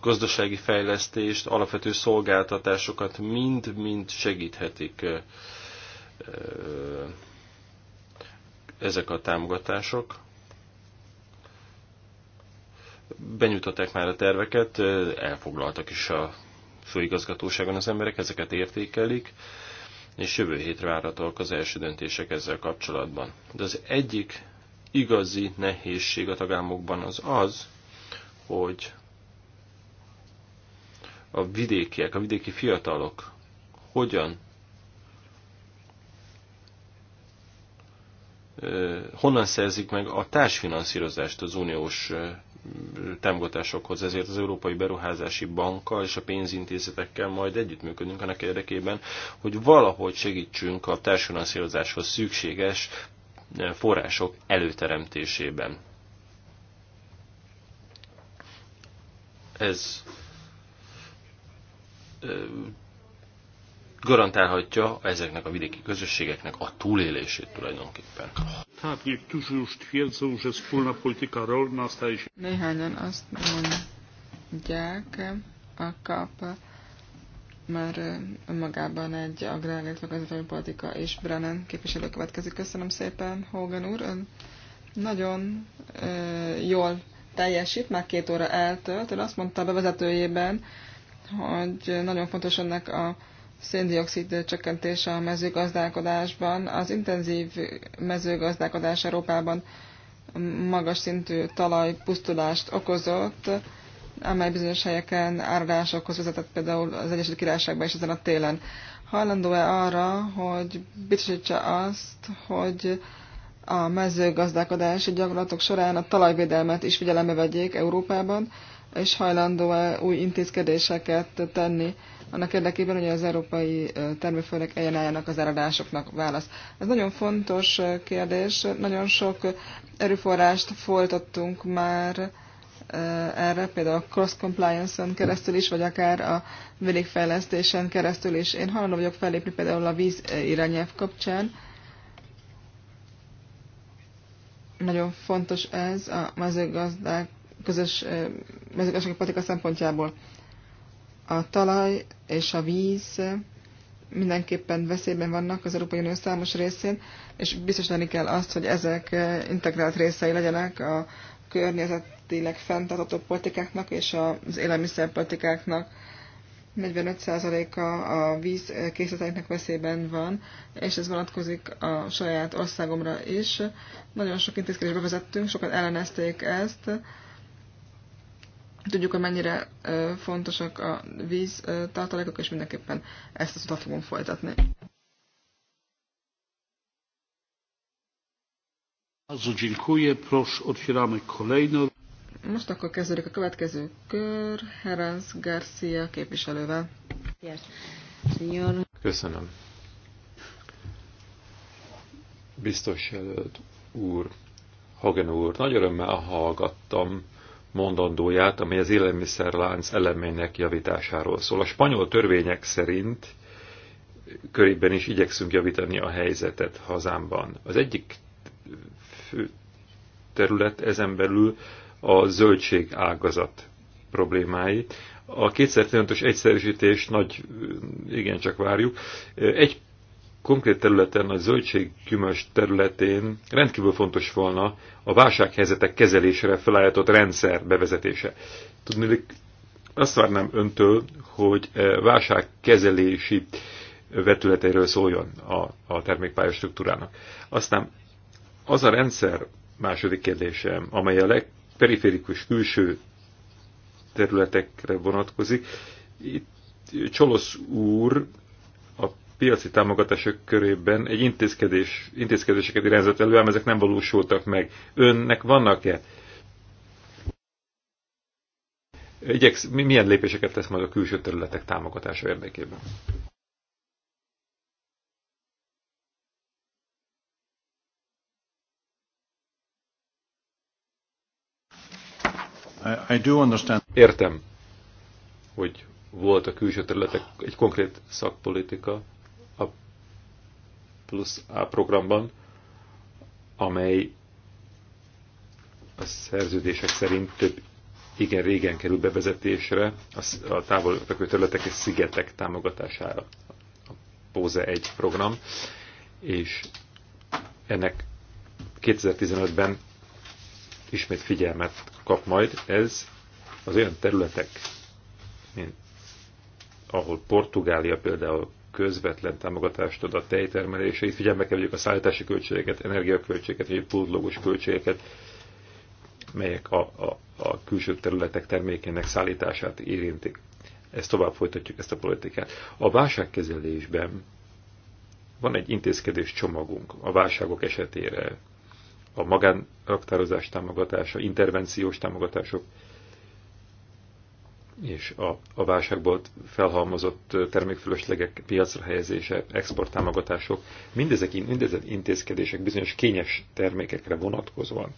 gazdasági fejlesztést, alapvető szolgáltatásokat mind-mind segíthetik ezek a támogatások. Benyújtották már a terveket, elfoglaltak is a főigazgatóságon az emberek ezeket értékelik, és jövő hétre várhatóak az első döntések ezzel kapcsolatban. De az egyik igazi nehézség a tagállamokban az az, hogy a vidékiek, a vidéki fiatalok hogyan honnan szerzik meg a társfinanszírozást az uniós támogatásokhoz. Ezért az Európai Beruházási Bankkal és a pénzintézetekkel majd együttműködünk annak érdekében, hogy valahogy segítsünk a társfinanszírozáshoz szükséges eh, források előteremtésében. Ez eh, garantálhatja ezeknek a vidéki
közösségeknek a túlélését tulajdonképpen.
Néhányan azt mondják, a kap már magában egy agrár, illetve gazdasági politika és Brennan képviselő következik. Köszönöm szépen, Hogan úr. Ön nagyon ö, jól teljesít, már két óra eltölt. Ön azt mondta a bevezetőjében, hogy nagyon fontos ennek a széndiokszid csökkentése a mezőgazdálkodásban. Az intenzív mezőgazdálkodás Európában magas szintű talajpusztulást okozott, amely bizonyos helyeken áradásokhoz vezetett például az Egyesült Királyságban is ezen a télen. Hajlandó-e arra, hogy biztosítsa azt, hogy a mezőgazdálkodási gyakorlatok során a talajvédelmet is figyelembe vegyék Európában, és hajlandó-e új intézkedéseket tenni annak érdekében, hogy az európai termőföldek ellenálljanak az eladásoknak válasz. Ez nagyon fontos kérdés, nagyon sok erőforrást folytattunk már erre, például a cross compliance-on keresztül is, vagy akár a vidékfejlesztésen keresztül is. Én hajlandó vagyok fellépni például a víz irányelv kapcsán. Nagyon fontos ez a mezőgazdák közös mezőgazdasági politika szempontjából. A talaj és a víz mindenképpen veszélyben vannak az Európai Unió számos részén, és biztosítani kell azt, hogy ezek integrált részei legyenek a környezetileg fenntartható politikáknak és az élelmiszerpolitikáknak. 45%-a a víz készleteknek veszélyben van, és ez vonatkozik a saját országomra is. Nagyon sok intézkedésbe vezettünk, sokan ellenezték ezt, Hát tudjuk, hogy mennyire fontosak a tartalékok, és mindenképpen ezt az utat fogom folytatni. Most akkor kezdődik a következő kör, Herenz Garcia képviselővel.
Köszönöm. Biztos jelölt úr, Hagen úr, nagy örömmel hallgattam mondandóját, amely az élelmiszerlánc elemének javításáról szól. A spanyol törvények szerint körében is igyekszünk javítani a helyzetet hazámban. Az egyik fő terület ezen belül a zöldség ágazat problémái. A kétszer egyszerűsítés nagy, igen csak várjuk. Egy konkrét területen, a zöldségkümös területén rendkívül fontos volna a válsághelyzetek kezelésére felállított rendszer bevezetése. Tudni, azt várnám öntől, hogy e, válságkezelési vetületeiről szóljon a, a termékpálya struktúrának. Aztán az a rendszer, második kérdésem, amely a legperiférikus külső területekre vonatkozik, itt Csolosz úr piaci támogatások körében egy intézkedés, intézkedéseket irányzott elő, ám ezek nem valósultak meg. Önnek vannak-e? Igyeksz, milyen lépéseket tesz majd a külső területek támogatása érdekében?
I do understand.
Értem, hogy volt a külső területek egy konkrét szakpolitika, a plusz A programban, amely a szerződések szerint több igen régen került bevezetésre a távol fekvő területek és szigetek támogatására. A POSE 1 program, és ennek 2015-ben ismét figyelmet kap majd. Ez az olyan területek, mint ahol Portugália például közvetlen támogatást ad a tejtermelésre. Itt figyelme kell a szállítási költségeket, energiaköltségeket, vagy pótlogos költségeket, melyek a, a, a külső területek termékének szállítását érintik. Ezt tovább folytatjuk, ezt a politikát. A válságkezelésben van egy intézkedés csomagunk a válságok esetére. A magánraktározás támogatása, intervenciós támogatások, és a, a válságból felhalmozott termékfölöslegek piacra helyezése, exporttámogatások, mindezek, mindezek intézkedések bizonyos kényes termékekre vonatkozóan,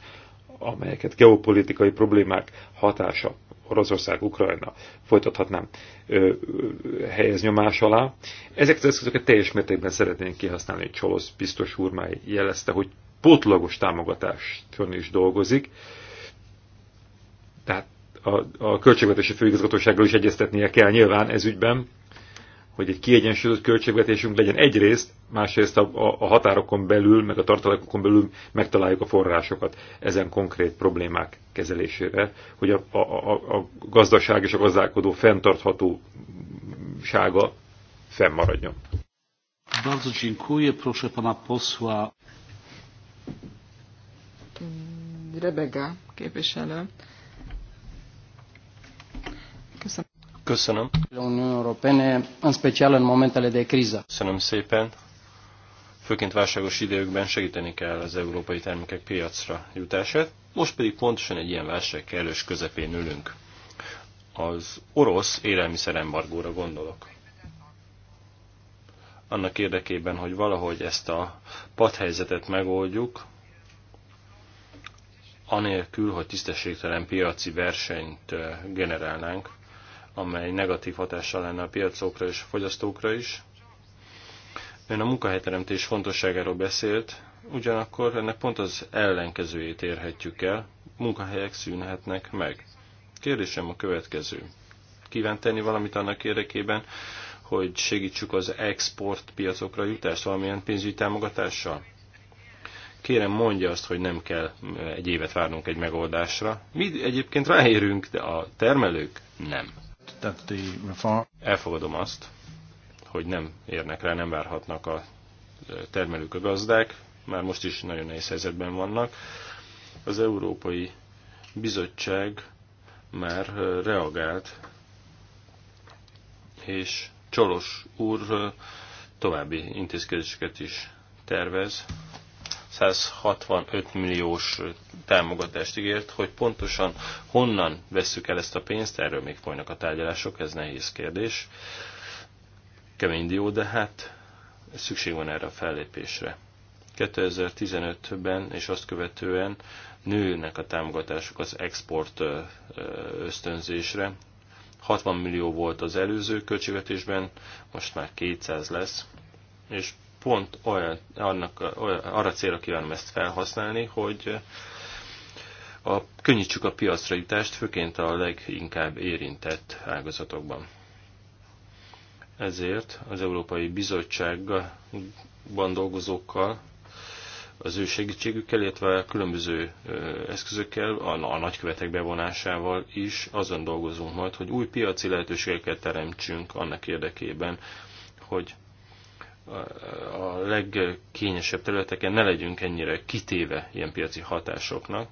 amelyeket geopolitikai problémák hatása, Oroszország, Ukrajna, folytathatnám, ö, ö, helyez nyomás alá. Ezeket az eszközöket teljes mértékben szeretnénk kihasználni. Csolosz biztos úr már jelezte, hogy pótlagos támogatáson is dolgozik, tehát a, a költségvetési főigazgatósággal is egyeztetnie kell nyilván ez ügyben, hogy egy kiegyensúlyozott költségvetésünk legyen egyrészt, másrészt a, a, a határokon belül, meg a tartalékokon belül megtaláljuk a forrásokat ezen konkrét problémák kezelésére, hogy a, a, a, a gazdaság és a gazdálkodó fenntarthatósága fennmaradjon. Bardzo dziękuję.
Proszę pana posła.
Rebega képviselő
Köszönöm. de Köszönöm szépen. Főként válságos időkben segíteni kell az európai termékek piacra jutását. Most pedig pontosan egy ilyen válság kellős közepén ülünk. Az orosz élelmiszerembargóra gondolok. Annak érdekében, hogy valahogy ezt a padhelyzetet megoldjuk, anélkül, hogy tisztességtelen piaci versenyt eh, generálnánk, amely negatív hatással lenne a piacokra és a fogyasztókra is. Ön a munkahelyteremtés fontosságáról beszélt, ugyanakkor ennek pont az ellenkezőjét érhetjük el, munkahelyek szűnhetnek meg. Kérdésem a következő. Kíván tenni valamit annak érdekében, hogy segítsük az export piacokra jutást valamilyen pénzügyi támogatással? Kérem mondja azt, hogy nem kell eh, egy évet várnunk egy megoldásra. Mi egyébként ráérünk, de a termelők nem that the reform... Elfogadom azt, hogy nem érnek rá, nem várhatnak a termelők, a gazdák, már most is nagyon nehéz helyzetben vannak. Az Európai Bizottság már reagált, és Csolos úr további intézkedéseket is tervez 165 milliós támogatást ígért, hogy pontosan honnan vesszük el ezt a pénzt, erről még folynak a tárgyalások, ez nehéz kérdés. Kemény dió, de hát szükség van erre a fellépésre. 2015-ben és azt követően nőnek a támogatások az export ösztönzésre. 60 millió volt az előző költségvetésben, most már 200 lesz, és pont olyan, annak, olyan, arra célra kívánom ezt felhasználni, hogy a, könnyítsük a piacra jutást, főként a leginkább érintett ágazatokban. Ezért az Európai Bizottságban dolgozókkal, az ő segítségükkel, illetve különböző eszközökkel, a, a nagykövetek bevonásával is azon dolgozunk majd, hogy új piaci lehetőségeket teremtsünk annak érdekében, hogy a legkényesebb területeken ne legyünk ennyire kitéve ilyen piaci hatásoknak.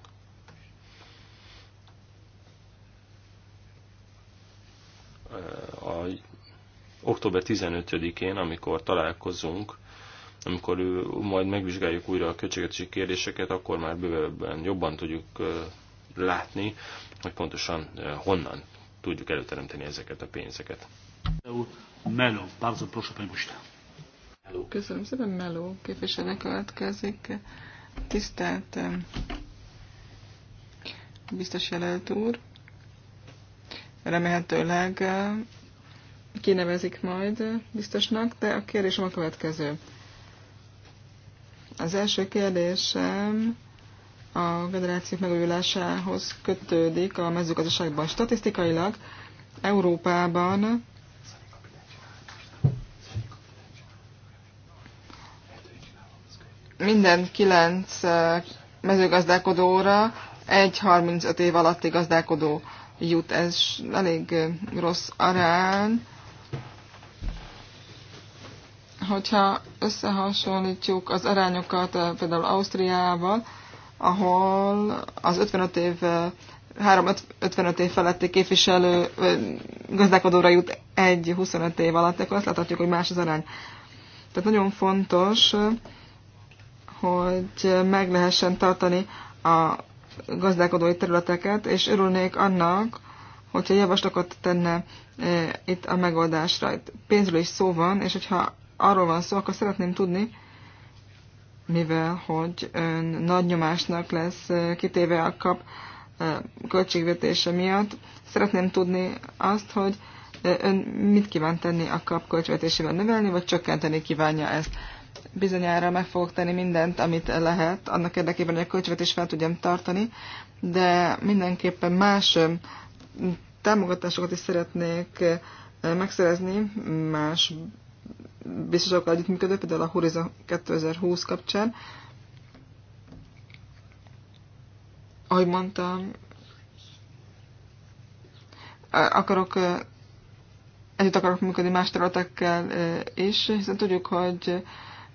A október 15-én, amikor találkozunk, amikor majd megvizsgáljuk újra a költségetési kérdéseket, akkor már bővebben jobban tudjuk látni, hogy pontosan honnan tudjuk előteremteni ezeket a pénzeket.
Melo, bardzo proszę, panie
Meló. Köszönöm szépen, Meló képviselő következik. Tisztelt biztos jelölt úr, remélhetőleg kinevezik majd biztosnak, de a kérdésem a következő. Az első kérdésem a generációk megújulásához kötődik a mezőgazdaságban. Statisztikailag Európában minden kilenc mezőgazdálkodóra egy 35 év alatti gazdálkodó jut. Ez elég rossz arány. Hogyha összehasonlítjuk az arányokat például Ausztriával, ahol az 55 év 3-55 év feletti képviselő gazdálkodóra jut egy 25 év alatt, akkor azt láthatjuk, hogy más az arány. Tehát nagyon fontos hogy meg lehessen tartani a gazdálkodói területeket, és örülnék annak, hogyha javaslatokat tenne e, itt a megoldásra. Itt pénzről is szó van, és hogyha arról van szó, akkor szeretném tudni, mivel hogy ön nagy nyomásnak lesz e, kitéve a kap e, költségvetése miatt, szeretném tudni azt, hogy e, ön mit kíván tenni a kap költségvetésével növelni, vagy csökkenteni kívánja ezt bizonyára meg fogok tenni mindent, amit lehet, annak érdekében, hogy a is fel tudjam tartani, de mindenképpen más támogatásokat is szeretnék megszerezni, más biztosokkal együttműködő, például a Horizon 2020 kapcsán. Ahogy mondtam, akarok együtt akarok működni más területekkel is, hiszen tudjuk, hogy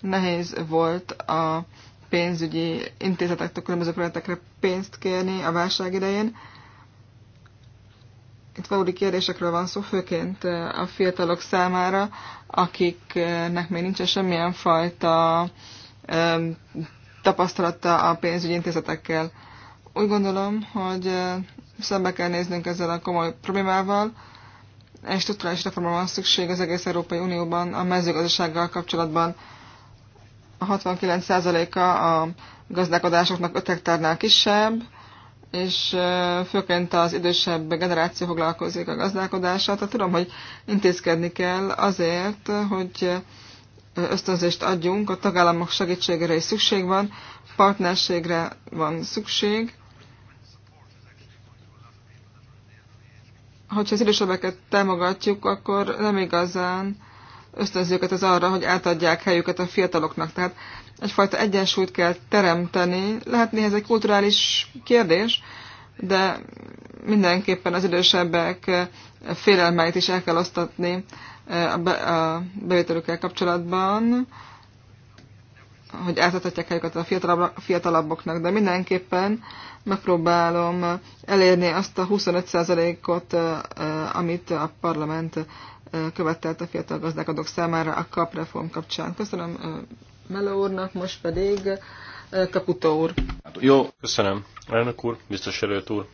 nehéz volt a pénzügyi intézetektől különböző projektekre pénzt kérni a válság idején. Itt valódi kérdésekről van szó, főként a fiatalok számára, akiknek még nincsen semmilyen fajta tapasztalata a pénzügyi intézetekkel. Úgy gondolom, hogy szembe kell néznünk ezzel a komoly problémával, és strukturális reformra van szükség az egész Európai Unióban a mezőgazdasággal kapcsolatban a 69%-a a gazdálkodásoknak 5 hektárnál kisebb, és főként az idősebb generáció foglalkozik a gazdálkodással. Tehát tudom, hogy intézkedni kell azért, hogy ösztönzést adjunk, a tagállamok segítségére is szükség van, partnerségre van szükség. Hogyha az idősebbeket támogatjuk, akkor nem igazán ösztönzi őket az arra, hogy átadják helyüket a fiataloknak. Tehát egyfajta egyensúlyt kell teremteni. Lehet néha ez egy kulturális kérdés, de mindenképpen az idősebbek félelmeit is el kell osztatni a, be, a bevételükkel kapcsolatban, hogy átadhatják helyüket a fiatalabboknak, de mindenképpen megpróbálom elérni azt a 25%-ot, eh, amit a parlament követelt a fiatal gazdálkodók számára a kapreform reform kapcsán. Köszönöm Mele úrnak, most pedig Kaputó úr.
Jó, köszönöm. Elnök úr, biztos előtt úr.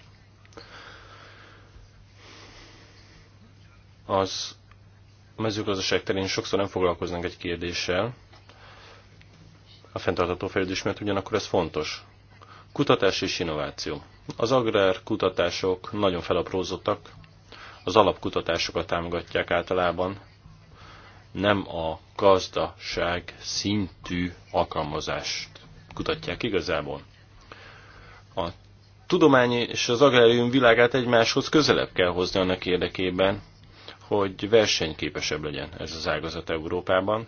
Az mezőgazdaság terén sokszor nem foglalkoznak egy kérdéssel, a fenntartató fejlődés, mert ugyanakkor ez fontos. Kutatás és innováció. Az agrár kutatások nagyon felaprózottak, az alapkutatásokat támogatják általában, nem a gazdaság szintű alkalmazást kutatják igazából. A tudomány és az agrárium világát egymáshoz közelebb kell hozni annak érdekében, hogy versenyképesebb legyen ez az ágazat Európában,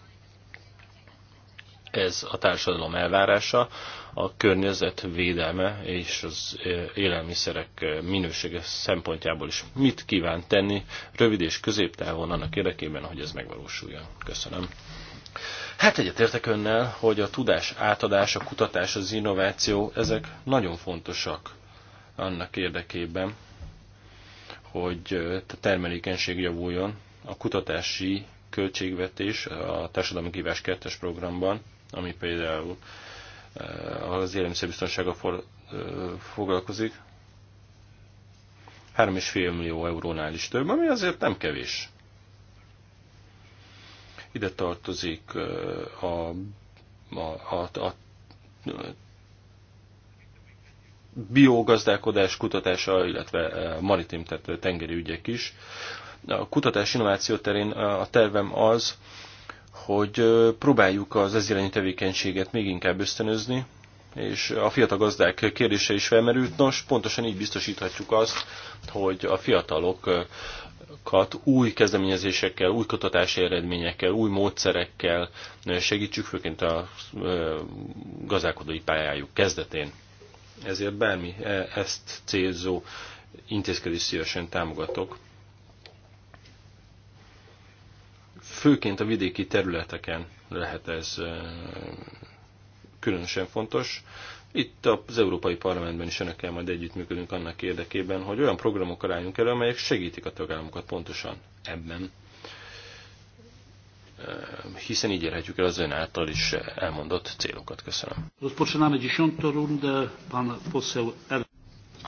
ez a társadalom elvárása, a környezet védelme és az élelmiszerek minősége szempontjából is. Mit kíván tenni rövid és középtávon annak érdekében, hogy ez megvalósuljon? Köszönöm. Hát egyetértek önnel, hogy a tudás átadás, a kutatás, az innováció, ezek nagyon fontosak annak érdekében, hogy a termelékenység javuljon. A kutatási költségvetés a Társadalmi Kívás 2 programban ami például eh, az élelmiszerbiztonsága eh, foglalkozik, 3,5 millió eurónál is több, ami azért nem kevés. Ide tartozik eh, a, a, a, a biogazdálkodás kutatása, illetve maritim, tehát tengeri ügyek is. A kutatás innováció terén a tervem az, hogy próbáljuk az ez irányú tevékenységet még inkább ösztönözni, és a fiatal gazdák kérdése is felmerült. Nos, pontosan így biztosíthatjuk azt, hogy a fiatalokat új kezdeményezésekkel, új kutatási eredményekkel, új módszerekkel segítsük, főként a gazdálkodói pályájuk kezdetén. Ezért bármi e, ezt célzó intézkedés szívesen támogatok. Főként a vidéki területeken lehet ez különösen fontos. Itt az Európai Parlamentben is önökkel majd együttműködünk annak érdekében, hogy olyan programokkal álljunk elő, amelyek segítik a tagállamokat pontosan ebben. Hiszen így érhetjük el az ön által is
elmondott célokat. Köszönöm.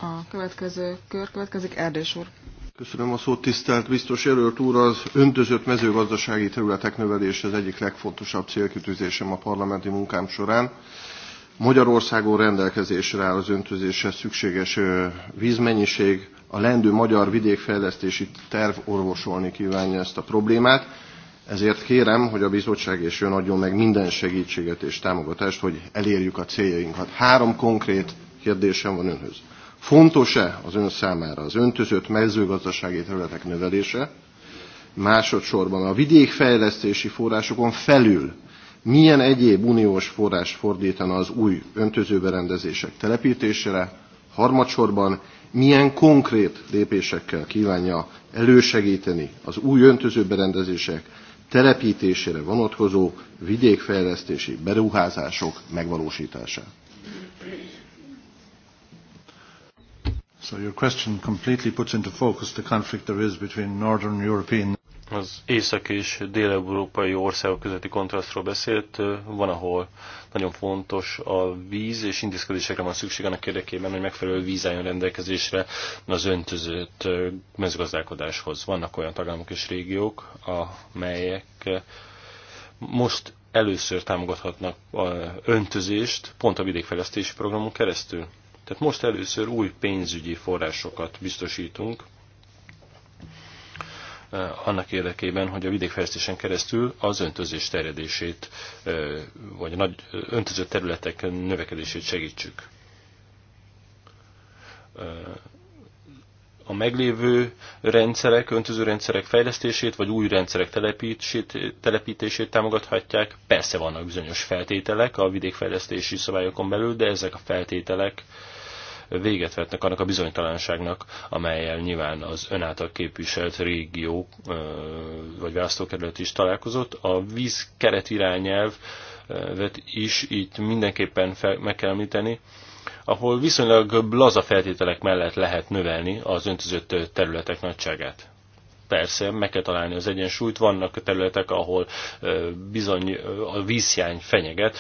A következő kör következik Erdős úr.
Köszönöm a szót, tisztelt biztos jelölt úr. Az öntözött mezőgazdasági területek növelése az egyik legfontosabb célkütőzésem a parlamenti munkám során. Magyarországon rendelkezésre áll az öntözéshez szükséges vízmennyiség. A lendő magyar vidékfejlesztési terv orvosolni kívánja ezt a problémát. Ezért kérem, hogy a bizottság és ön adjon meg minden segítséget és támogatást, hogy elérjük a céljainkat. Három konkrét kérdésem van önhöz. Fontos-e az ön számára az öntözött mezőgazdasági területek növelése? Másodszorban a vidékfejlesztési forrásokon felül milyen egyéb uniós forrás fordítana az új öntözőberendezések telepítésére? Harmadsorban milyen konkrét lépésekkel kívánja elősegíteni az új öntözőberendezések telepítésére vonatkozó vidékfejlesztési beruházások megvalósítását?
So your question completely puts into focus the conflict there is between Northern European
az észak és dél-európai országok közötti kontrasztról beszélt. Van, ahol nagyon fontos a víz, és intézkedésekre van szükség annak érdekében, hogy megfelelő víz álljon rendelkezésre az öntözött mezőgazdálkodáshoz. Vannak olyan tagállamok és régiók, amelyek most először támogathatnak öntözést pont a vidékfejlesztési programon keresztül. Tehát most először új pénzügyi forrásokat biztosítunk eh, annak érdekében, hogy a vidékfejlesztésen keresztül az öntözés terjedését, eh, vagy a nagy eh, öntöző területek növekedését segítsük a meglévő rendszerek, öntöző rendszerek fejlesztését, vagy új rendszerek telepítését, telepítését támogathatják. Persze vannak bizonyos feltételek a vidékfejlesztési szabályokon belül, de ezek a feltételek véget vetnek annak a bizonytalanságnak, amelyel nyilván az ön által képviselt régió vagy választókerület is találkozott. A víz keretirányelvet is itt mindenképpen fel, meg kell említeni, ahol viszonylag blaza feltételek mellett lehet növelni az öntözött területek nagyságát. Persze, meg kell találni az egyensúlyt, vannak területek, ahol bizony a vízhiány fenyeget,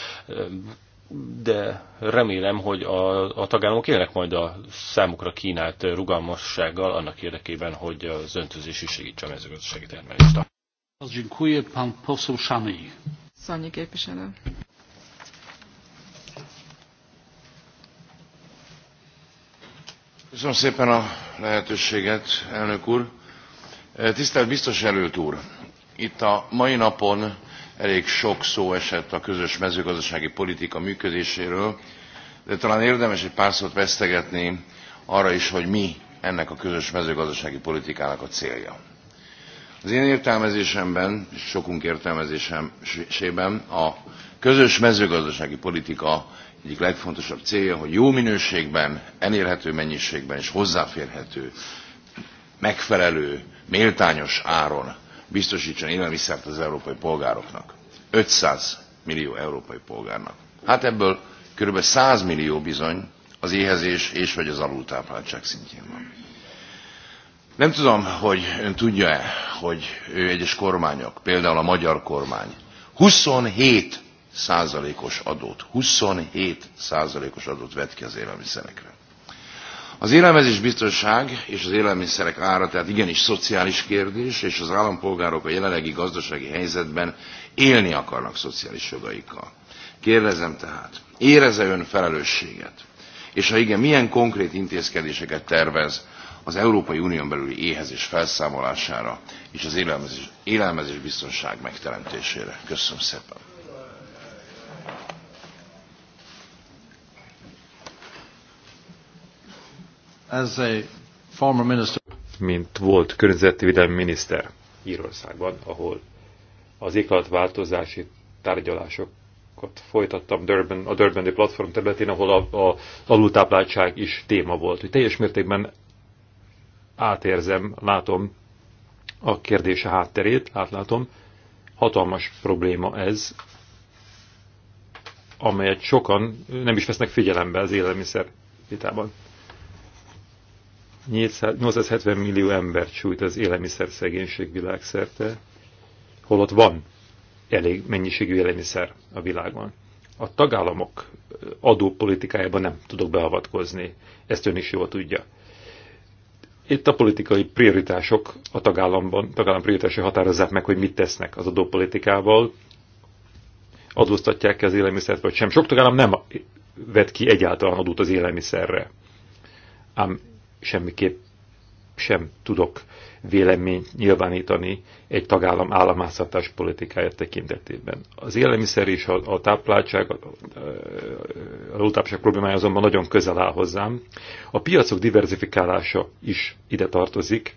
de remélem, hogy a, a tagállamok élnek majd a számukra kínált rugalmassággal annak érdekében, hogy az öntözés is segítse a mezőgazdasági termelést.
Dziękuję, pan poseł Szanyi.
képviselő.
Köszönöm szépen a lehetőséget, elnök úr. Eh, tisztelt biztos jelölt úr! Itt a mai napon elég sok szó esett a közös mezőgazdasági politika működéséről, de talán érdemes egy pár szót vesztegetni arra is, hogy mi ennek a közös mezőgazdasági politikának a célja. Az én értelmezésemben, és sokunk értelmezésében a közös mezőgazdasági politika egyik legfontosabb célja, hogy jó minőségben, elérhető mennyiségben és hozzáférhető, megfelelő, méltányos áron biztosítson élelmiszert az európai polgároknak. 500 millió európai polgárnak. Hát ebből kb. 100 millió bizony az éhezés és vagy az alultápláltság szintjén van. Nem tudom, hogy ön tudja-e, hogy ő egyes kormányok, például a magyar kormány, 27 százalékos adót, 27 százalékos adót vett ki az élelmiszerekre. Az biztonság és az élelmiszerek ára tehát igenis szociális kérdés, és az állampolgárok a jelenlegi gazdasági helyzetben élni akarnak szociális jogaikkal. Kérdezem tehát, éreze ön felelősséget? És ha igen, milyen konkrét intézkedéseket tervez az Európai Unión belüli éhezés felszámolására és az élelmezés, biztonság megteremtésére? Köszönöm szépen!
As a former minister. Mint volt környezetvédelmi miniszter Írországban, ahol az éghajlatváltozási tárgyalásokat folytattam Durban, a Durbani platform területén, ahol a, a, alultápláltság is téma volt. Hogy teljes mértékben átérzem, látom a kérdése hátterét, átlátom. Hatalmas probléma ez, amelyet sokan nem is vesznek figyelembe az élelmiszer vitában. 870 millió ember sújt az élelmiszer szegénység világszerte, holott van elég mennyiségű élelmiszer a világon. A tagállamok adópolitikájában nem tudok beavatkozni, ezt ön is jól tudja. Itt a politikai prioritások a tagállamban, tagállam prioritási határozzák meg, hogy mit tesznek az adópolitikával, adóztatják -e az élelmiszert, vagy sem. Sok tagállam nem vet ki egyáltalán adót az élelmiszerre. Ám semmiképp sem tudok véleményt nyilvánítani egy tagállam államháztartás politikája tekintetében. Az élelmiszer és a, a tápláltság, a, a lótápság problémája azonban nagyon közel áll hozzám. A piacok diverzifikálása is ide tartozik.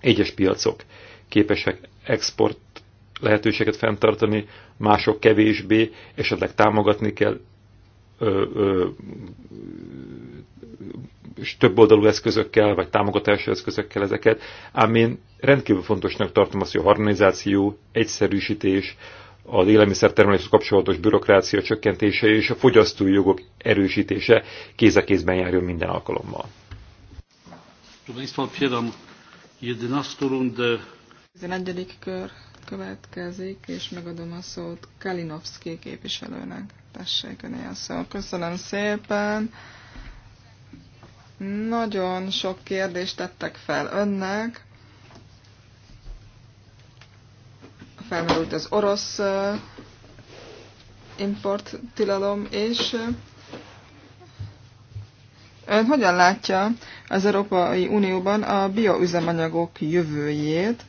Egyes piacok képesek export lehetőséget fenntartani, mások kevésbé, esetleg támogatni kell ö, ö, és több oldalú eszközökkel, vagy támogatási eszközökkel ezeket, ám én rendkívül fontosnak tartom azt, hogy a harmonizáció, egyszerűsítés, az élelmiszertermeléshez kapcsolatos bürokrácia csökkentése és a fogyasztói jogok erősítése kéz a kézben járjon minden alkalommal.
Tizenegyedik kör következik, és megadom a szót Kalinowski képviselőnek. Tessék, önél a szó. Köszönöm szépen. Nagyon sok kérdést tettek fel önnek. Felmerült az orosz import tilalom és ön hogyan látja az Európai Unióban a bioüzemanyagok jövőjét?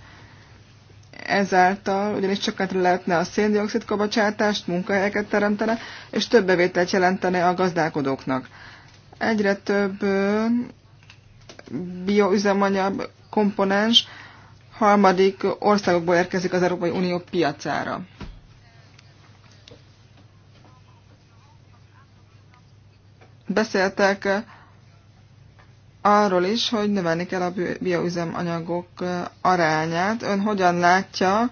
ezáltal ugyanis csökkenteni lehetne a széndiokszid kibocsátást, munkahelyeket teremtene, és több bevételt jelentene a gazdálkodóknak egyre több bioüzemanyag komponens harmadik országokból érkezik az Európai Unió piacára. Beszéltek arról is, hogy növelni kell a bioüzemanyagok arányát. Ön hogyan látja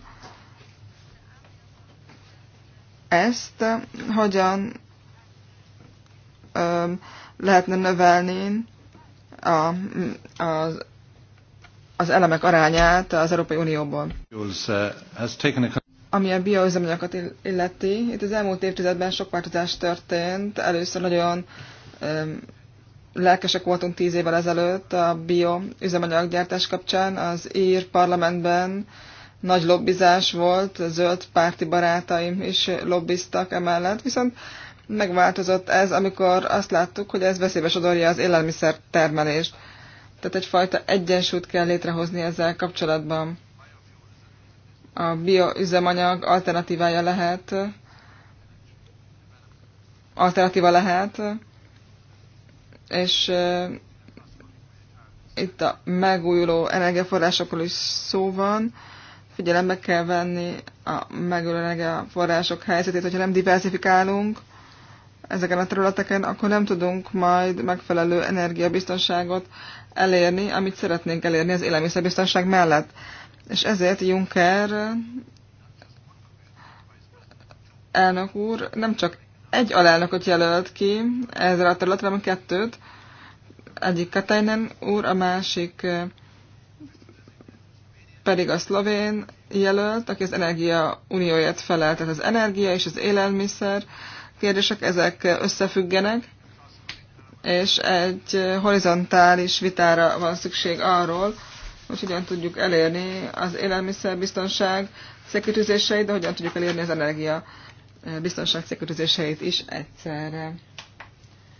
ezt, hogyan lehetne növelni a, a, az elemek arányát az Európai Unióból. Ami a bioüzemanyagokat illeti, itt az elmúlt évtizedben sok változás történt. Először nagyon um, lelkesek voltunk tíz évvel ezelőtt a bioüzemanyaggyártás kapcsán. Az ír parlamentben nagy lobbizás volt, zöld párti barátaim is lobbiztak emellett, viszont megváltozott ez, amikor azt láttuk, hogy ez veszélybe sodorja az élelmiszer termelést. Tehát egyfajta egyensúlyt kell létrehozni ezzel kapcsolatban. A bioüzemanyag alternatívája lehet, alternatíva lehet, és eh, itt a megújuló energiaforrásokról is szó van. Figyelembe kell venni a megújuló energiaforrások helyzetét, hogyha nem diversifikálunk, ezeken a területeken, akkor nem tudunk majd megfelelő energiabiztonságot elérni, amit szeretnénk elérni az élelmiszerbiztonság mellett. És ezért Juncker elnök úr nem csak egy alelnököt jelölt ki ezzel a területre, hanem kettőt. Egyik Katainen úr, a másik eh, pedig a szlovén jelölt, aki az Energia Unióját felelt, tehát az energia és az élelmiszer kérdések, ezek összefüggenek, és egy horizontális vitára van szükség arról, hogy hogyan tudjuk elérni az élelmiszerbiztonság szekütőzéseit, de hogyan tudjuk elérni az energia biztonság szekütőzéseit is egyszerre.